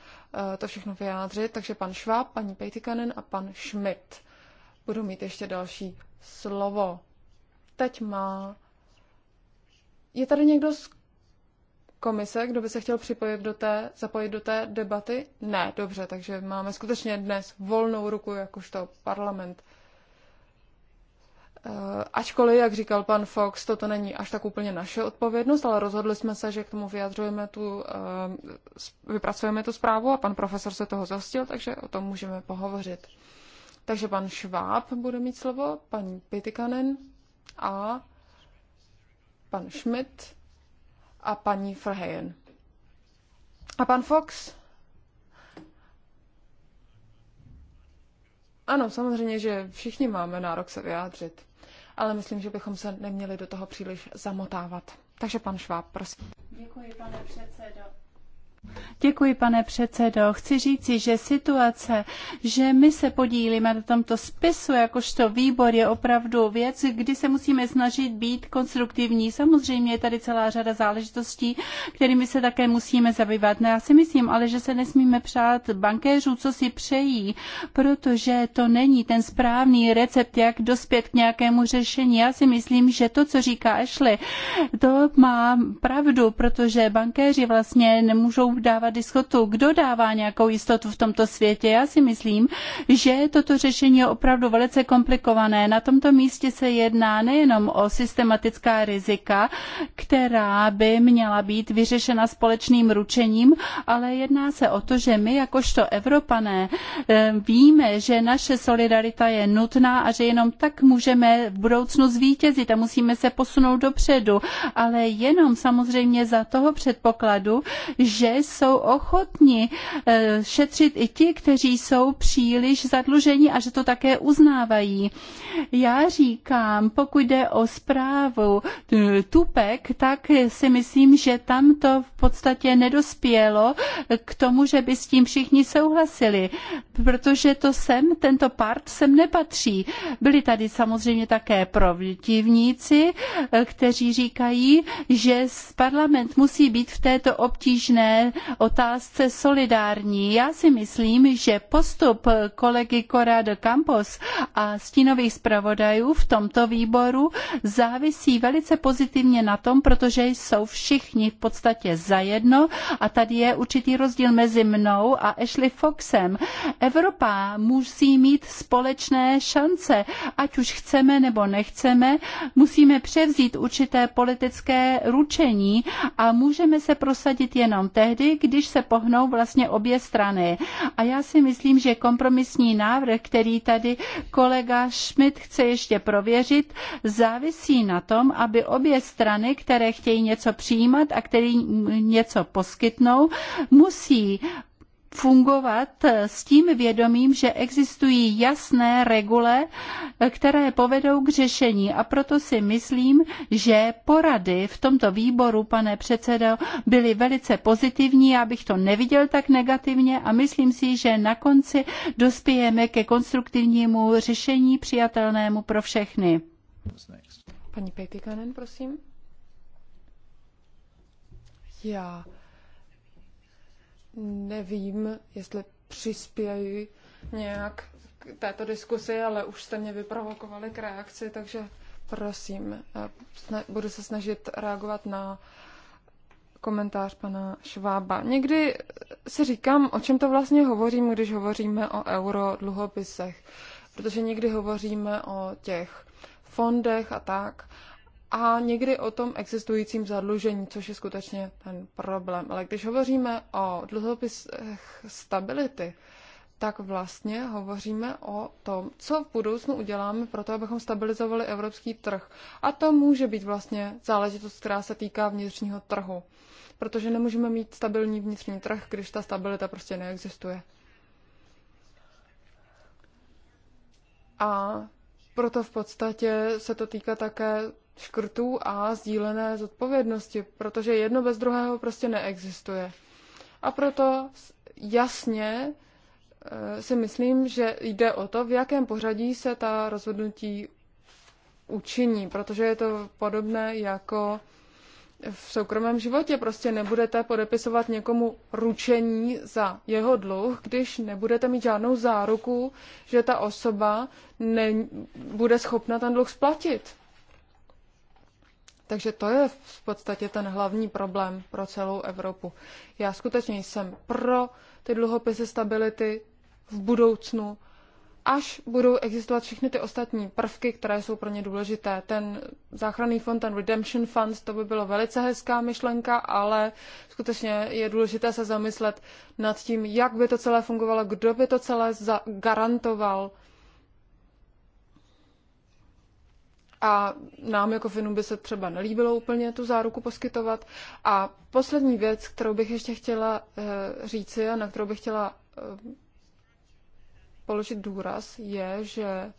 eh, to všechno vyjádřit. Takže pan Šváb, paní Pejtikanen a pan Schmidt budou mít ještě další slovo. Teď má... Je tady někdo z komise, kdo by se chtěl připojit do té, zapojit do té debaty? Ne, dobře, takže máme skutečně dnes volnou ruku jakožto parlament. Eh, ačkoliv, jak říkal pan Fox, toto není až tak úplně naše odpovědnost, ale rozhodli jsme se, že k tomu vyjadřujeme tu, eh, vypracujeme tu zprávu a pan profesor se toho zastil, takže o tom můžeme pohovořit. Takže pan Šváb bude mít slovo, paní Pitikanen a pan Schmidt a paní Frhejen. A pan Fox? Ano, samozřejmě, že všichni máme nárok se vyjádřit ale myslím, že bychom se neměli do toho příliš zamotávat. Takže pan Šváb, prosím. Děkuji, pane předsedo. Děkuji, pane předsedo. Chci říci, že situace, že my se podílíme na tomto spisu, jakožto výbor, je opravdu věc, kdy se musíme snažit být konstruktivní. Samozřejmě je tady celá řada záležitostí, kterými se také musíme zabývat. No, já si myslím, ale že se nesmíme přát bankéřů, co si přejí, protože to není ten správný recept, jak dospět k nějakému řešení. Já si myslím, že to, co říká Ashley, to má pravdu, protože bankéři vlastně nemůžou dávat jistotu. Kdo dává nějakou jistotu v tomto světě? Já si myslím, že toto řešení je opravdu velice komplikované. Na tomto místě se jedná nejenom o systematická rizika, která by měla být vyřešena společným ručením, ale jedná se o to, že my jakožto Evropané eh, víme, že naše solidarita je nutná a že jenom tak můžeme v budoucnu zvítězit a musíme se posunout dopředu, ale jenom samozřejmě za toho předpokladu, že jsou ochotni eh, šetřit i ti, kteří jsou příliš zadluženi a že to také uznávají. Já říkám, pokud jde o zprávu eh, tupek, tak si myslím, že tam to v podstatě nedospělo k tomu, že by s tím všichni souhlasili, protože to sem, tento part sem nepatří. Byli tady samozřejmě také protivníci, eh, kteří říkají, že parlament musí být v této obtížné otázce solidární. Já si myslím, že postup kolegy Corrado Campos a stínových zpravodajů v tomto výboru závisí velice pozitivně na tom, protože jsou všichni v podstatě zajedno a tady je určitý rozdíl mezi mnou a Ashley Foxem. Evropa musí mít společné šance, ať už chceme nebo nechceme, musíme převzít určité politické ručení a můžeme se prosadit jenom tehdy, tehdy, když se pohnou vlastně obě strany. A já si myslím, že kompromisní návrh, který tady kolega Schmidt chce ještě prověřit, závisí na tom, aby obě strany, které chtějí něco přijímat a které něco poskytnou, musí fungovat s tím vědomím, že existují jasné regule, které povedou k řešení. A proto si myslím, že porady v tomto výboru, pane předsedo, byly velice pozitivní. Já bych to neviděl tak negativně a myslím si, že na konci dospějeme ke konstruktivnímu řešení přijatelnému pro všechny. Paní Pejtikanen, prosím. Já nevím, jestli přispěji nějak k této diskusi, ale už jste mě vyprovokovali k reakci, takže prosím, eh, budu se snažit reagovat na komentář pana Švába. Někdy si říkám, o čem to vlastně hovořím, když hovoříme o euro dluhopisech, protože někdy hovoříme o těch fondech a tak, a někdy o tom existujícím zadlužení, což je skutečně ten problém. Ale když hovoříme o dluhopisech stability, tak vlastně hovoříme o tom, co v budoucnu uděláme pro to, abychom stabilizovali evropský trh. A to může být vlastně záležitost, která se týká vnitřního trhu. Protože nemůžeme mít stabilní vnitřní trh, když ta stabilita prostě neexistuje. A proto v podstatě se to týká také škrtů a sdílené zodpovědnosti, protože jedno bez druhého prostě neexistuje. A proto jasně e, si myslím, že jde o to, v jakém pořadí se ta rozhodnutí učiní, protože je to podobné jako v soukromém životě. Prostě nebudete podepisovat někomu ručení za jeho dluh, když nebudete mít žádnou záruku, že ta osoba ne- bude schopna ten dluh splatit. Takže to je v podstatě ten hlavní problém pro celou Evropu. Já skutečně jsem pro ty dluhopisy stability v budoucnu, až budou existovat všechny ty ostatní prvky, které jsou pro ně důležité. Ten záchranný fond, ten redemption fund, to by bylo velice hezká myšlenka, ale skutečně je důležité se zamyslet nad tím, jak by to celé fungovalo, kdo by to celé garantoval a nám jako finu by se třeba nelíbilo úplně tu záruku poskytovat. A poslední věc, kterou bych ještě chtěla eh, říci a na kterou bych chtěla eh, položit důraz, je, že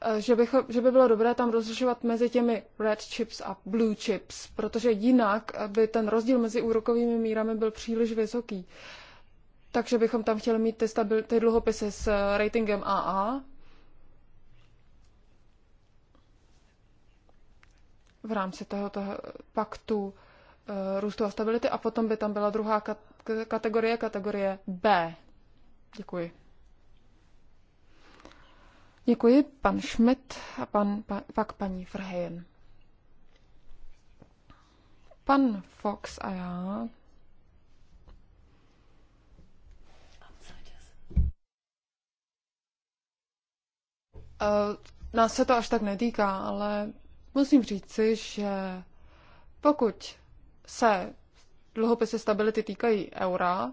eh, že, bych, že by bylo dobré tam rozlišovat mezi těmi red chips a blue chips, protože jinak by ten rozdíl mezi úrokovými mírami byl příliš vysoký. Takže bychom tam chtěli mít ty, stabil, ty dluhopisy s ratingem AA, v rámci tohoto paktu eh, růstu a stability a potom by tam byla druhá kategorie, kategorie B. Děkuji. Děkuji pan Schmidt a pan, pa, pak paní Frhejen. Pan Fox a já Uh, nás se to až tak netýká, ale Musím říci, že pokud se dluhopisy stability týkají eura,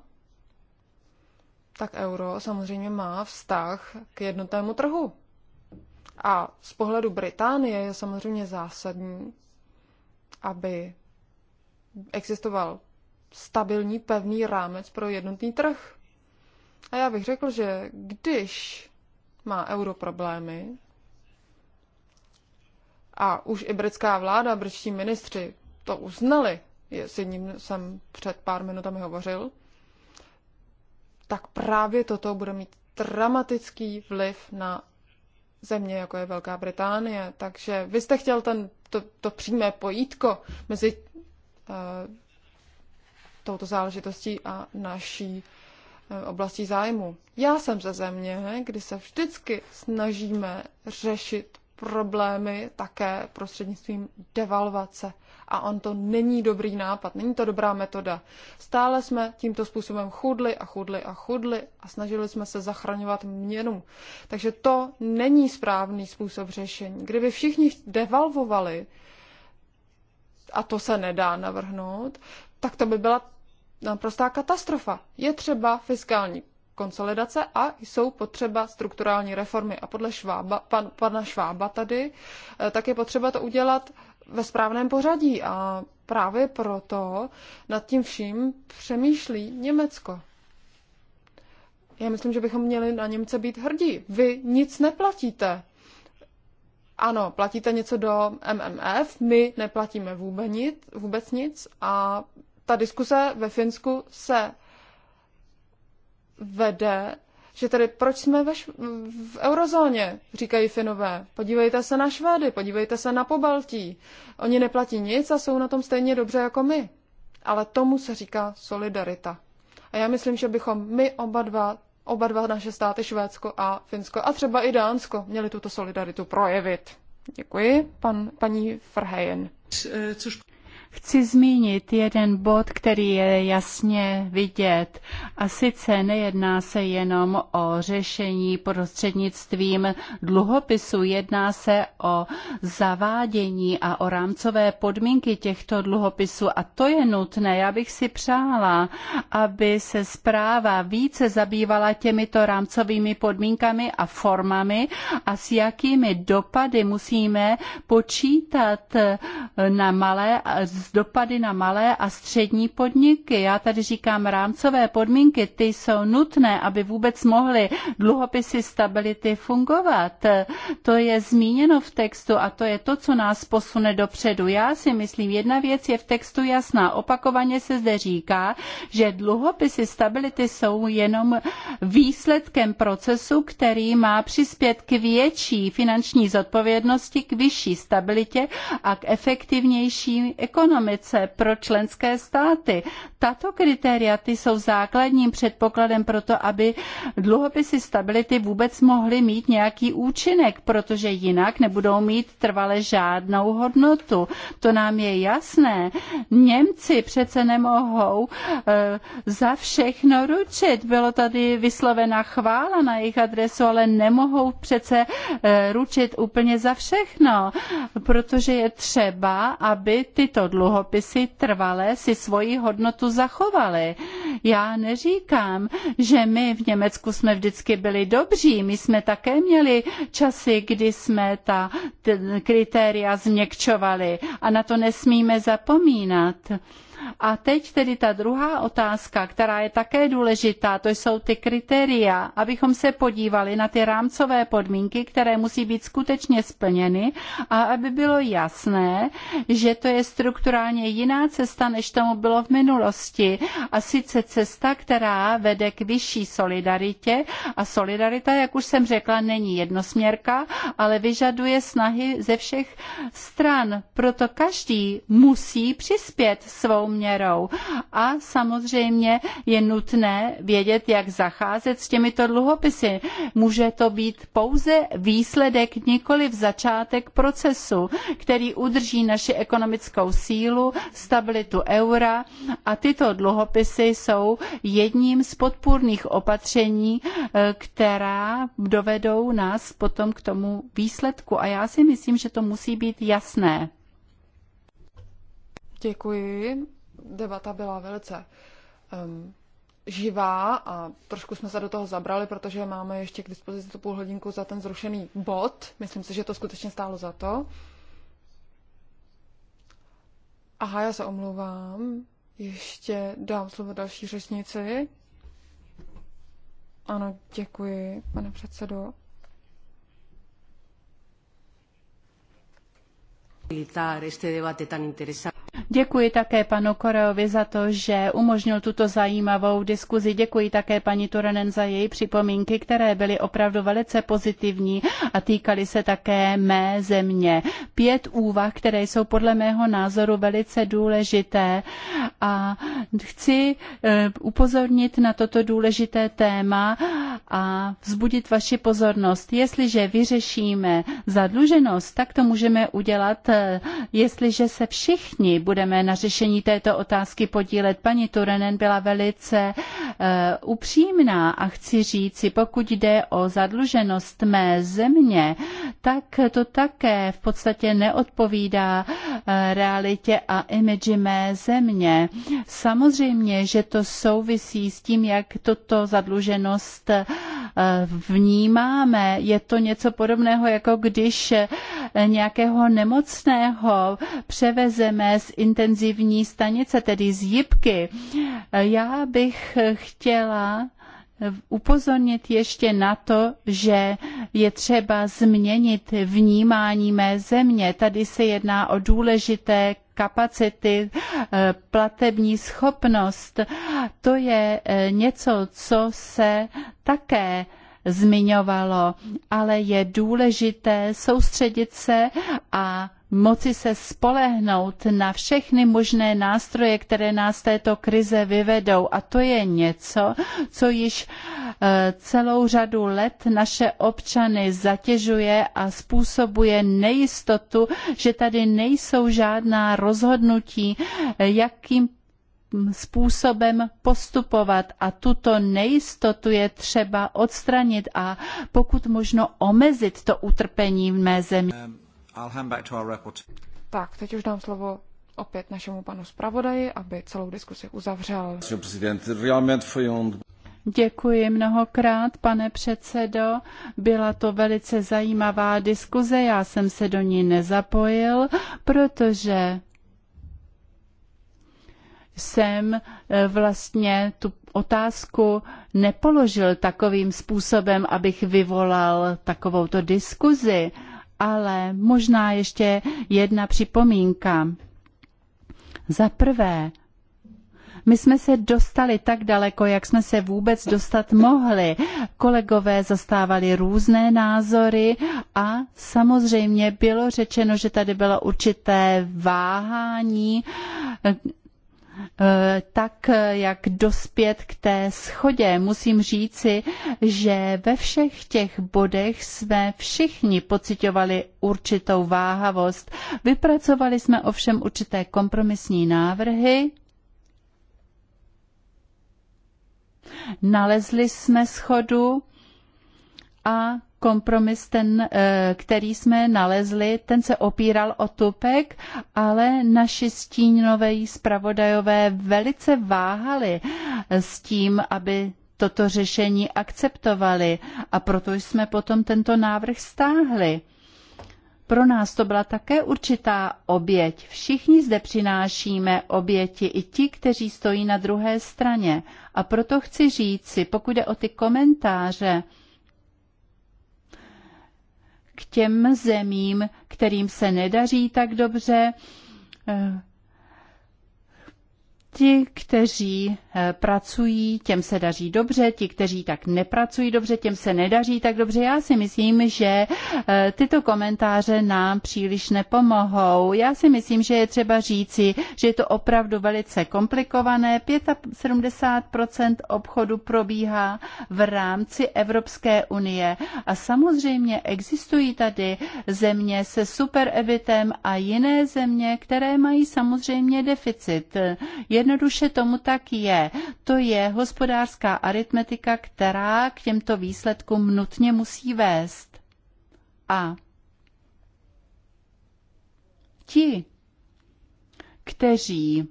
tak euro samozřejmě má vztah k jednotnému trhu. A z pohledu Británie je samozřejmě zásadní, aby existoval stabilní, pevný rámec pro jednotný trh. A já bych řekl, že když má euro problémy, a už i britská vláda, britští ministři to uznali, s jedním jsem před pár minutami hovořil, tak právě toto bude mít dramatický vliv na země, jako je Velká Británie. Takže vy jste chtěl ten, to, to přímé pojítko mezi uh, touto záležitostí a naší uh, oblastí zájmu. Já jsem ze země, kdy se vždycky snažíme řešit problémy také prostřednictvím devalvace. A on to není dobrý nápad, není to dobrá metoda. Stále jsme tímto způsobem chudli a chudli a chudli a snažili jsme se zachraňovat měnu. Takže to není správný způsob řešení. Kdyby všichni devalvovali, a to se nedá navrhnout, tak to by byla naprostá katastrofa. Je třeba fiskální konsolidace a jsou potřeba strukturální reformy. A podle Švába, pan, pana Švába tady, eh, tak je potřeba to udělat ve správném pořadí a právě proto nad tím vším přemýšlí Německo. Já myslím, že bychom měli na Němce být hrdí. Vy nic neplatíte. Ano, platíte něco do MMF, my neplatíme vůbec nic, vůbec nic a ta diskuse ve Finsku se vede, že tady proč jsme ve, v eurozóně, říkají Finové. Podívejte se na Švédy, podívejte se na Pobaltí. Oni neplatí nic a jsou na tom stejně dobře jako my. Ale tomu se říká solidarita. A já myslím, že bychom my oba dva, oba dva naše státy, Švédsko a Finsko a třeba i Dánsko, měli tuto solidaritu projevit. Děkuji, pan, paní Frhejen. Eh, což... Chci zmínit jeden bod, který je jasně vidět. A sice nejedná se jenom o řešení prostřednictvím dluhopisu, jedná se o zavádění a o rámcové podmínky těchto dluhopisů. A to je nutné. Já bych si přála, aby se zpráva více zabývala těmito rámcovými podmínkami a formami a s jakými dopady musíme počítat na malé s dopady na malé a střední podniky. Já tady říkám rámcové podmínky, ty jsou nutné, aby vůbec mohly dluhopisy stability fungovat. To je zmíněno v textu a to je to, co nás posune dopředu. Já si myslím, jedna věc je v textu jasná. Opakovaně se zde říká, že dluhopisy stability jsou jenom výsledkem procesu, který má přispět k větší finanční zodpovědnosti, k vyšší stabilitě a k efektivnější ekonomii ekonomice pro členské státy. Tato kritéria ty jsou základním předpokladem pro to, aby dluhopisy stability vůbec mohly mít nějaký účinek, protože jinak nebudou mít trvale žádnou hodnotu. To nám je jasné. Němci přece nemohou e, za všechno ručit. Bylo tady vyslovena chvála na jejich adresu, ale nemohou přece e, ručit úplně za všechno, protože je třeba, aby tyto dluhopisy trvale si svoji hodnotu zachovaly. Já neříkám, že my v Německu jsme vždycky byli dobří, my jsme také měli časy, kdy jsme ta kritéria změkčovali a na to nesmíme zapomínat. A teď tedy ta druhá otázka, která je také důležitá, to jsou ty kritéria, abychom se podívali na ty rámcové podmínky, které musí být skutečně splněny a aby bylo jasné, že to je strukturálně jiná cesta, než tomu bylo v minulosti. A sice cesta, která vede k vyšší solidaritě a solidarita, jak už jsem řekla, není jednosměrka, ale vyžaduje snahy ze všech stran. Proto každý musí přispět svou určitou měrou. A samozřejmě je nutné vědět, jak zacházet s těmito dluhopisy. Může to být pouze výsledek, nikoli v začátek procesu, který udrží naši ekonomickou sílu, stabilitu eura a tyto dluhopisy jsou jedním z podpůrných opatření, eh, která dovedou nás potom k tomu výsledku. A já si myslím, že to musí být jasné. Děkuji. Debata byla velice um, živá a trošku jsme se do toho zabrali, protože máme ještě k dispozici tu půl hodinku za ten zrušený bod. Myslím si, že to skutečně stálo za to. Aha, já se omlouvám. Ještě dám slovo další řečnici. Ano, děkuji, pane předsedo. Děkuji také panu Koreovi za to, že umožnil tuto zajímavou diskuzi. Děkuji také paní Turenen za její připomínky, které byly opravdu velice pozitivní a týkaly se také mé země. Pět úvah, které jsou podle mého názoru velice důležité a chci eh, upozornit na toto důležité téma a vzbudit vaši pozornost. Jestliže vyřešíme zadluženost, tak to můžeme udělat Eh, jestliže se všichni budeme na řešení této otázky podílet, paní Turenen byla velice eh, upřímná a chci říci, pokud jde o zadluženost mé země, tak to také v podstatě neodpovídá eh, realitě a imidži mé země. Samozřejmě, že to souvisí s tím, jak toto zadluženost vnímáme. Je to něco podobného, jako když nějakého nemocného převezeme z intenzivní stanice, tedy z jipky. Já bych chtěla upozornit ještě na to, že je třeba změnit vnímání mé země. Tady se jedná o důležité kapacity, eh, platební schopnost. To je eh, něco, co se také zmiňovalo, ale je důležité soustředit se a moci se spolehnout na všechny možné nástroje, které nás této krize vyvedou. A to je něco, co již eh, celou řadu let naše občany zatěžuje a způsobuje nejistotu, že tady nejsou žádná rozhodnutí, eh, jakým způsobem postupovat a tuto nejistotu je třeba odstranit a pokud možno omezit to utrpení v mé zemi. Ehm, I'll hand back to our report. Tak, teď už dám slovo opět našemu panu zpravodaji, aby celou diskusi uzavřel. Děkuji mnohokrát, pane předsedo. Byla to velice zajímavá diskuze. Já jsem se do ní nezapojil, protože jsem eh, vlastně tu otázku nepoložil takovým způsobem, abych vyvolal takovouto diskuzi ale možná ještě jedna připomínka. Za prvé, my jsme se dostali tak daleko, jak jsme se vůbec dostat mohli. Kolegové zastávali různé názory a samozřejmě bylo řečeno, že tady bylo určité váhání Eh, tak eh, jak dospět k té schodě. Musím říci, že ve všech těch bodech jsme všichni pocitovali určitou váhavost. Vypracovali jsme ovšem určité kompromisní návrhy, nalezli jsme schodu a kompromis, ten, eh, který jsme nalezli, ten se opíral o tupek, ale naši stínové zpravodajové velice váhali s tím, aby toto řešení akceptovali a proto jsme potom tento návrh stáhli. Pro nás to byla také určitá oběť. Všichni zde přinášíme oběti, i ti, kteří stojí na druhé straně. A proto chci říci, pokud jde o ty komentáře, k těm zemím, kterým se nedaří tak dobře. Eh, ti, kteří Eh, pracují, těm se daří dobře, ti, kteří tak nepracují dobře, těm se nedaří tak dobře. Já si myslím, že eh, tyto komentáře nám příliš nepomohou. Já si myslím, že je třeba říci, že je to opravdu velice komplikované. 75% obchodu probíhá v rámci Evropské unie a samozřejmě existují tady země se super evitem a jiné země, které mají samozřejmě deficit. Jednoduše tomu tak je. To je hospodářská aritmetika, která k těmto výsledkům nutně musí vést. A ti, kteří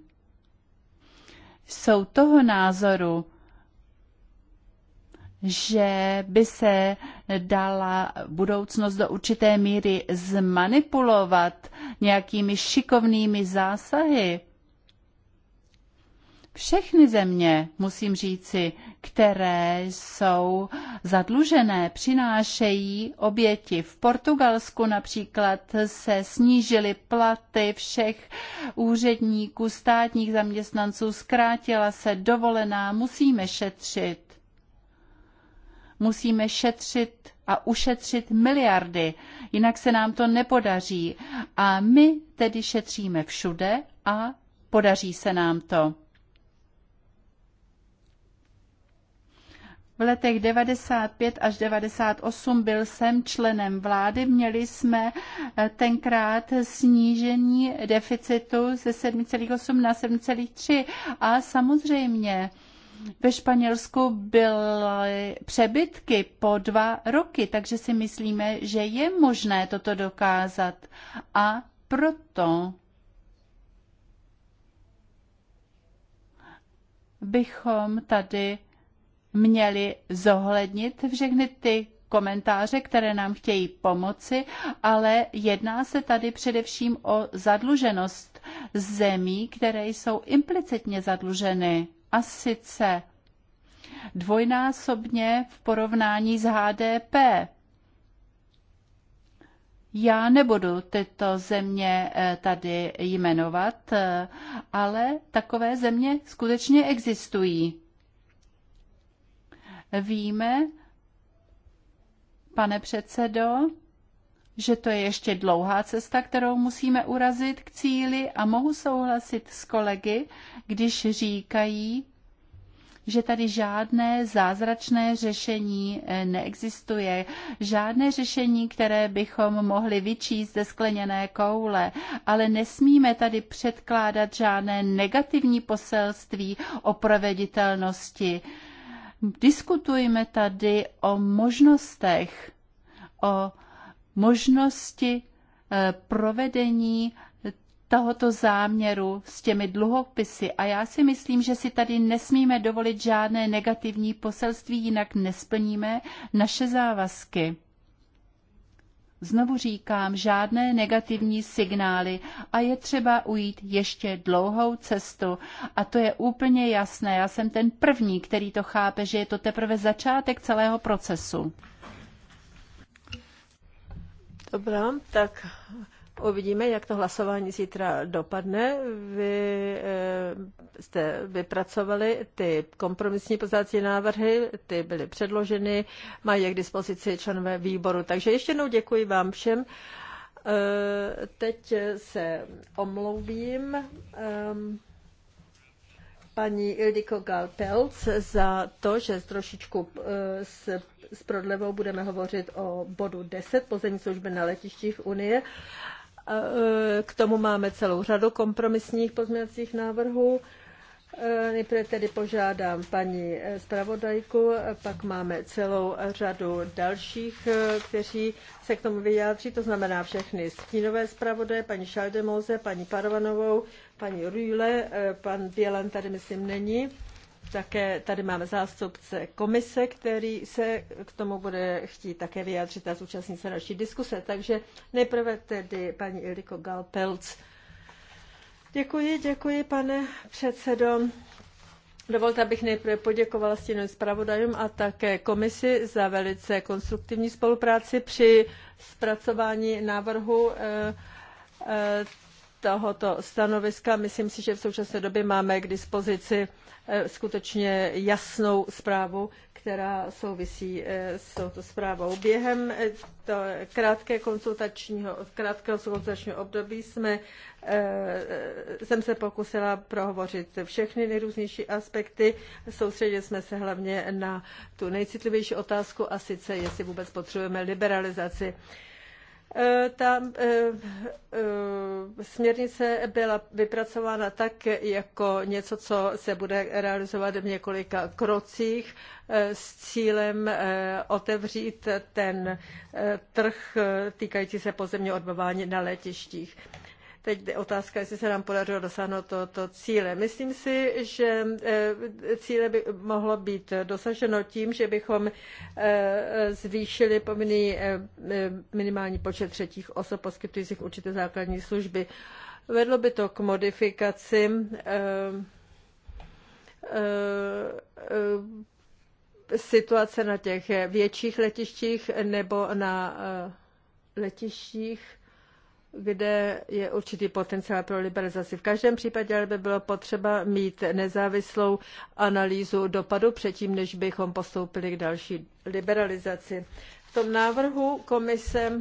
jsou toho názoru, že by se dala budoucnost do určité míry zmanipulovat nějakými šikovnými zásahy, všechny země, musím říci, které jsou zadlužené, přinášejí oběti. V Portugalsku například se snížily platy všech úředníků, státních zaměstnanců, zkrátila se dovolená, musíme šetřit. Musíme šetřit a ušetřit miliardy, jinak se nám to nepodaří. A my tedy šetříme všude a podaří se nám to. V letech 95 až 98 byl jsem členem vlády. Měli jsme eh, tenkrát snížení deficitu ze 7,8 na 7,3 a samozřejmě ve Španělsku byly přebytky po dva roky, takže si myslíme, že je možné toto dokázat. A proto bychom tady měli zohlednit všechny ty komentáře, které nám chtějí pomoci, ale jedná se tady především o zadluženost zemí, které jsou implicitně zadluženy. A sice dvojnásobně v porovnání s HDP. Já nebudu tyto země eh, tady jmenovat, eh, ale takové země skutečně existují. Víme, pane předsedo, že to je ještě dlouhá cesta, kterou musíme urazit k cíli a mohu souhlasit s kolegy, když říkají, že tady žádné zázračné řešení eh, neexistuje, žádné řešení, které bychom mohli vyčíst ze skleněné koule, ale nesmíme tady předkládat žádné negativní poselství o proveditelnosti. Diskutujme tady o možnostech, o možnosti eh, provedení tohoto záměru s těmi dluhopisy a já si myslím, že si tady nesmíme dovolit žádné negativní poselství, jinak nesplníme naše závazky. Znovu říkám, žádné negativní signály a je třeba ujít ještě dlouhou cestu. A to je úplně jasné. Já jsem ten první, který to chápe, že je to teprve začátek celého procesu. Dobrá, tak Uvidíme, jak to hlasování zítra dopadne. Vy eh, jste vypracovali ty kompromisní pozdělací návrhy, ty byly předloženy, mají je k dispozici členové výboru. Takže ještě jednou děkuji vám všem. Eh, teď se omlouvím eh, paní Ildiko Galpelc za to, že trošičku s, s prodlevou budeme hovořit o bodu 10 pozemní služby na letištích Unie. E, k tomu máme celou řadu kompromisních pozměňovacích návrhů. E, nejprve tedy požádám paní e, zpravodajku, pak máme celou řadu dalších, kteří se k tomu vyjádří, to znamená všechny stínové zpravodaje, paní Šaldemouze, paní Parvanovou, paní Rühle, pan Bělan tady myslím není. Také tady máme zástupce komise, který se k tomu bude chtít také vyjádřit a zúčastnit se další diskuse. Takže nejprve tedy paní Iliko Galpelc. Děkuji, děkuji, pane předsedo. Dovolte, abych nejprve poděkovala stínovým zpravodajům a také komisi za velice konstruktivní spolupráci při zpracování návrhu eh, eh, tohoto stanoviska. Myslím si, že v současné době máme k dispozici Eh, skutečně jasnou zprávu, která souvisí eh, s touto zprávou. Během eh, to krátké konsultačního krátkého konsultačního období jsme, jsem se pokusila prohovořit všechny nejrůznější aspekty. Soustředili jsme se hlavně na tu nejcitlivější otázku a sice, jestli vůbec potřebujeme liberalizaci Eh, ta eh, eh, směrnice byla vypracována tak jako něco, co se bude realizovat v několika krocích s cílem otevřít ten trh týkající se pozemního odbavání na letištích. Teď je otázka, jestli se nám podařilo dosáhnout tohoto cíle. Myslím si, že eh, cíle by mohlo být dosaženo tím, že bychom eh, zvýšili povinný eh, minimální počet třetích osob poskytujících určité základní služby. Vedlo by to k modifikaci situace na těch větších letištích nebo na letištích kde je určitý potenciál pro liberalizaci. V každém případě by bylo potřeba mít nezávislou analýzu dopadu předtím, než bychom postoupili k další liberalizaci. V tom návrhu komise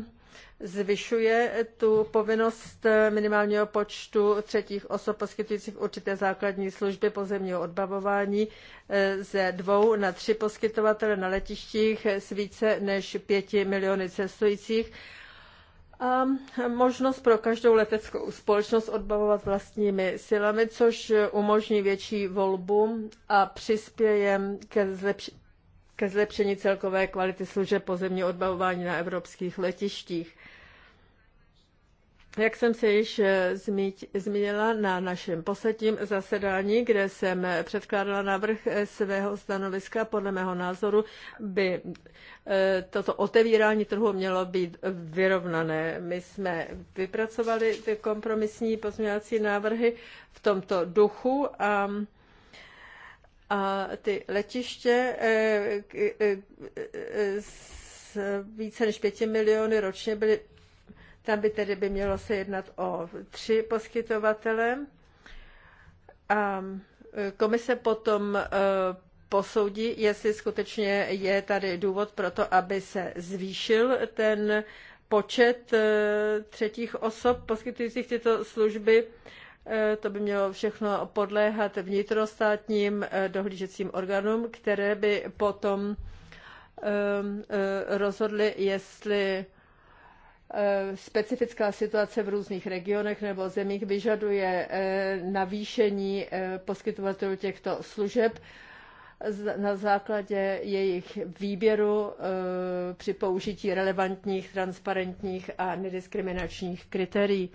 zvyšuje tu povinnost minimálního počtu třetích osob poskytujících určité základní služby pozemního odbavování eh, ze dvou na tři poskytovatele na letištích s více než pěti miliony cestujících a možnost pro každou leteckou společnost odbavovat vlastními silami, což umožní větší volbu a přispěje ke, zlepš- ke zlepšení celkové kvality služeb pozemního odbavování na evropských letištích. Jak jsem se již eh, zmínila na našem posledním zasedání, kde jsem eh, předkládala návrh eh, svého stanoviska, podle mého názoru by toto otevírání trhu mělo být vyrovnané. My jsme vypracovali ty kompromisní pozměňovací návrhy v tomto duchu a a ty letiště s více než pěti miliony ročně byly tam by tedy by mělo se jednat o tři poskytovatele. A um, komise potom uh, posoudí, jestli skutečně je tady důvod pro to, aby se zvýšil ten počet uh, třetích osob poskytujících tyto služby. Uh, to by mělo všechno podléhat vnitrostátním dohlížecím orgánům, které by potom um, rozhodly, jestli Eh, specifická situace v různých regionech nebo zemích vyžaduje eh, navýšení eh, poskytovatelů těchto služeb na základě jejich výběru při použití relevantních, transparentních a nediskriminačních kritérií.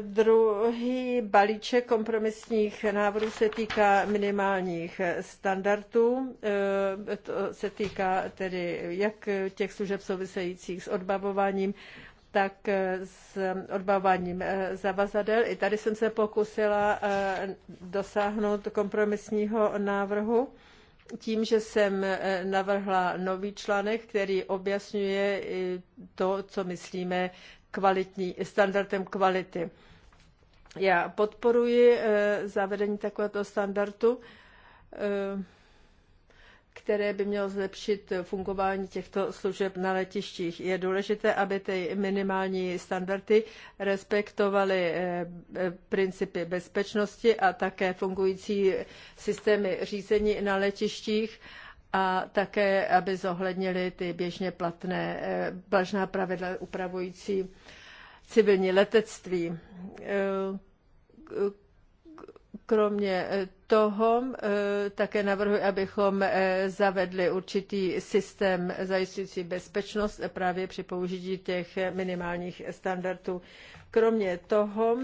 Druhý balíček kompromisních návrhů se týká minimálních standardů. E, to se týká tedy jak těch služeb souvisejících s odbavováním, tak s odbavováním e, zavazadel. I tady jsem se pokusila e, dosáhnout kompromisního návrhu tím, že jsem navrhla nový článek, který objasňuje to, co myslíme kvalitní, standardem kvality. Já podporuji eh, zavedení takového standardu, eh, které by mělo zlepšit fungování těchto služeb na letištích. Je důležité, aby ty minimální standardy respektovaly eh, principy bezpečnosti a také fungující systémy řízení na letištích a také, aby zohlednili ty běžně platné blažná eh, pravidla upravující civilní letectví. Eh, kromě toho eh, také navrhuji, abychom zavedli určitý systém zajistující bezpečnost právě při použití těch minimálních standardů. Kromě toho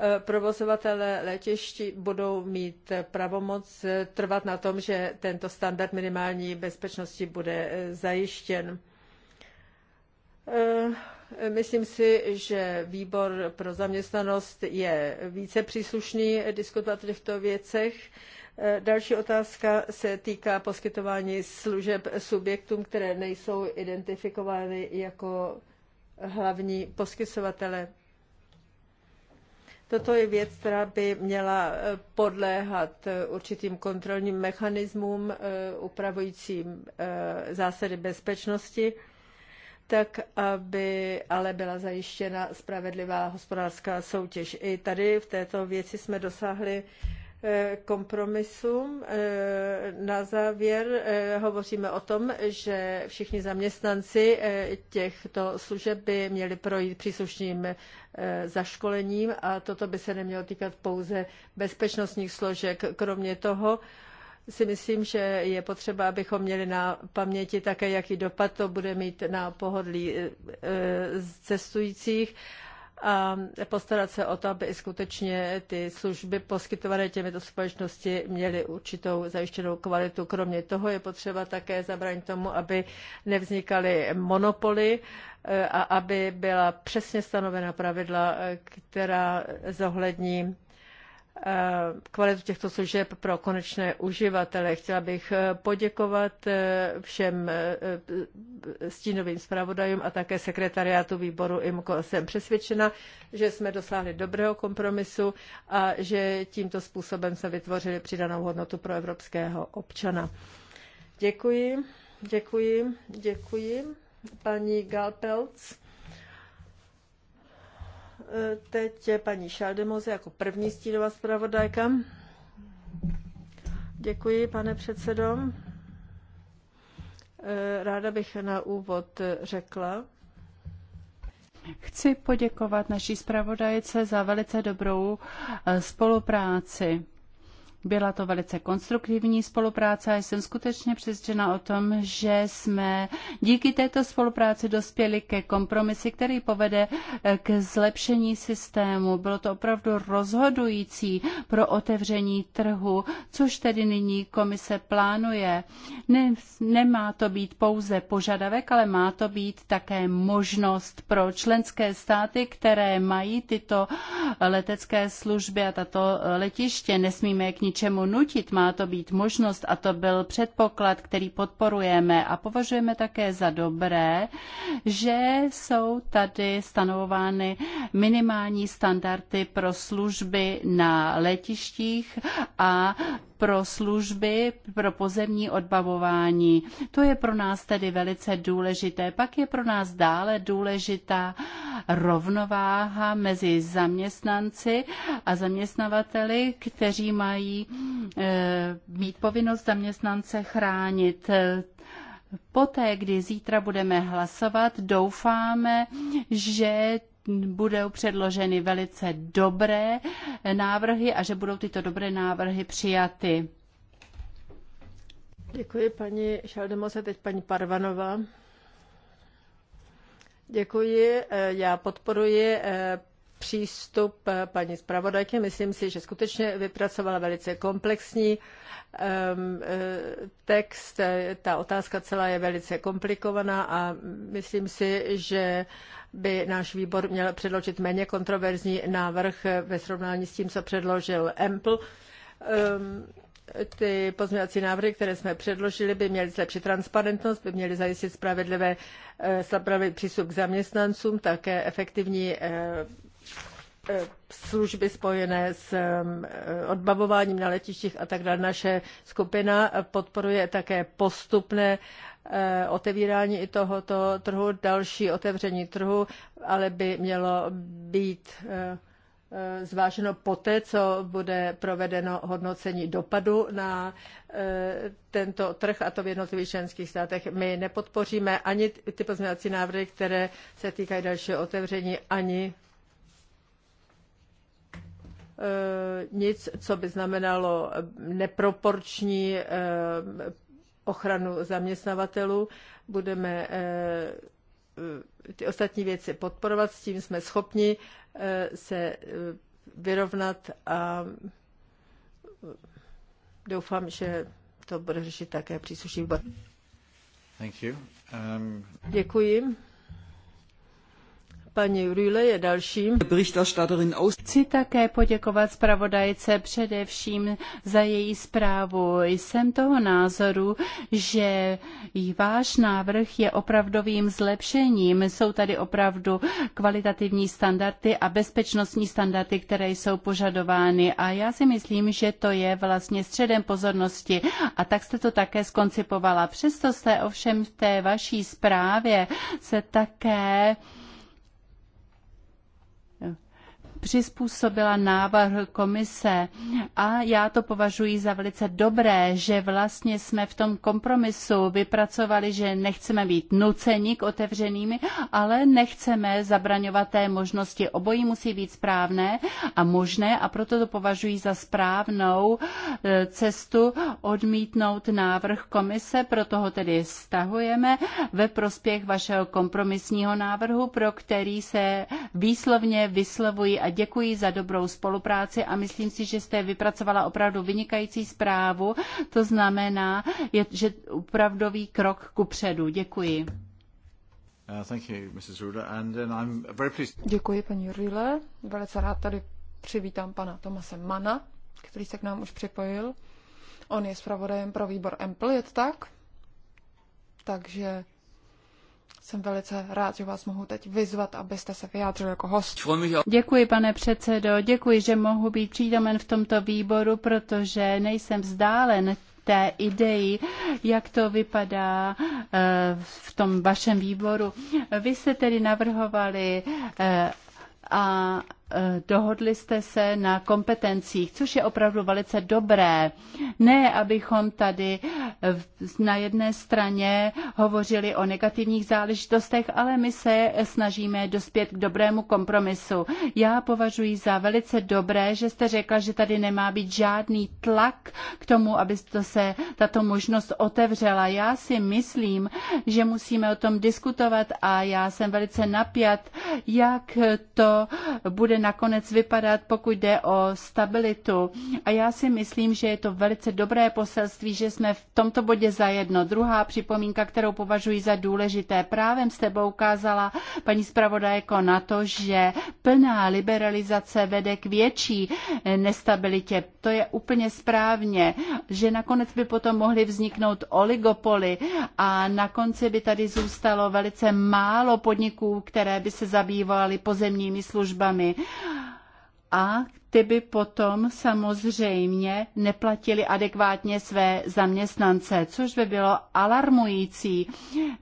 Eh, provozovatele letišti budou mít eh, pravomoc eh, trvat na tom, že tento standard minimální bezpečnosti bude zajištěn. Myslím si, že výbor pro zaměstnanost je více příslušný diskutovat o těchto věcech. Další otázka se týká poskytování služeb subjektům, které nejsou identifikovány jako hlavní poskytovatele Toto je věc, která by měla eh, podléhat eh, určitým kontrolním mechanismům eh, upravujícím zásady bezpečnosti, tak aby ale byla zajištěna spravedlivá hospodářská soutěž. I tady v této věci jsme dosáhli Eh, kompromisům. Eh, na závěr eh, hovoříme o tom, že všichni zaměstnanci těchto služeb by měli projít příslušným zaškolením a toto by se nemělo týkat pouze bezpečnostních složek. Kromě toho si myslím, že je potřeba, abychom měli na paměti také, jaký dopad to bude mít na pohodlí cestujících a postarat se o to, aby skutečně ty služby poskytované těmito společnosti měly určitou zajištěnou kvalitu. Kromě toho je potřeba také zabránit tomu, aby nevznikaly monopoly e, a aby byla přesně stanovena pravidla, e, která zohlední Eh, kvalitu těchto služeb pro konečné uživatele. Chtěla bych eh, poděkovat eh, všem stínovým zpravodajům a také sekretariátu výboru IMCO. Jsem přesvědčena, že jsme dosáhli dobrého kompromisu a že tímto způsobem se vytvořili přidanou hodnotu pro evropského občana. Děkuji, děkuji, děkuji. Paní Galpelc teď paní Šaldemoze jako první stínová zpravodajka. Děkuji, pane předsedo. Eh, ráda bych na úvod řekla, Chci poděkovat naší zpravodajce za velice dobrou eh, spolupráci. Byla to velice konstruktivní spolupráce a jsem skutečně přesvědčena o tom, že jsme díky této spolupráci dospěli ke kompromisi, který povede eh, k zlepšení systému. Bylo to opravdu rozhodující pro otevření trhu, což tedy nyní komise plánuje. Ne, nemá to být pouze požadavek, ale má to být také možnost pro členské státy, které mají tyto eh, letecké služby a tato eh, letiště. Nesmíme je k ničemu něčemu nutit, má to být možnost a to byl předpoklad, který podporujeme a považujeme také za dobré, že jsou tady stanovovány minimální standardy pro služby na letištích a pro služby, pro pozemní odbavování. To je pro nás tedy velice důležité. Pak je pro nás dále důležitá rovnováha mezi zaměstnanci a zaměstnavateli, kteří mají e, mít povinnost zaměstnance chránit. Poté, kdy zítra budeme hlasovat, doufáme, že budou předloženy velice dobré návrhy a že budou tyto dobré návrhy přijaty. Děkuji paní Šaldemose, teď paní Parvanová. Děkuji, eh, já podporuji eh, přístup eh, paní zpravodajky. Myslím si, že skutečně vypracovala velice komplexní ehm, text. Ta otázka celá je velice komplikovaná a myslím si, že by náš výbor měl předložit méně kontroverzní návrh ve srovnání s tím, co předložil EMPL. Ehm, ty pozměňovací návrhy, které jsme předložili, by měly zlepšit transparentnost, by měly zajistit spravedlivé, eh, spravedlivý přístup k zaměstnancům, také efektivní eh, eh, služby spojené s ehm, odbavováním na letištích a tak dále. Naše skupina podporuje také postupné Eh, otevírání i tohoto trhu, další otevření trhu, ale by mělo být eh, eh, zváženo poté, co bude provedeno hodnocení dopadu na tento trh a to v jednotlivých členských státech. My nepodpoříme ani ty pozměňovací návrhy, které se týkají dalšího otevření, ani nic, co by znamenalo neproporční ochranu zaměstnavatelů, budeme eh, ty ostatní věci podporovat, s tím jsme schopni eh, se eh, vyrovnat a doufám, že to bude řešit také příslušný výbor. Um... Děkuji. Paní Rühle je dalším. Chci také poděkovat zpravodajce především za její zprávu. Jsem toho názoru, že váš návrh je opravdovým zlepšením. Jsou tady opravdu kvalitativní standardy a bezpečnostní standardy, které jsou požadovány. A já si myslím, že to je vlastně středem pozornosti. A tak jste to také skoncipovala. Přesto jste ovšem v té vaší zprávě se také přizpůsobila návrh komise a já to považuji za velice dobré, že vlastně jsme v tom kompromisu vypracovali, že nechceme být nuceni k otevřenými, ale nechceme zabraňovat té možnosti. Obojí musí být správné a možné a proto to považuji za správnou e, cestu odmítnout návrh komise, proto ho tedy stahujeme ve prospěch vašeho kompromisního návrhu, pro který se výslovně vyslovuji a a děkuji za dobrou spolupráci a myslím si, že jste vypracovala opravdu vynikající zprávu. To znamená, je, že opravdový krok ku předu. Děkuji. Uh, uh, děkuji, paní Rühle. Velice rád tady přivítám pana Tomase Mana, který se k nám už připojil. On je zpravodajem pro výbor Ample, je to tak? Takže jsem velice rád, že vás mohu teď vyzvat, abyste se vyjádřil jako host. Děkuji, pane předsedo. Děkuji, že mohu být přítomen v tomto výboru, protože nejsem vzdálen té ideji, jak to vypadá eh, v tom vašem výboru. Vy jste tedy navrhovali eh, a Eh, dohodli jste se na kompetencích, což je opravdu velice dobré. Ne, abychom tady eh, na jedné straně hovořili o negativních záležitostech, ale my se snažíme dospět k dobrému kompromisu. Já považuji za velice dobré, že jste řekla, že tady nemá být žádný tlak k tomu, aby to se tato možnost otevřela. Já si myslím, že musíme o tom diskutovat a já jsem velice napjat, jak to bude nakonec vypadat, pokud jde o stabilitu. A já si myslím, že je to velice dobré poselství, že jsme v tomto bodě zajedno. Druhá připomínka, kterou považuji za důležité, právě s tebou ukázala paní zpravodajko na to, že plná liberalizace vede k větší nestabilitě. To je úplně správně, že nakonec by potom mohly vzniknout oligopoly a na konci by tady zůstalo velice málo podniků, které by se zabývaly pozemními službami a ty by potom samozřejmě neplatili adekvátně své zaměstnance, což by bylo alarmující.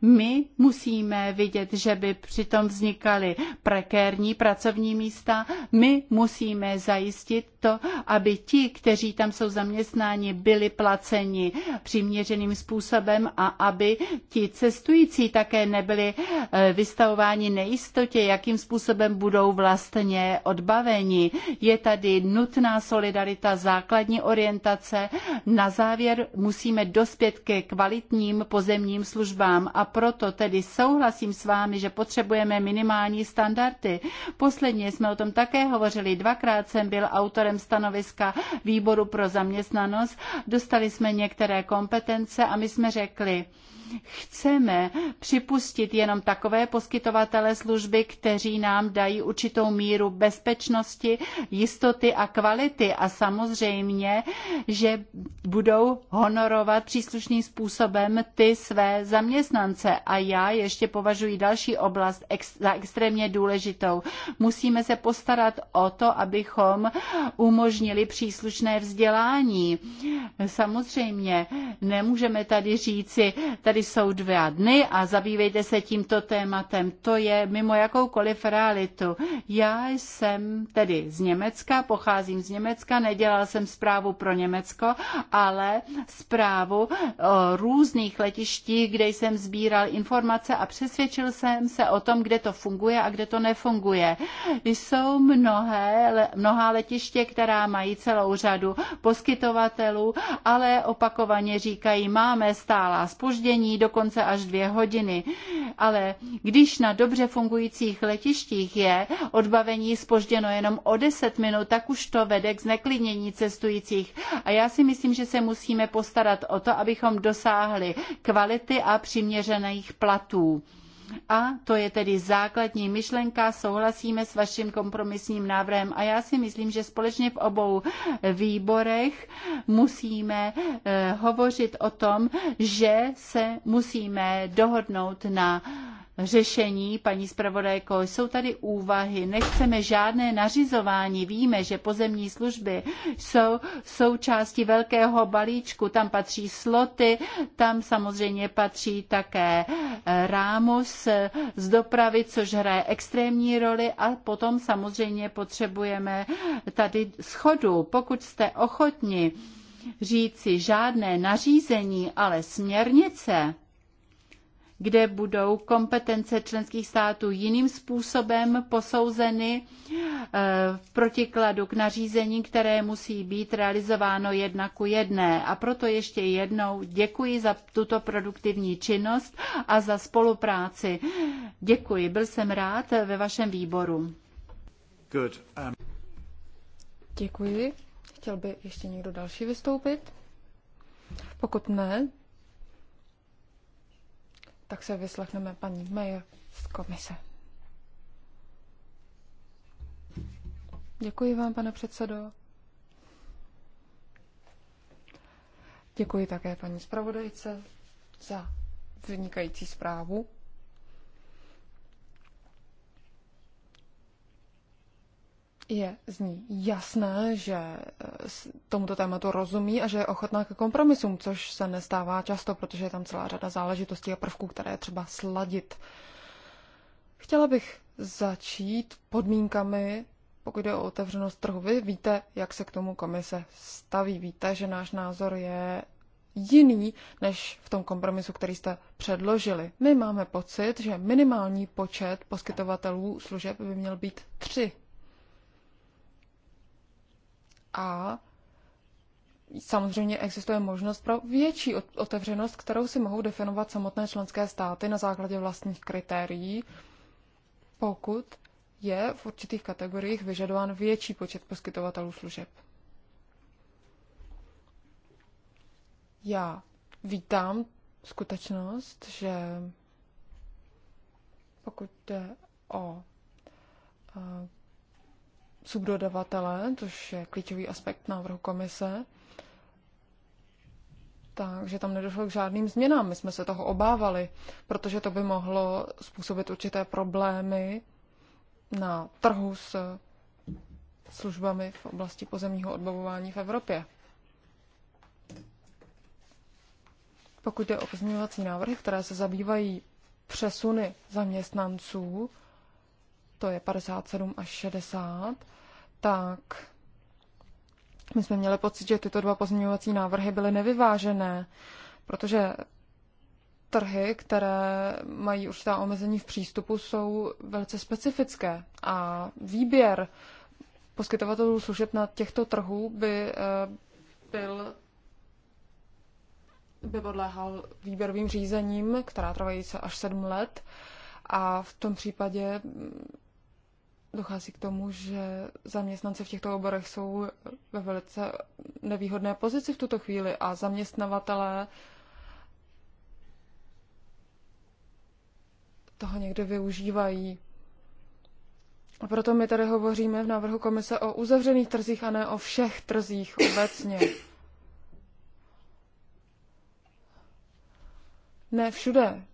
My musíme vidět, že by přitom vznikaly prekérní pracovní místa. My musíme zajistit to, aby ti, kteří tam jsou zaměstnáni, byli placeni přiměřeným způsobem a aby ti cestující také nebyli eh, vystavováni nejistotě, jakým způsobem budou vlastně odbaveni. Je tady tady nutná solidarita, základní orientace. Na závěr musíme dospět ke kvalitním pozemním službám a proto tedy souhlasím s vámi, že potřebujeme minimální standardy. Posledně jsme o tom také hovořili. Dvakrát jsem byl autorem stanoviska výboru pro zaměstnanost. Dostali jsme některé kompetence a my jsme řekli, Chceme připustit jenom takové poskytovatele služby, kteří nám dají určitou míru bezpečnosti, jistoty a kvality a samozřejmě, že budou honorovat příslušným způsobem ty své zaměstnance. A já ještě považuji další oblast ex- za extrémně důležitou. Musíme se postarat o to, abychom umožnili příslušné vzdělání. Samozřejmě nemůžeme tady říci, tady tady jsou dva dny a zabývejte se tímto tématem. To je mimo jakoukoliv realitu. Já jsem tedy z Německa, pocházím z Německa, nedělal jsem zprávu pro Německo, ale zprávu o různých letištích, kde jsem sbíral informace a přesvědčil jsem se o tom, kde to funguje a kde to nefunguje. Jsou mnohé, mnohá letiště, která mají celou řadu poskytovatelů, ale opakovaně říkají, máme stálá spoždění, trvání dokonce až dvě hodiny. Ale když na dobře fungujících letištích je odbavení spožděno jenom o 10 minut, tak už to vede k zneklidnění cestujících. A já si myslím, že se musíme postarat o to, abychom dosáhli kvality a přiměřených platů. A to je tedy základní myšlenka, souhlasíme s vaším kompromisním návrhem a já si myslím, že společně v obou výborech musíme eh, hovořit o tom, že se musíme dohodnout na řešení, paní zpravodajko, jsou tady úvahy, nechceme žádné nařizování, víme, že pozemní služby jsou součástí velkého balíčku, tam patří sloty, tam samozřejmě patří také eh, rámus eh, z dopravy, což hraje extrémní roli a potom samozřejmě potřebujeme tady schodu, pokud jste ochotni říci žádné nařízení, ale směrnice, kde budou kompetence členských států jiným způsobem posouzeny eh, v protikladu k nařízení, které musí být realizováno jedna ku jedné. A proto ještě jednou děkuji za tuto produktivní činnost a za spolupráci. Děkuji, byl jsem rád ve vašem výboru. Good. Um... Děkuji. Chtěl by ještě někdo další vystoupit? Pokud ne, tak se vyslechneme paní Mayer z komise. Děkuji vám, pane předsedo. Děkuji také paní zpravodajce za vynikající zprávu. je z ní jasné, že e, tomuto tématu rozumí a že je ochotná ke kompromisům, což se nestává často, protože je tam celá řada záležitostí a prvků, které je třeba sladit. Chtěla bych začít podmínkami, pokud jde o otevřenost trhu. Vy víte, jak se k tomu komise staví. Víte, že náš názor je jiný než v tom kompromisu, který jste předložili. My máme pocit, že minimální počet poskytovatelů služeb by měl být tři a Samozřejmě existuje možnost pro větší otevřenost, kterou si mohou definovat samotné členské státy na základě vlastních kritérií, pokud je v určitých kategoriích vyžadován větší počet poskytovatelů služeb. Já vítám skutečnost, že pokud jde o eh, subdodavatele, což je klíčový aspekt návrhu komise. Takže tam nedošlo k žádným změnám. My jsme se toho obávali, protože to by mohlo způsobit určité problémy na trhu s službami v oblasti pozemního odbavování v Evropě. Pokud jde o pozměňovací návrhy, které se zabývají přesuny zaměstnanců, to je 57 až 60, tak my jsme měli pocit, že tyto dva pozměňovací návrhy byly nevyvážené, protože trhy, které mají určitá omezení v přístupu, jsou velice specifické a výběr poskytovatelů služeb na těchto trhů by eh, byl by podléhal výběrovým řízením, která trvají se až sedm let. A v tom případě dochází k tomu, že zaměstnanci v těchto oborech jsou ve velice nevýhodné pozici v tuto chvíli a zaměstnavatelé toho někde využívají. A proto my tady hovoříme v návrhu komise o uzavřených trzích a ne o všech trzích obecně. Ne všude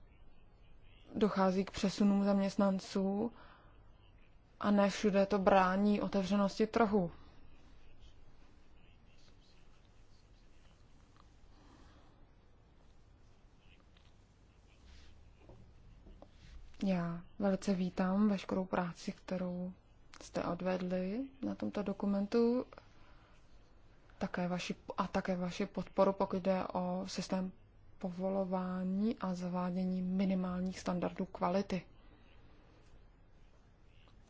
dochází k přesunům zaměstnanců a ne všude to brání otevřenosti trhu. Já velice vítám veškerou práci, kterou jste odvedli na tomto dokumentu také vaši, a také vaši podporu, pokud jde o systém povolování a zavádění minimálních standardů kvality.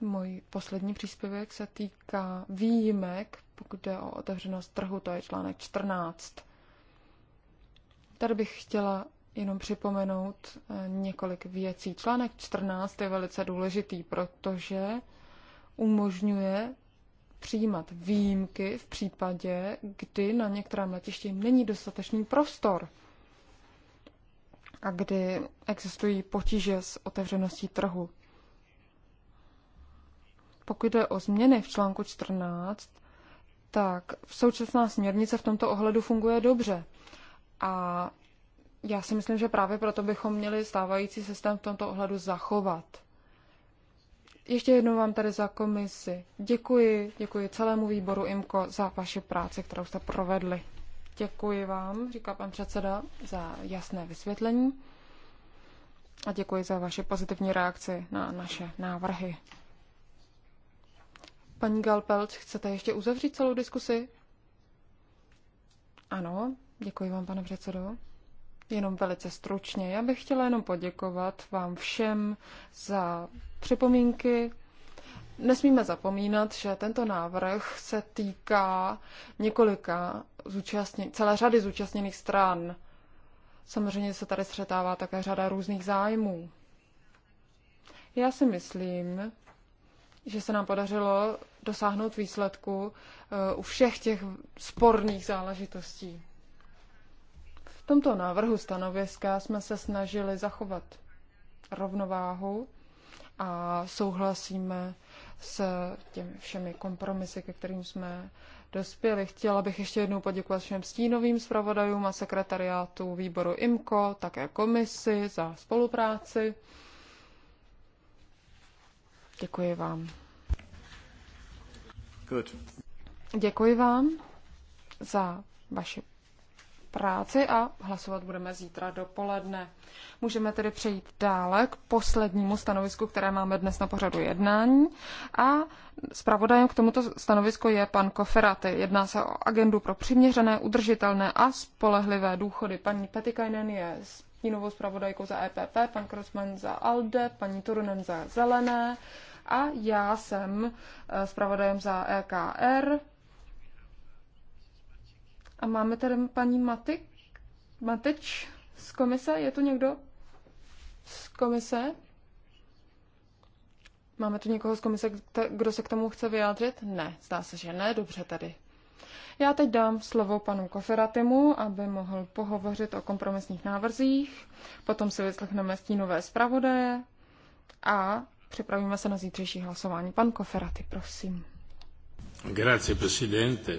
Můj poslední příspěvek se týká výjimek, pokud jde o otevřenost trhu, to je článek 14. Tady bych chtěla jenom připomenout eh, několik věcí. Článek 14 je velice důležitý, protože umožňuje přijímat výjimky v případě, kdy na některém letišti není dostatečný prostor a kdy existují potíže s otevřeností trhu pokud jde o změny v článku 14, tak v současná směrnice v tomto ohledu funguje dobře. A já si myslím, že právě proto bychom měli stávající systém v tomto ohledu zachovat. Ještě jednou vám tady za komisi děkuji, děkuji celému výboru IMKO za vaši práci, kterou jste provedli. Děkuji vám, říká pan předseda, za jasné vysvětlení a děkuji za vaše pozitivní reakci na naše návrhy. Paní Galpelt, chcete ještě uzavřít celou diskusi? Ano, děkuji vám, pane předsedo. Jenom velice stručně. Já bych chtěla jenom poděkovat vám všem za připomínky. Nesmíme zapomínat, že tento návrh se týká několika zúčastněných, celé řady zúčastněných stran. Samozřejmě se tady střetává také řada různých zájmů. Já si myslím, že se nám podařilo dosáhnout výsledku eh, u všech těch sporných záležitostí. V tomto návrhu stanoviska jsme se snažili zachovat rovnováhu a souhlasíme s těmi všemi kompromisy, ke kterým jsme dospěli. Chtěla bych ještě jednou poděkovat všem stínovým zpravodajům a sekretariátu výboru IMCO, také komisi za spolupráci. Děkuji vám. Good. Děkuji vám za vaši práci a hlasovat budeme zítra dopoledne. Můžeme tedy přejít dále k poslednímu stanovisku, které máme dnes na pořadu jednání. A zpravodajem k tomuto stanovisku je pan Koferaty. Jedná se o agendu pro přiměřené, udržitelné a spolehlivé důchody. Paní Petikainen je stínovou zpravodajkou za EPP, pan Krosman za ALDE, paní Turunen za Zelené a já jsem eh, zpravodajem za EKR. A máme tady paní Matik, Mateč z komise. Je tu někdo z komise? Máme tu někoho z komise, kdo se k tomu chce vyjádřit? Ne, zdá se, že ne. Dobře tady. Já teď dám slovo panu Koferatimu, aby mohl pohovořit o kompromisních návrzích, potom si vyslechneme stínové zpravodaje a Připravíme se na zítřejší hlasování. Pan Koferaty, prosím. Grazie, presidente.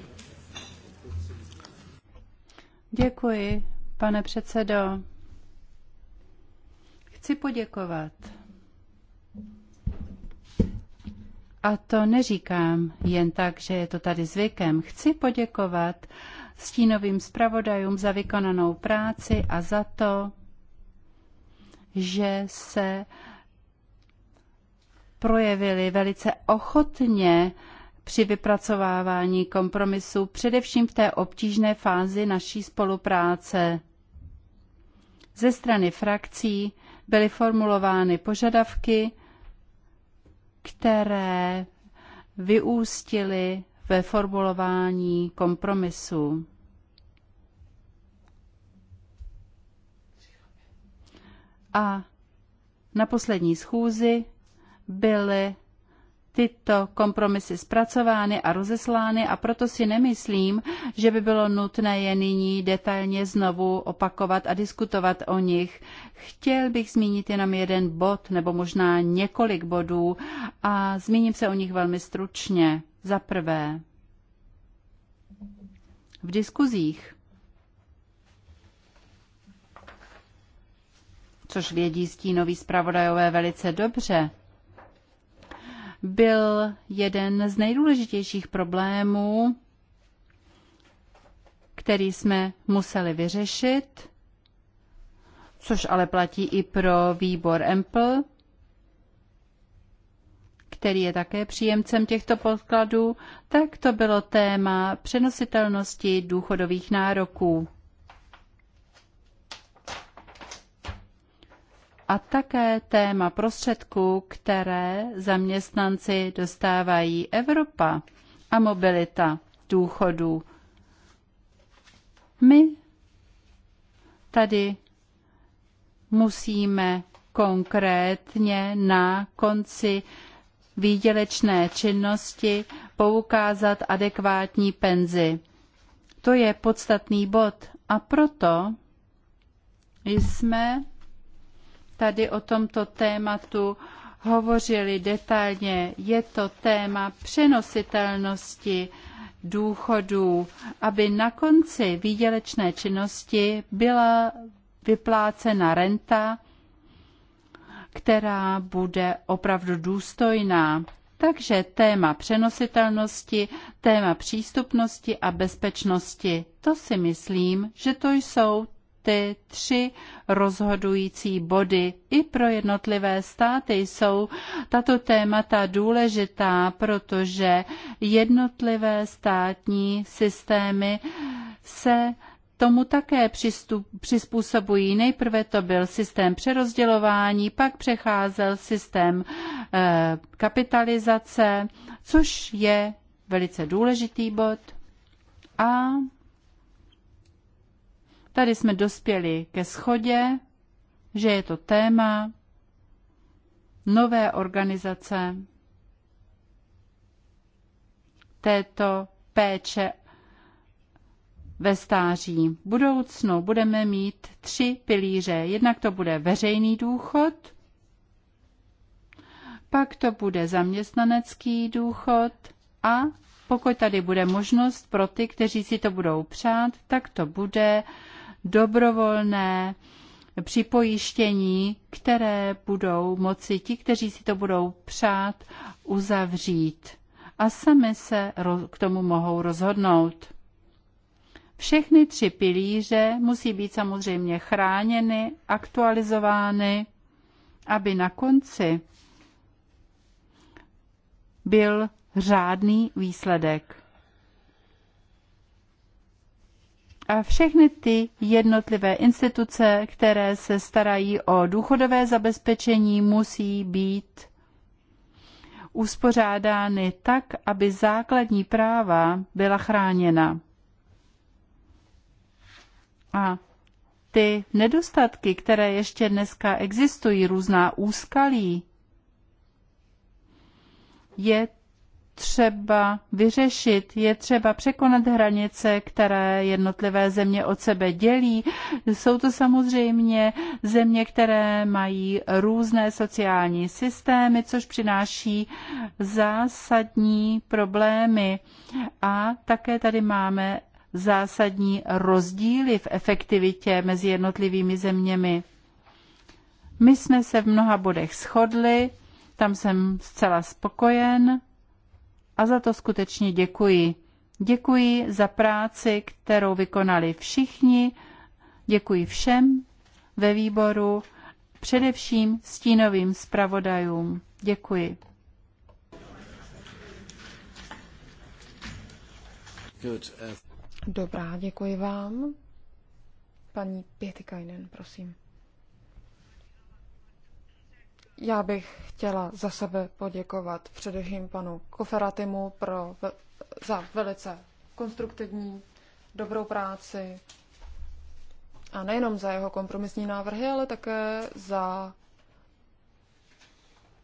Děkuji, pane předsedo. Chci poděkovat. A to neříkám jen tak, že je to tady zvykem. Chci poděkovat stínovým zpravodajům za vykonanou práci a za to, že se projevili velice ochotně při vypracovávání kompromisu, především v té obtížné fázi naší spolupráce. Ze strany frakcí byly formulovány požadavky, které vyústily ve formulování kompromisu. A na poslední schůzi byly tyto kompromisy zpracovány a rozeslány a proto si nemyslím, že by bylo nutné je nyní detailně znovu opakovat a diskutovat o nich. Chtěl bych zmínit jenom jeden bod nebo možná několik bodů a zmíním se o nich velmi stručně. Za prvé, v diskuzích, což vědí stínoví zpravodajové velice dobře, byl jeden z nejdůležitějších problémů, který jsme museli vyřešit, což ale platí i pro výbor EMPL, který je také příjemcem těchto podkladů, tak to bylo téma přenositelnosti důchodových nároků. a také téma prostředků, které zaměstnanci dostávají Evropa a mobilita důchodů. My tady musíme konkrétně na konci výdělečné činnosti poukázat adekvátní penzi. To je podstatný bod a proto jsme tady o tomto tématu hovořili detailně. Je to téma přenositelnosti důchodů, aby na konci výdělečné činnosti byla vyplácena renta, která bude opravdu důstojná. Takže téma přenositelnosti, téma přístupnosti a bezpečnosti, to si myslím, že to jsou ty tři rozhodující body. I pro jednotlivé státy jsou tato témata důležitá, protože jednotlivé státní systémy se tomu také přistup, přizpůsobují. Nejprve to byl systém přerozdělování, pak přecházel systém e, kapitalizace, což je velice důležitý bod. A Tady jsme dospěli ke schodě, že je to téma nové organizace této péče ve stáří. V budoucnu budeme mít tři pilíře. Jednak to bude veřejný důchod, pak to bude zaměstnanecký důchod a pokud tady bude možnost pro ty, kteří si to budou přát, tak to bude dobrovolné připojištění, které budou moci ti, kteří si to budou přát, uzavřít. A sami se k tomu mohou rozhodnout. Všechny tři pilíře musí být samozřejmě chráněny, aktualizovány, aby na konci byl řádný výsledek. a všechny ty jednotlivé instituce, které se starají o důchodové zabezpečení, musí být uspořádány tak, aby základní práva byla chráněna. A ty nedostatky, které ještě dneska existují, různá úskalí, je třeba vyřešit, je třeba překonat hranice, které jednotlivé země od sebe dělí. Jsou to samozřejmě země, které mají různé sociální systémy, což přináší zásadní problémy. A také tady máme zásadní rozdíly v efektivitě mezi jednotlivými zeměmi. My jsme se v mnoha bodech shodli, tam jsem zcela spokojen a za to skutečně děkuji. Děkuji za práci, kterou vykonali všichni, děkuji všem ve výboru, především stínovým zpravodajům. Děkuji. Dobrá, děkuji vám. Paní Pětikajnen, prosím. Já bych chtěla za sebe poděkovat především panu Koferatimu pro, za velice konstruktivní, dobrou práci a nejenom za jeho kompromisní návrhy, ale také za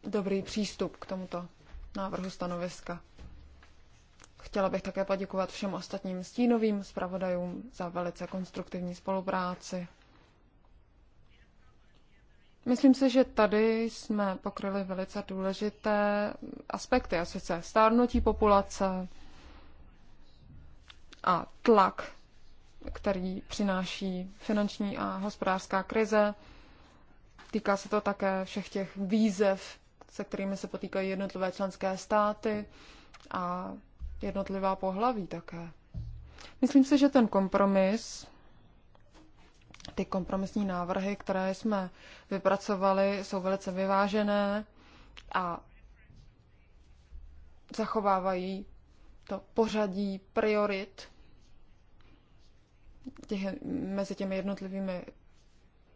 dobrý přístup k tomuto návrhu stanoviska. Chtěla bych také poděkovat všem ostatním stínovým zpravodajům za velice konstruktivní spolupráci. Myslím si, že tady jsme pokryli velice důležité aspekty, a sice stárnutí populace a tlak, který přináší finanční a hospodářská krize. Týká se to také všech těch výzev, se kterými se potýkají jednotlivé členské státy a jednotlivá pohlaví také. Myslím si, že ten kompromis ty kompromisní návrhy, které jsme vypracovali, jsou velice vyvážené a zachovávají to pořadí priorit těch, mezi těmi jednotlivými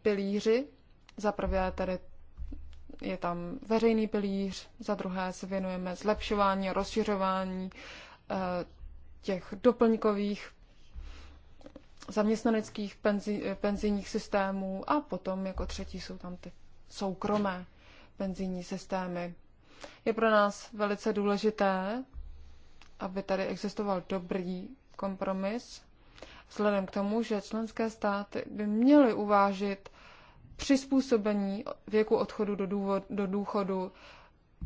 pilíři. Za prvé tedy je tam veřejný pilíř, za druhé se věnujeme zlepšování a rozšiřování eh, těch doplňkových zaměstnaneckých penzi, penzijních systémů a potom jako třetí jsou tam ty soukromé penzijní systémy. Je pro nás velice důležité, aby tady existoval dobrý kompromis, vzhledem k tomu, že členské státy by měly uvážit přizpůsobení věku odchodu do, důvod, do důchodu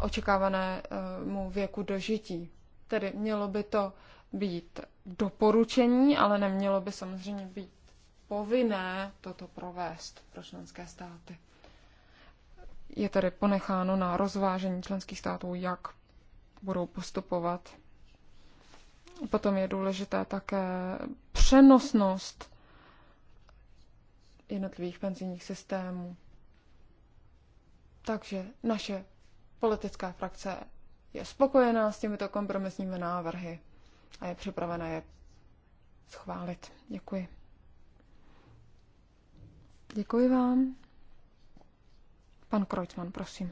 očekávanému věku dožití. Tedy mělo by to být doporučení, ale nemělo by samozřejmě být povinné toto provést pro členské státy. Je tedy ponecháno na rozvážení členských států, jak budou postupovat. Potom je důležité také přenosnost jednotlivých penzijních systémů. Takže naše politická frakce je spokojená s těmito kompromisními návrhy a je připravena je schválit. Děkuji. Děkuji vám. Pan Kreutzmann, prosím.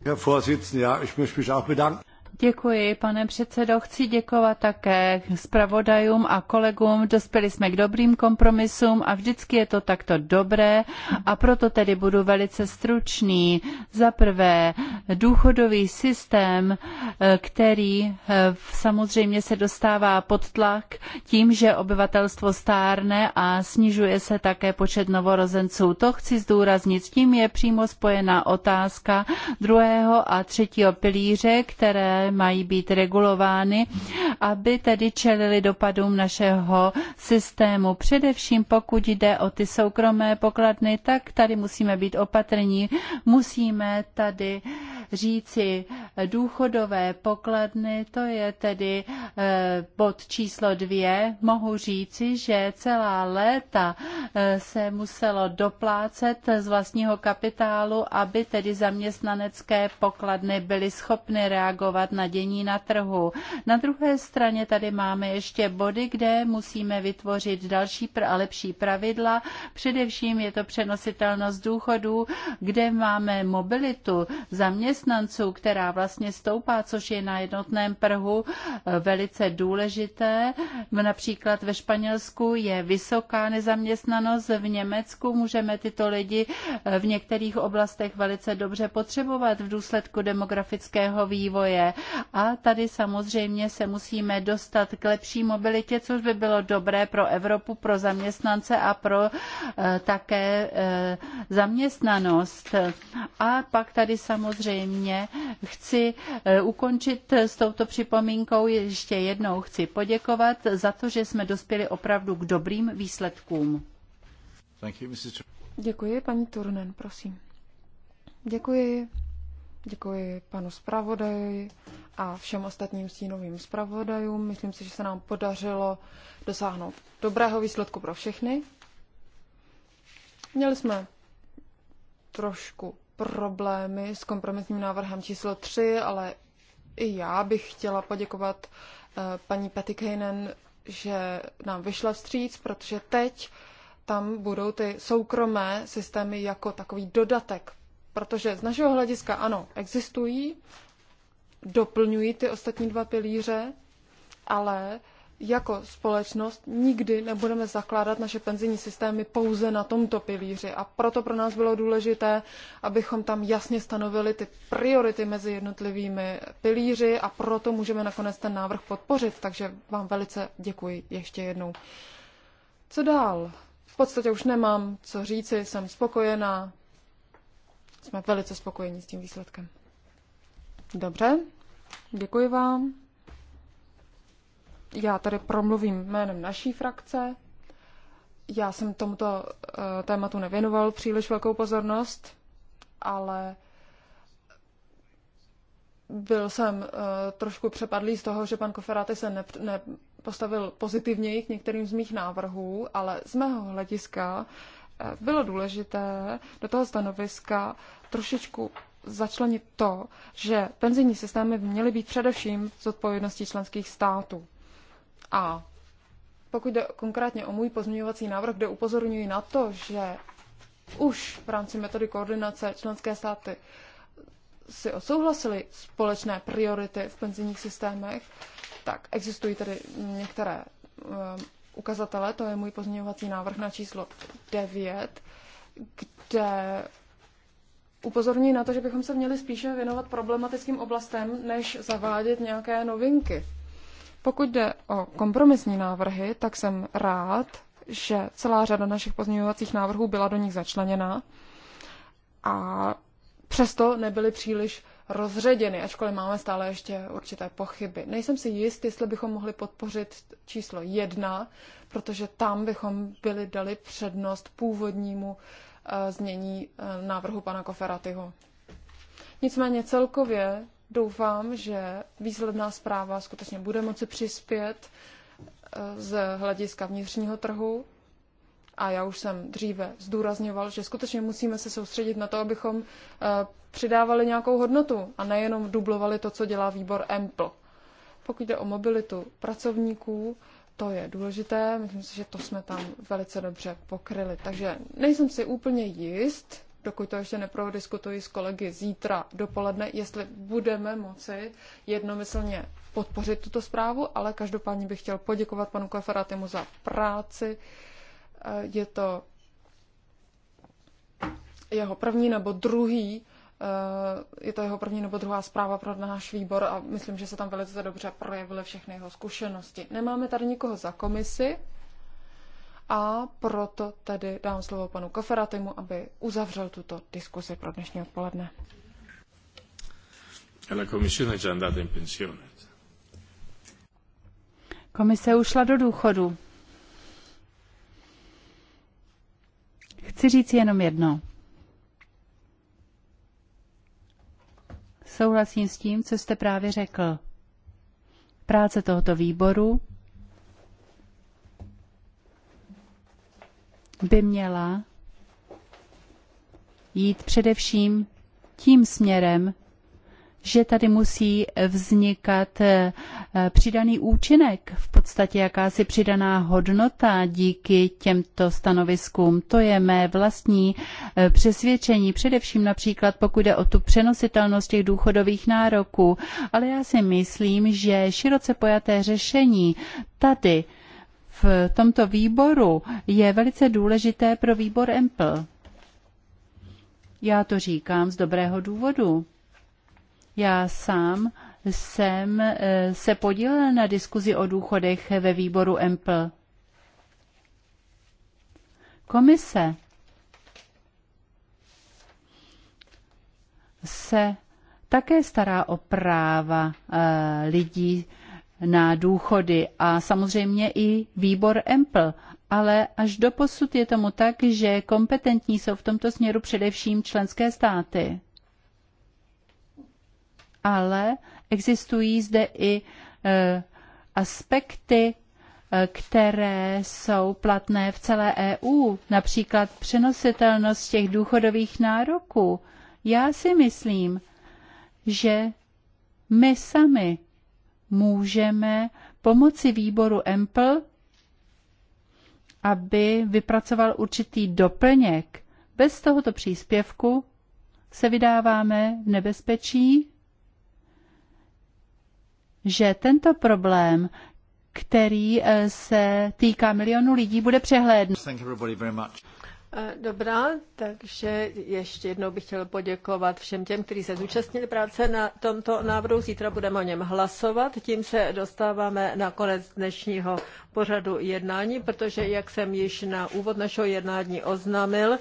Herr Vorsitzender, ja, ich möchte mich auch bedanken. Děkuji, pane předsedo. Chci děkovat také zpravodajům a kolegům. Dospěli jsme k dobrým kompromisům a vždycky je to takto dobré a proto tedy budu velice stručný. Za prvé, důchodový systém, eh, který eh, samozřejmě se dostává pod tlak tím, že obyvatelstvo stárne a snižuje se také počet novorozenců. To chci zdůraznit. S tím je přímo spojená otázka druhého a třetího pilíře, které mají být regulovány, aby tedy čelili dopadům našeho systému. Především pokud jde o ty soukromé pokladny, tak tady musíme být opatrní, musíme tady říci důchodové pokladny, to je tedy eh, bod číslo dvě. Mohu říci, že celá léta eh, se muselo doplácet z vlastního kapitálu, aby tedy zaměstnanecké pokladny byly schopny reagovat podívat na dění na trhu. Na druhé straně tady máme ještě body, kde musíme vytvořit další a lepší pravidla. Především je to přenositelnost důchodů, kde máme mobilitu zaměstnanců, která vlastně stoupá, což je na jednotném prhu eh, velice důležité. Například ve Španělsku je vysoká nezaměstnanost, v Německu můžeme tyto lidi eh, v některých oblastech velice dobře potřebovat v důsledku demografického vývoje. A tady samozřejmě se musíme dostat k lepší mobilitě, což by bylo dobré pro Evropu, pro zaměstnance a pro eh, také eh, zaměstnanost. A pak tady samozřejmě chci eh, ukončit s touto připomínkou. Ještě jednou chci poděkovat za to, že jsme dospěli opravdu k dobrým výsledkům. Děkuji, paní Turunen, prosím. Děkuji. Děkuji panu zpravodaji a všem ostatním stínovým zpravodajům. Myslím si, že se nám podařilo dosáhnout dobrého výsledku pro všechny. Měli jsme trošku problémy s kompromisním návrhem číslo 3, ale i já bych chtěla poděkovat eh, paní Petikejnen, že nám vyšla vstříc, protože teď tam budou ty soukromé systémy jako takový dodatek protože z našeho hlediska ano, existují, doplňují ty ostatní dva pilíře, ale jako společnost nikdy nebudeme zakládat naše penzijní systémy pouze na tomto pilíři. A proto pro nás bylo důležité, abychom tam jasně stanovili ty priority mezi jednotlivými pilíři a proto můžeme nakonec ten návrh podpořit. Takže vám velice děkuji ještě jednou. Co dál? V podstatě už nemám co říci, jsem spokojená, jsme velice spokojeni s tím výsledkem. Dobře, děkuji vám. Já tady promluvím jménem naší frakce. Já jsem tomuto eh, tématu nevěnoval příliš velkou pozornost, ale byl jsem uh, trošku přepadlý z toho, že pan Koferáty se nepostavil ne pozitivněji k některým z mých návrhů, ale z mého hlediska uh, bylo důležité do toho stanoviska trošičku začlenit to, že penzijní systémy by měly být především z odpovědností členských států. A pokud jde konkrétně o můj pozměňovací návrh, kde upozorňuji na to, že už v rámci metody koordinace členské státy si odsouhlasili společné priority v penzijních systémech, tak existují tedy některé ukazatele, to je můj pozměňovací návrh na číslo 9, kde upozorní na to, že bychom se měli spíše věnovat problematickým oblastem, než zavádět nějaké novinky. Pokud jde o kompromisní návrhy, tak jsem rád, že celá řada našich pozměňovacích návrhů byla do nich začleněna a přesto nebyly příliš rozředěny, ačkoliv máme stále ještě určité pochyby. Nejsem si jist, jestli bychom mohli podpořit číslo jedna, protože tam bychom byli dali přednost původnímu eh, znění eh, návrhu pana Koferatyho. Nicméně celkově doufám, že výsledná zpráva skutečně bude moci přispět eh, z hlediska vnitřního trhu a já už jsem dříve zdůrazňoval, že skutečně musíme se soustředit na to, abychom eh, přidávali nějakou hodnotu a nejenom dublovali to, co dělá výbor EMPL. Pokud jde o mobilitu pracovníků, to je důležité, myslím si, že to jsme tam velice dobře pokryli. Takže nejsem si úplně jist, dokud to ještě neprodiskutuji s kolegy zítra dopoledne, jestli budeme moci jednomyslně podpořit tuto zprávu, ale každopádně bych chtěl poděkovat panu Kaferatymu za práci, Eh, je to jeho první nebo druhý, eh, je to jeho první nebo druhá zpráva pro náš výbor a myslím, že se tam velice dobře projevily všechny jeho zkušenosti. Nemáme tady nikoho za komisi a proto tedy dám slovo panu Koferatimu, aby uzavřel tuto diskusi pro dnešní odpoledne. Komise ušla do důchodu. Chci říct jenom jedno. Souhlasím s tím, co jste právě řekl. Práce tohoto výboru by měla jít především tím směrem, že tady musí vznikat eh, přidaný účinek, v podstatě jakási přidaná hodnota díky těmto stanoviskům. To je mé vlastní eh, přesvědčení, především například pokud jde o tu přenositelnost těch důchodových nároků. Ale já si myslím, že široce pojaté řešení tady v tomto výboru je velice důležité pro výbor EMPL. Já to říkám z dobrého důvodu já sám jsem eh, se podílel na diskuzi o důchodech ve výboru EMPL. Komise se také stará o práva eh, lidí na důchody a samozřejmě i výbor EMPL. Ale až do posud je tomu tak, že kompetentní jsou v tomto směru především členské státy ale existují zde i e, aspekty, e, které jsou platné v celé EU, například přenositelnost těch důchodových nároků. Já si myslím, že my sami můžeme pomoci výboru EMPL, aby vypracoval určitý doplněk. Bez tohoto příspěvku se vydáváme v nebezpečí, že tento problém, který eh, se týká milionu lidí, bude přehlédnut. Eh, dobrá, takže ještě jednou bych chtěl poděkovat všem těm, kteří se zúčastnili práce na tomto návrhu. Zítra budeme o něm hlasovat. Tím se dostáváme na konec dnešního pořadu jednání, protože, jak jsem již na úvod našeho jednání oznámil,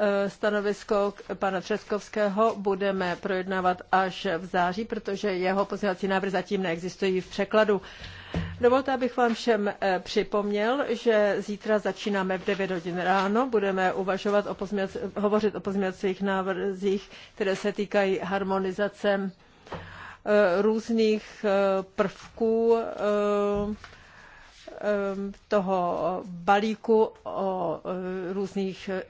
Eh, stanovisko pana Třeskovského budeme projednávat až v září, protože jeho pozměňovací návrh zatím neexistují v překladu. Dovolte, abych vám všem eh, připomněl, že zítra začínáme v 9 hodin ráno. Budeme uvažovat o hovořit o pozměňovacích návrzích, které se týkají harmonizace eh, různých prvků Ehm, toho balíku o eh, různých eh,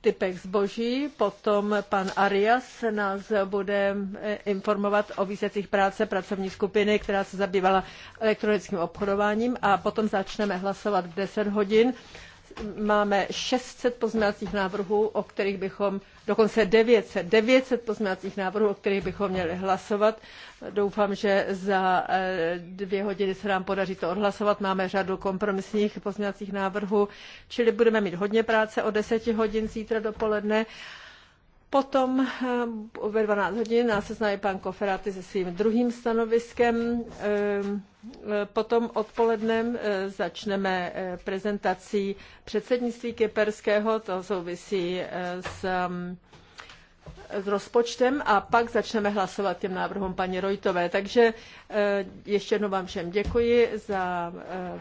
typech zboží. Potom pan Arias nás bude eh, informovat o výsledcích práce pracovní skupiny, která se zabývala elektronickým obchodováním a potom začneme hlasovat v 10 hodin máme 600 pozměňovacích návrhů, o kterých bychom, dokonce 900, 900 pozměňovacích návrhů, o kterých bychom měli hlasovat. Doufám, že za eh, dvě hodiny se nám podaří to odhlasovat. Máme řadu kompromisních pozměňovacích návrhů, čili budeme mít hodně práce o 10 hodin zítra dopoledne. Potom eh, ve 12 hodin nás seznámí pan Koferáty se svým druhým stanoviskem. Eh, eh, potom odpolednem začneme prezentací předsednictví Kyperského, to souvisí s mm, s rozpočtem a pak začneme hlasovat těm návrhům paní Rojtové. Takže ještě jednou vám všem děkuji za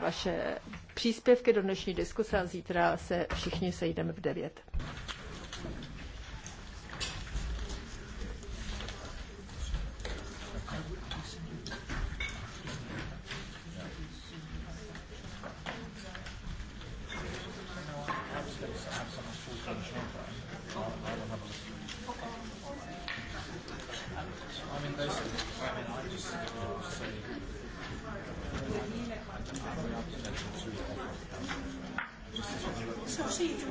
vaše příspěvky do dnešní diskuse a zítra se všichni sejdeme v 9.